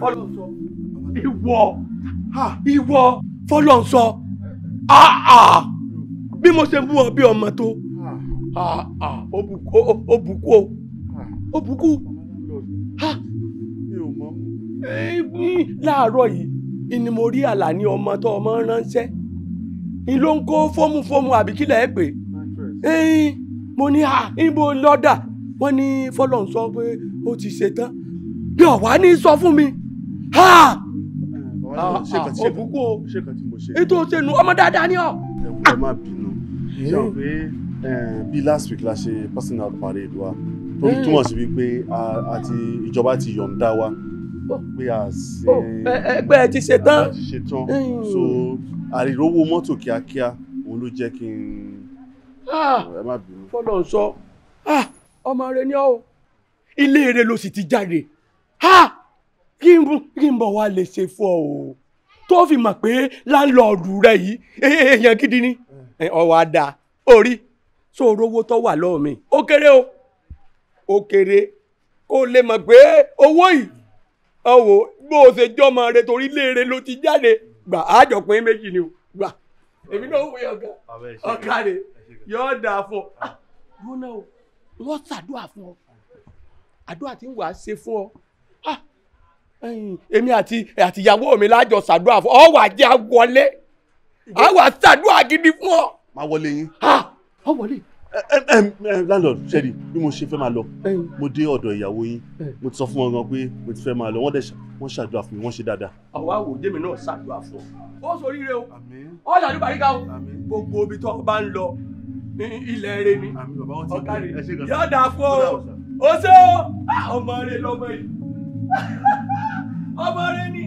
fọlọ́nsọ ìwọ ah, ìwọ fọlọ́nsọ ah, bí mo ṣe bú ọ bí ọmọ tó ó bùkú ó bùkú ó láàárọ̀ yìí ni mo rí àlàní ọmọ tó ọmọ ránṣẹ́ ni ló ń kó fọ́ọ̀mù fọ́ọ̀mù àbí kí lẹ̀ pè mo ní à níbo lọ́dà wọ́n ní fọ́lọ́ ń sọ pé ó ti ṣetán bí ọ̀wá ní sọ fún mi ah, òbúkú o ètò òṣèlú ọmọ dáadáa ni ọ. ẹ má bínú ṣe eh? pé bíi last week la ṣe personal parade wa tó túmọ̀ sí wípé àti ìjọba ti yọ̀ǹda wa pé a ṣe. ẹgbẹ́ ẹ ti ṣe tán. a ti ṣe tán hmm. so àrírówó mọ́tò kíákíá òun ló jẹ́ kí n. Ah! ẹ má bínú. fọlọ́ ń sọ ah! ọmọ rẹ ni ọ́ ilé rẹ ló sì ti jáde ah! kí n bọ̀ wá lè ṣe fún ọ o tó fi mọ̀ pé láńlọ́ọ̀dù rẹ yìí e, e, èèyàn gidi ni eh. ọwọ́ àdá orí sórówó tó wà lọ́wọ́ mi ó kéré o ó kéré kó lè mọ̀ pé owó yìí ọ wò bó o ṣe jọmọ rẹ torí léèrè ló ti jáde gbà àjọ pín méjì ni o gbà èmi náà wòye ọ̀gá ọ̀gá rẹ yóò dà fún ọ gbóná ah, o wọ́n ṣàdúrà fún ọ àdúrà tí ń wàá ṣe fún ọ ah, èmi àti àtìyàwó mi lájọ ṣàdúrà fún ọ wà jẹ́ àwọlé àwa ṣàdúrà gidi fún ọ. máa wọlé yín. ọ ah, wọlé yìí landlord ṣẹ́ni bí mo ṣe fẹ́ máa lọ mo dé ọ̀dọ̀ ìyàwó yín mo ti sọ fún wọn gan pé mo ti fẹ́ máa lọ wọ́n ṣàdúrà fún mi wọ́n ṣe dáadáa. àwa wò jẹ́mi náà ṣàdúrà fún ọ. ó ṣoríire o ó ṣàdúrà yíká o gbogbo ibi tó bá ń lọ ilẹ̀ rẹ ni ọ̀gá rẹ yóò dà fún ọ o ṣe o ah, ọmọ rẹ lọmọ yìí ọmọ rẹ ni.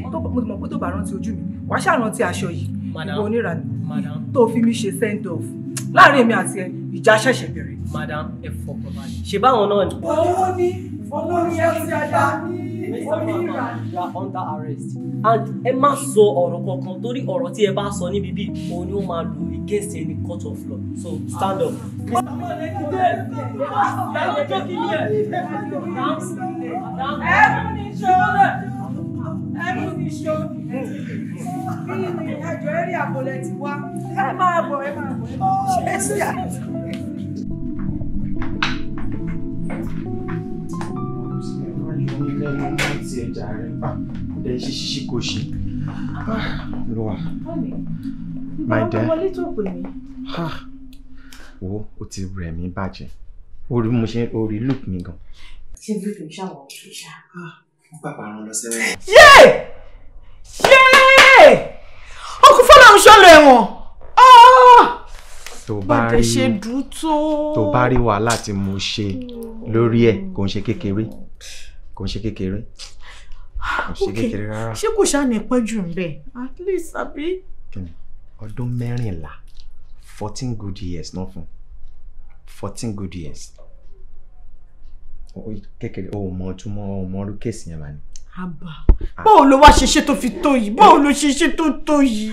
mo ti mọ̀ pé tó bá rántí ojú mi wàá ṣàrántí aṣọ yìí ìwọ oníranú tó fi mí ṣe send off láàrin èmi àti ẹ ìjà ṣẹ̀ṣẹ̀ bẹ̀rẹ̀. madam ẹ fọkàn balẹ̀ ṣe báwọn náà ni. ọlọ́wọ́ ní olórí ẹ̀sìn ẹ̀dá ní oníranú. you are under arrest and ẹ má sọ ọ̀rọ̀ kankan torí ọ̀rọ̀ tí ẹ bá sọ níbi bíi òun ni ó máa lò against any court of law so stand up. ẹ kò ní ṣe ọ́ lẹ̀. àbọ̀lẹ̀ ti wá ẹ máa bọ̀ ẹ máa bọ̀ ẹ máa bọ̀ My dear. o ti rẹ̀ mí bàjẹ́. Orí mo ṣe orí look mi gan. Ṣé bíbí ń ṣàwọ̀ òkè ṣá? Bàbá rán lọ sẹ́rẹ̀. Yé! Yé! ọkùn fọlọ́run ṣọlọ ẹ̀wọ̀n ah! tó bá rí tó bá rí wàhálà tí mo ṣe lórí ẹ̀ kò ń ṣe kékeré kò ń ṣe kékeré kò ń ṣe kékeré rárá. ṣé kò ṣáà ní pẹ́jù ń bẹ̀ at least àbí. ọdún mẹ́rìnlá fourteen good years náà fún fourteen good years kékeré o mọ túmọ̀ ọmọ ọdún kéèsì yẹn mà ní àbá báwo ló wá ṣe ṣe tó fi tó yìí báwo ló ṣe ṣe tó tó yìí.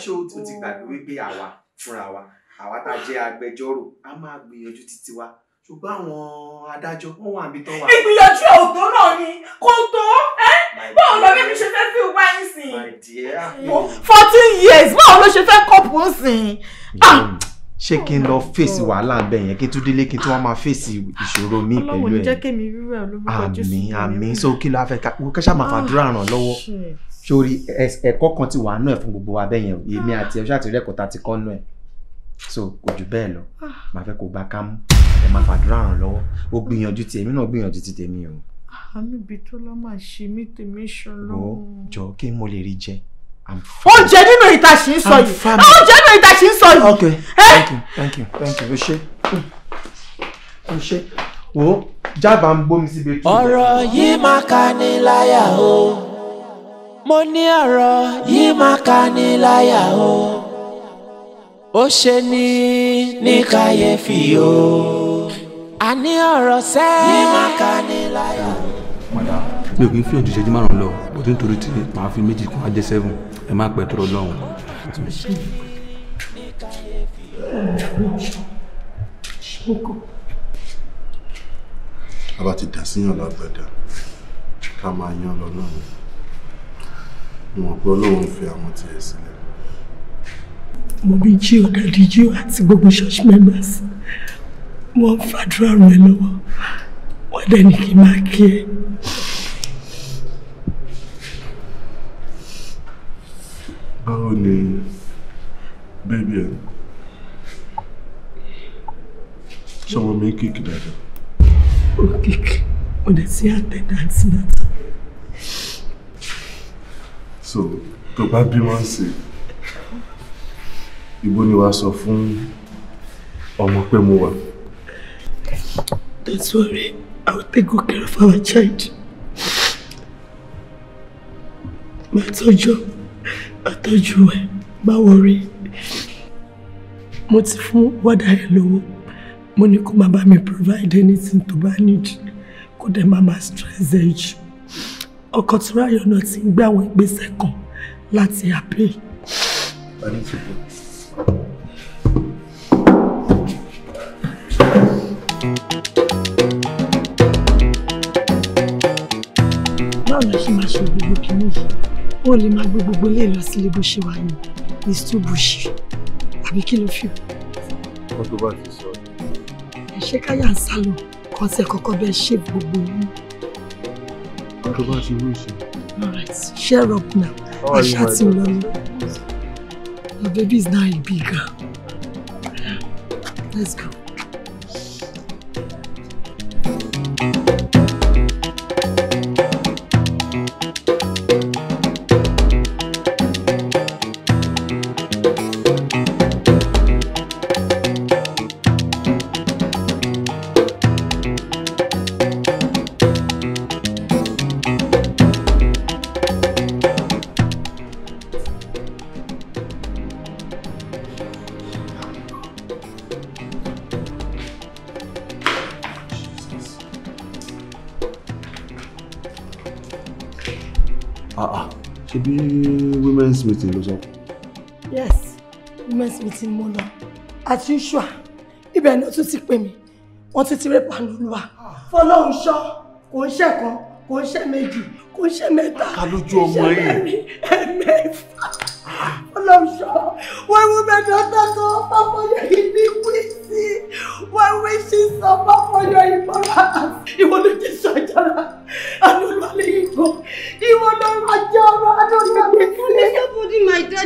ṣé o ti gbàgbé wípé àwa fúnra wa àwa tá a jẹ́ agbẹjọ́rò a máa gbìyànjú títí wa ṣùgbọ́n àwọn adájọ́ wọ́n wà níbi tán wà. ìgbìyànjú òtó náà ni kò tó báwo lọ bẹ́ẹ̀ mi ṣe fẹ́ fi wá yín sìn. fourteen years báwo ló ṣe fẹ́ kọ́pù ń sìn ṣé kí n lọ fèsì wàhálà ń bẹ yẹn kí n tún délé kí n tún wá máa fèsì ìṣòro mi pẹ̀lú ẹ̀. Ọlọ́run jẹ́ kémi rírọ̀ lórúkọ Jésù. àmín àmín so kí ló á fẹ́ ká kó ṣáà máa fàdúrà ràn lọ́wọ́ sórí ẹ̀kọ́ kan ti wà nú ẹ̀ fún gbogbo wa bẹ́ẹ̀ yẹn èmi ah. àti ẹ̀ ṣáàtì rẹ́kọ̀ọ́ ta ti kọ́ nú ẹ̀ so kò jù bẹ́ẹ̀ lọ ah. màá fẹ́ kó gbá kámú ẹ̀ máa fàdúrà ràn lọ́wọ́ ó gbìyànjú ti èmi náà gbìyànjú ti tèmi o. Ah, àánú ibi tó lọ́ máa ṣe mí tèmi ṣọlọ́run. jọ kí mo lè rí jẹ oúnjẹ nínú ìta sì ń sọ yìí oúnjẹ nínú ìta sì ń sọ yìí. okay thank you thank you thank you o ṣe o ṣe wo jábà ń gbómi síbi ètò. ọ̀rọ̀ yìí máa ka ni láyà o mo ní ọ̀rọ̀ yìí máa ka ni láyà o ó ṣe ní ní kàyéfì o. àní ọ̀rọ̀ sẹ́ẹ̀ yìí máa ka ni láyà o mi ò kì í fi òjì ìṣẹ́jú márùn-ún lọ bó ti ń torí tí màá fi méjì kún ajé seven ẹ má pẹ́ tọrọ lọ́hùn. bàbá ti dà síyàn lágbàdà ká máa yan lọ náà ni wọn pé ọlọ́run fi àwọn tiẹ̀ sílẹ̀. mo bí jíò dàdí jíò àti gbogbo church members wọn ń fàdúrà ràn ẹ lọ́wọ́ wọn dẹni kí n máa kí ẹ. báwo ni bébí ẹ̀ sọmọ mi kìkì dáadáa. ó kìkì ó dẹ̀ sí àtẹ̀dá àti nàtà. so tó bá bímọ sí ibo ni wàá sọ fún ọmọ pé mo wà. Don't worry, I will take good care of our child. My told àtọ́jú ẹ̀ má wọrí mo ti fún wọ́dà ẹ̀ lówó mo ní kó má bá mi provide anything to bá need kó dẹ̀ má má stress ẹ̀ jù ọkọ tí ráyọ̀ náà ti ń gbé àwọn ìgbésẹ̀ kan láti àpè. báwo la ṣe máa ṣe gbogbo kìíní yìí ó lè máa gbé gbogbo ilé lọ sílé bó ṣe wà ní mr bushi àbí kí ló fi. wọ́n tó bá ti sọ. ẹ ṣe káyà ń sálọ kọ́sẹ̀ kọ́kọ́ bẹ́ẹ̀ ṣe gbogbo yín. wọ́n tó bá ti wí sí. alright share up now àṣà ti lọ ní. your baby is now a big girl. let's go. meeting ló yes women's meeting mo lọ as usual ibẹ̀ ni ó tún ti pè mí wọ́n tún ti rẹ́ pàlúwà fọlọ́hún ṣọ́ kò ń ṣe kan kò ń ṣe méjì kò ń ṣe mẹ́ta kò ń ṣe mẹ́rin ẹ̀mẹ́fà fọlọ́hún ṣọ́ wọ́n wú mẹ́jọ tọ́tọ́ pápáyọ̀ ìbí wí sí wọ́n wí sí sọ pápáyọ̀ ìmọ̀ràn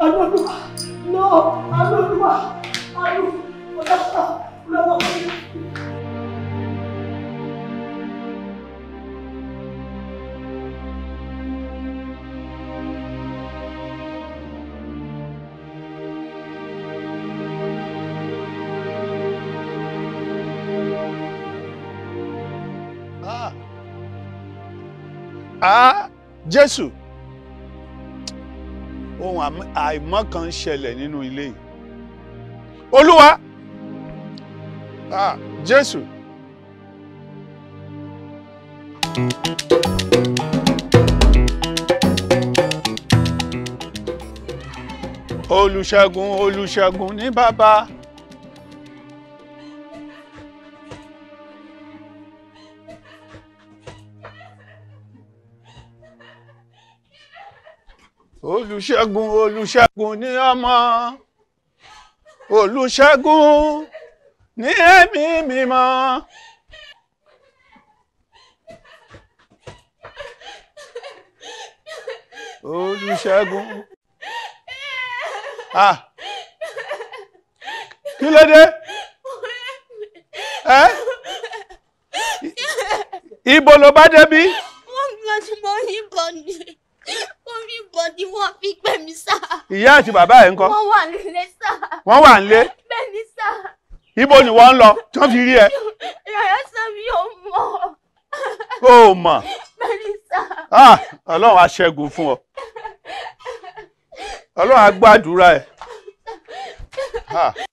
Aduh, aduh. No, aduh, aduh. Aduh, udah, udah, udah. Ah, ah Jesus. ohun àìmọ́ kan ń ṣẹlẹ̀ nínú ilé yìí olúwa ah jésù. olùṣègùn olùṣègùn ní bàbá. olùṣègùn olùṣègùn ní ọmọ olùṣègùn ní ẹ̀mí mímọ́. olùṣègùn ah kí ló dé ẹ ibo ló bá débi. wọ́n gbọ́dọ̀ mọ́ yín bọ̀ ni everybody wọ́n fi pè mí sá. ìyá àti bàbá ẹ̀ ń kọ́. wọ́n wà nílé sá. wọ́n wà nílé. bẹ́ẹ̀ ni sá. ibo ni wọ́n ń lọ tí wọ́n fi rí ẹ. yàrá sá mi ò mọ̀. o mọ̀. bẹ́ẹ̀ ni sá. ọlọ́run á ṣẹ́gun fún ọ. ọlọ́run á gbàdúrà ẹ̀.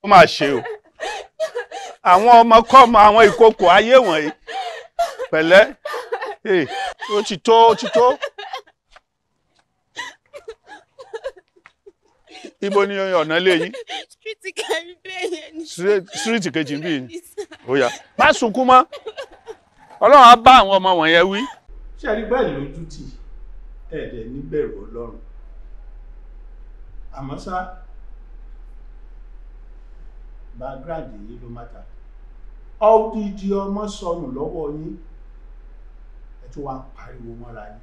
ó máa ṣe o. àwọn ọmọ àwọn ìkòkò ayé wọ̀nyí pẹ̀lẹ́ ó ti tó ó ti tó. ibo ni ọ̀nà lé yín. síríìtì kẹrin bẹ́ẹ̀ yẹn ni. síríìtì kejì ń bì yín ó yá má sunkún mọ́ ọlọ́run á bá àwọn ọmọ wọ̀nyẹn wí. ṣé ẹ rí báyìí lójú tì ẹ̀ẹ́dẹ̀ níbẹ̀rù ọlọ́run àmọ́ ṣá background yìí ló mátà odidi ọmọ sọnù lọ́wọ́ yín ẹ tún wá pariwo mọ́ra yín.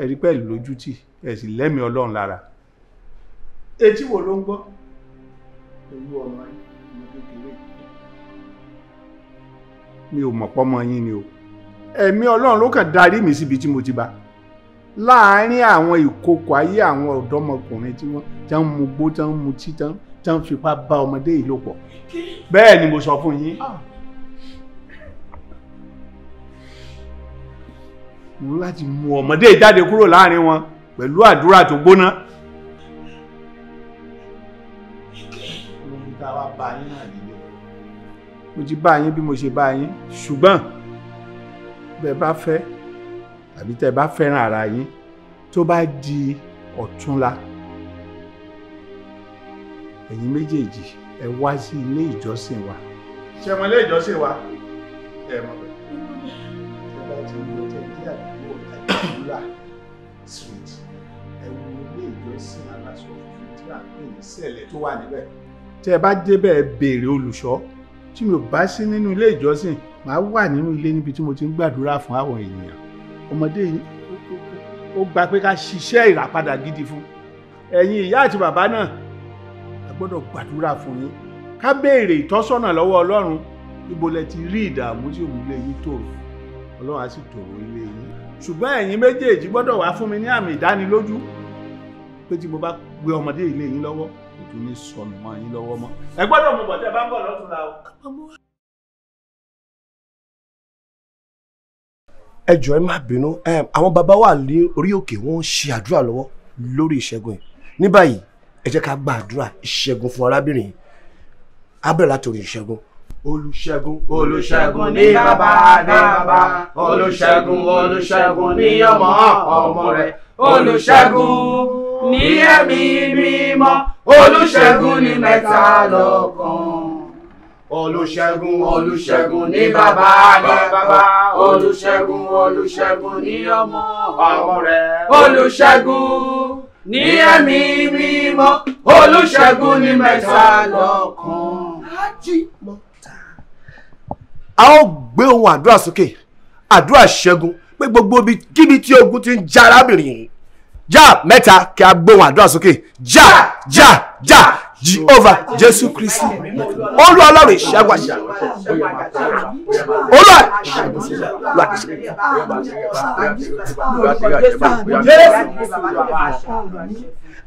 ẹ rí pẹ́ẹ́lú lójútì ẹ sì lẹ́mìí ọlọ́run lára etí wo ló ń gbọ́ pẹ̀lú ọmọ ọmọ kékeré mi ò mọ̀ pọ́mọ yín ni o ẹ̀mí ọlọ́run ló kàn darí mi síbi tí mo ti bá láàárín àwọn ìkòkò ayé àwọn ọ̀dọ́mọkùnrin tí wọ́n ti ń mugbó ti ń mutí ti ń fipá bá ọmọdé yìí lò pọ̀ bẹ́ẹ̀ ni mo sọ fún yín. Ah. mo láti mú ọmọdé jáde kúrò láàárín wọn pẹ̀lú àdúrà tó gbóná. bá yín náà nílé. mo ti bá yín bí mo ṣe bá yín ṣùgbọ́n bẹ́ bá fẹ́ tàbí tẹ́ bá fẹ́ràn ara yín tó bá di ọ̀túnla ẹ̀yin méjèèjì ẹ wá sí ilé ìjọsìn wa. ṣé mo ilé ìjọsìn wa ẹ mọ̀ bẹ́ẹ̀. ọba ti ń lọ tẹ̀ dí àdúgbò àdúrà street ẹ wo ilé ìjọsìn aláṣọ funfun tí a pè ní sẹ́ẹ̀lẹ̀ tó wà níbẹ̀ tẹ́ ẹ bá débẹ̀ ẹ béèrè olùṣọ́ tí mi ò bá sí nínú ilé ìjọsìn màá wà nínú ilé níbi tí mo ti ń gbàdúrà fún àwọn ènìyàn ọmọdé ó gba pé ká ṣiṣẹ́ ìràpadà gidi fún ẹ̀yin ìyá àti bàbá náà a gbọ́dọ̀ gbàdúrà fún yín ká béèrè ìtọ́sọ́nà lọ́wọ́ ọlọ́run níbo lẹ ti rí ìdààmú tí òun lè yín tòrò ọlọ́run á sì tòrò ilé yín ṣùgbọ́n ẹ̀yin méjèèjì gbọ́dọ̀ wá fún mi ní àmì ìdánilójú pé tí mo bá gbé ọmọdé ilé yín lọ́wọ́ kò tún ní sọnù mọ́ yín lọ́wọ́ mọ́. ẹ gbọ́dọ̀ mú bọ̀tẹ́ bá ń bọ̀ lọ́tùnla o. ẹ jọ̀ọ́ ẹ má bínú àwọn bàbá wa lé orí òkè wọn ń ṣe àdúrà lọ́wọ́ lórí ìṣẹ́gun yìí ní báyìí ẹ jẹ́ ká gba àdúrà ìṣẹ́gun fún arábìnrin yìí á bẹ̀rẹ̀ látòrí ìṣẹ́gun olùṣègùn olùṣègùn ní bàbá ní bàbá olùṣègùn olùṣègùn ní ọmọ ọmọ rẹ̀ olùṣègùn ní ẹ̀mí mímọ́ olùṣègùn ní mẹ́ta lọ́kan. olùṣègùn olùṣègùn ní bàbá rẹ̀ bàbá olùṣègùn olùṣègùn ní ọmọ ọmọ rẹ̀ olùṣègùn ní ẹ̀mí mímọ́ olùṣègùn ní mẹ́ta lọ́kan. a ó gbé ohun àdúrà sókè àdúrà ṣẹ́gun pé gbogbo ibi kíbi tí ogun ti ń já yìí já mẹ́ta kí a gbóhùn àdúrà sókè já já já jehova jésù kristi olú ọlọ́run ìṣẹ́gun àṣà olú àṣà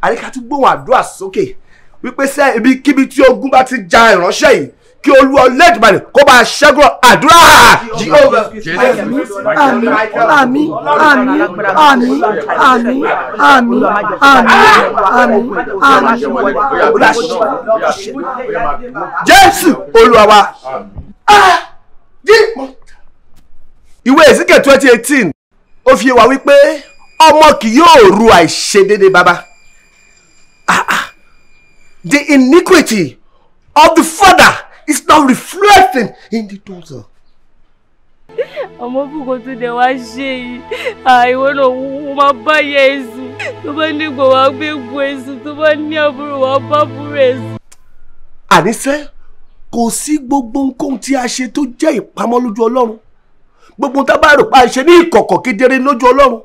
àríkàtúgbóhùn àdúrà sókè wípé sẹ́ ibi kíbi tí ogun bá ti ja ìránṣẹ́ yìí kí olú ọlẹ́dùnmáyé kó bá a ṣẹ́gun àdúrà Jehovah. àmín àmín àmín àmín àmín àmín àmín àmín àmín Jésù Olúwa ah! ìwé Èzíkíẹ́lì twenty eighteen ó fi wá wípé ọmọ kì yóò ru àìṣedéédé baba ah, ah. the iniquity of the father is now reflecting in the daughter. I'm bùkún to dẹ̀ wá ṣe yìí àìwọ náà wọ́n máa bá yẹ èsì tó bá ní ìgbà wàá gbé ègbò èsì tó bá ní àbúrò wàá bá búrò èsì. àníṣe kò sí gbogbo nǹkan tí a ṣe tó jẹ́ ìpamọ́ lójú ọlọ́run gbogbo tá a bá rò pé a ṣe ní ìkọ̀kọ̀ kedere lójú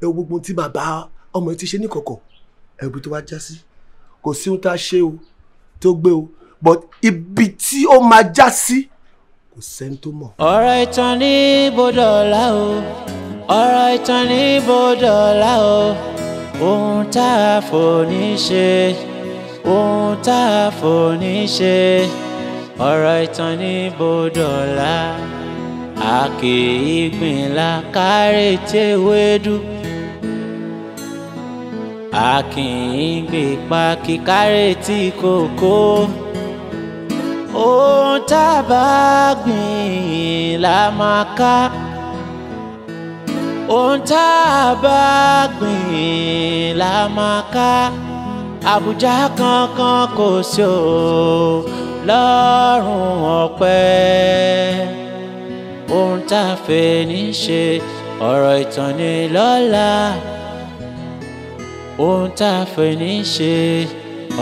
ẹ wo gbogbo tí bàbá ọmọ yìí ti ṣe níkọ̀kọ̀ ẹ wo ibi tó wá já sí kò sí ohun tá a ṣe o tó gbé o but ibi tí ó máa já sí kò sẹ́ni tó mọ̀. ọ̀rọ̀ ìtàn ní bòdọ̀lá o ọ̀rọ̀ ìtàn ní bòdọ̀lá o ohun tá a fò ní ṣe ohun tá a fò ní ṣe ọ̀rọ̀ ìtàn ní bòdọ̀lá àkè ìgbìnlá kárètè wédú àkìngbè pákí kárètì kòkó ohun tá a bá gbìn la máa ká ohun tá a gbìn la máa ká àbùjá kankan kò sí o lọ́rùn ọ̀pẹ ohun tá a fẹ́ ní ṣe ọ̀rọ̀ ìtàn ni lọ́la ohun tá a fẹ́ ní ṣe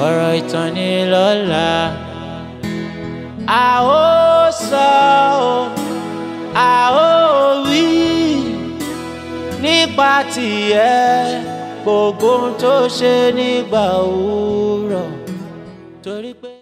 ọ̀rọ̀ ìtàn a ó sọ ọ́ a ó wí nípa tìẹ gbogbo tó ṣe nígbà òwúrọ̀ torí pé.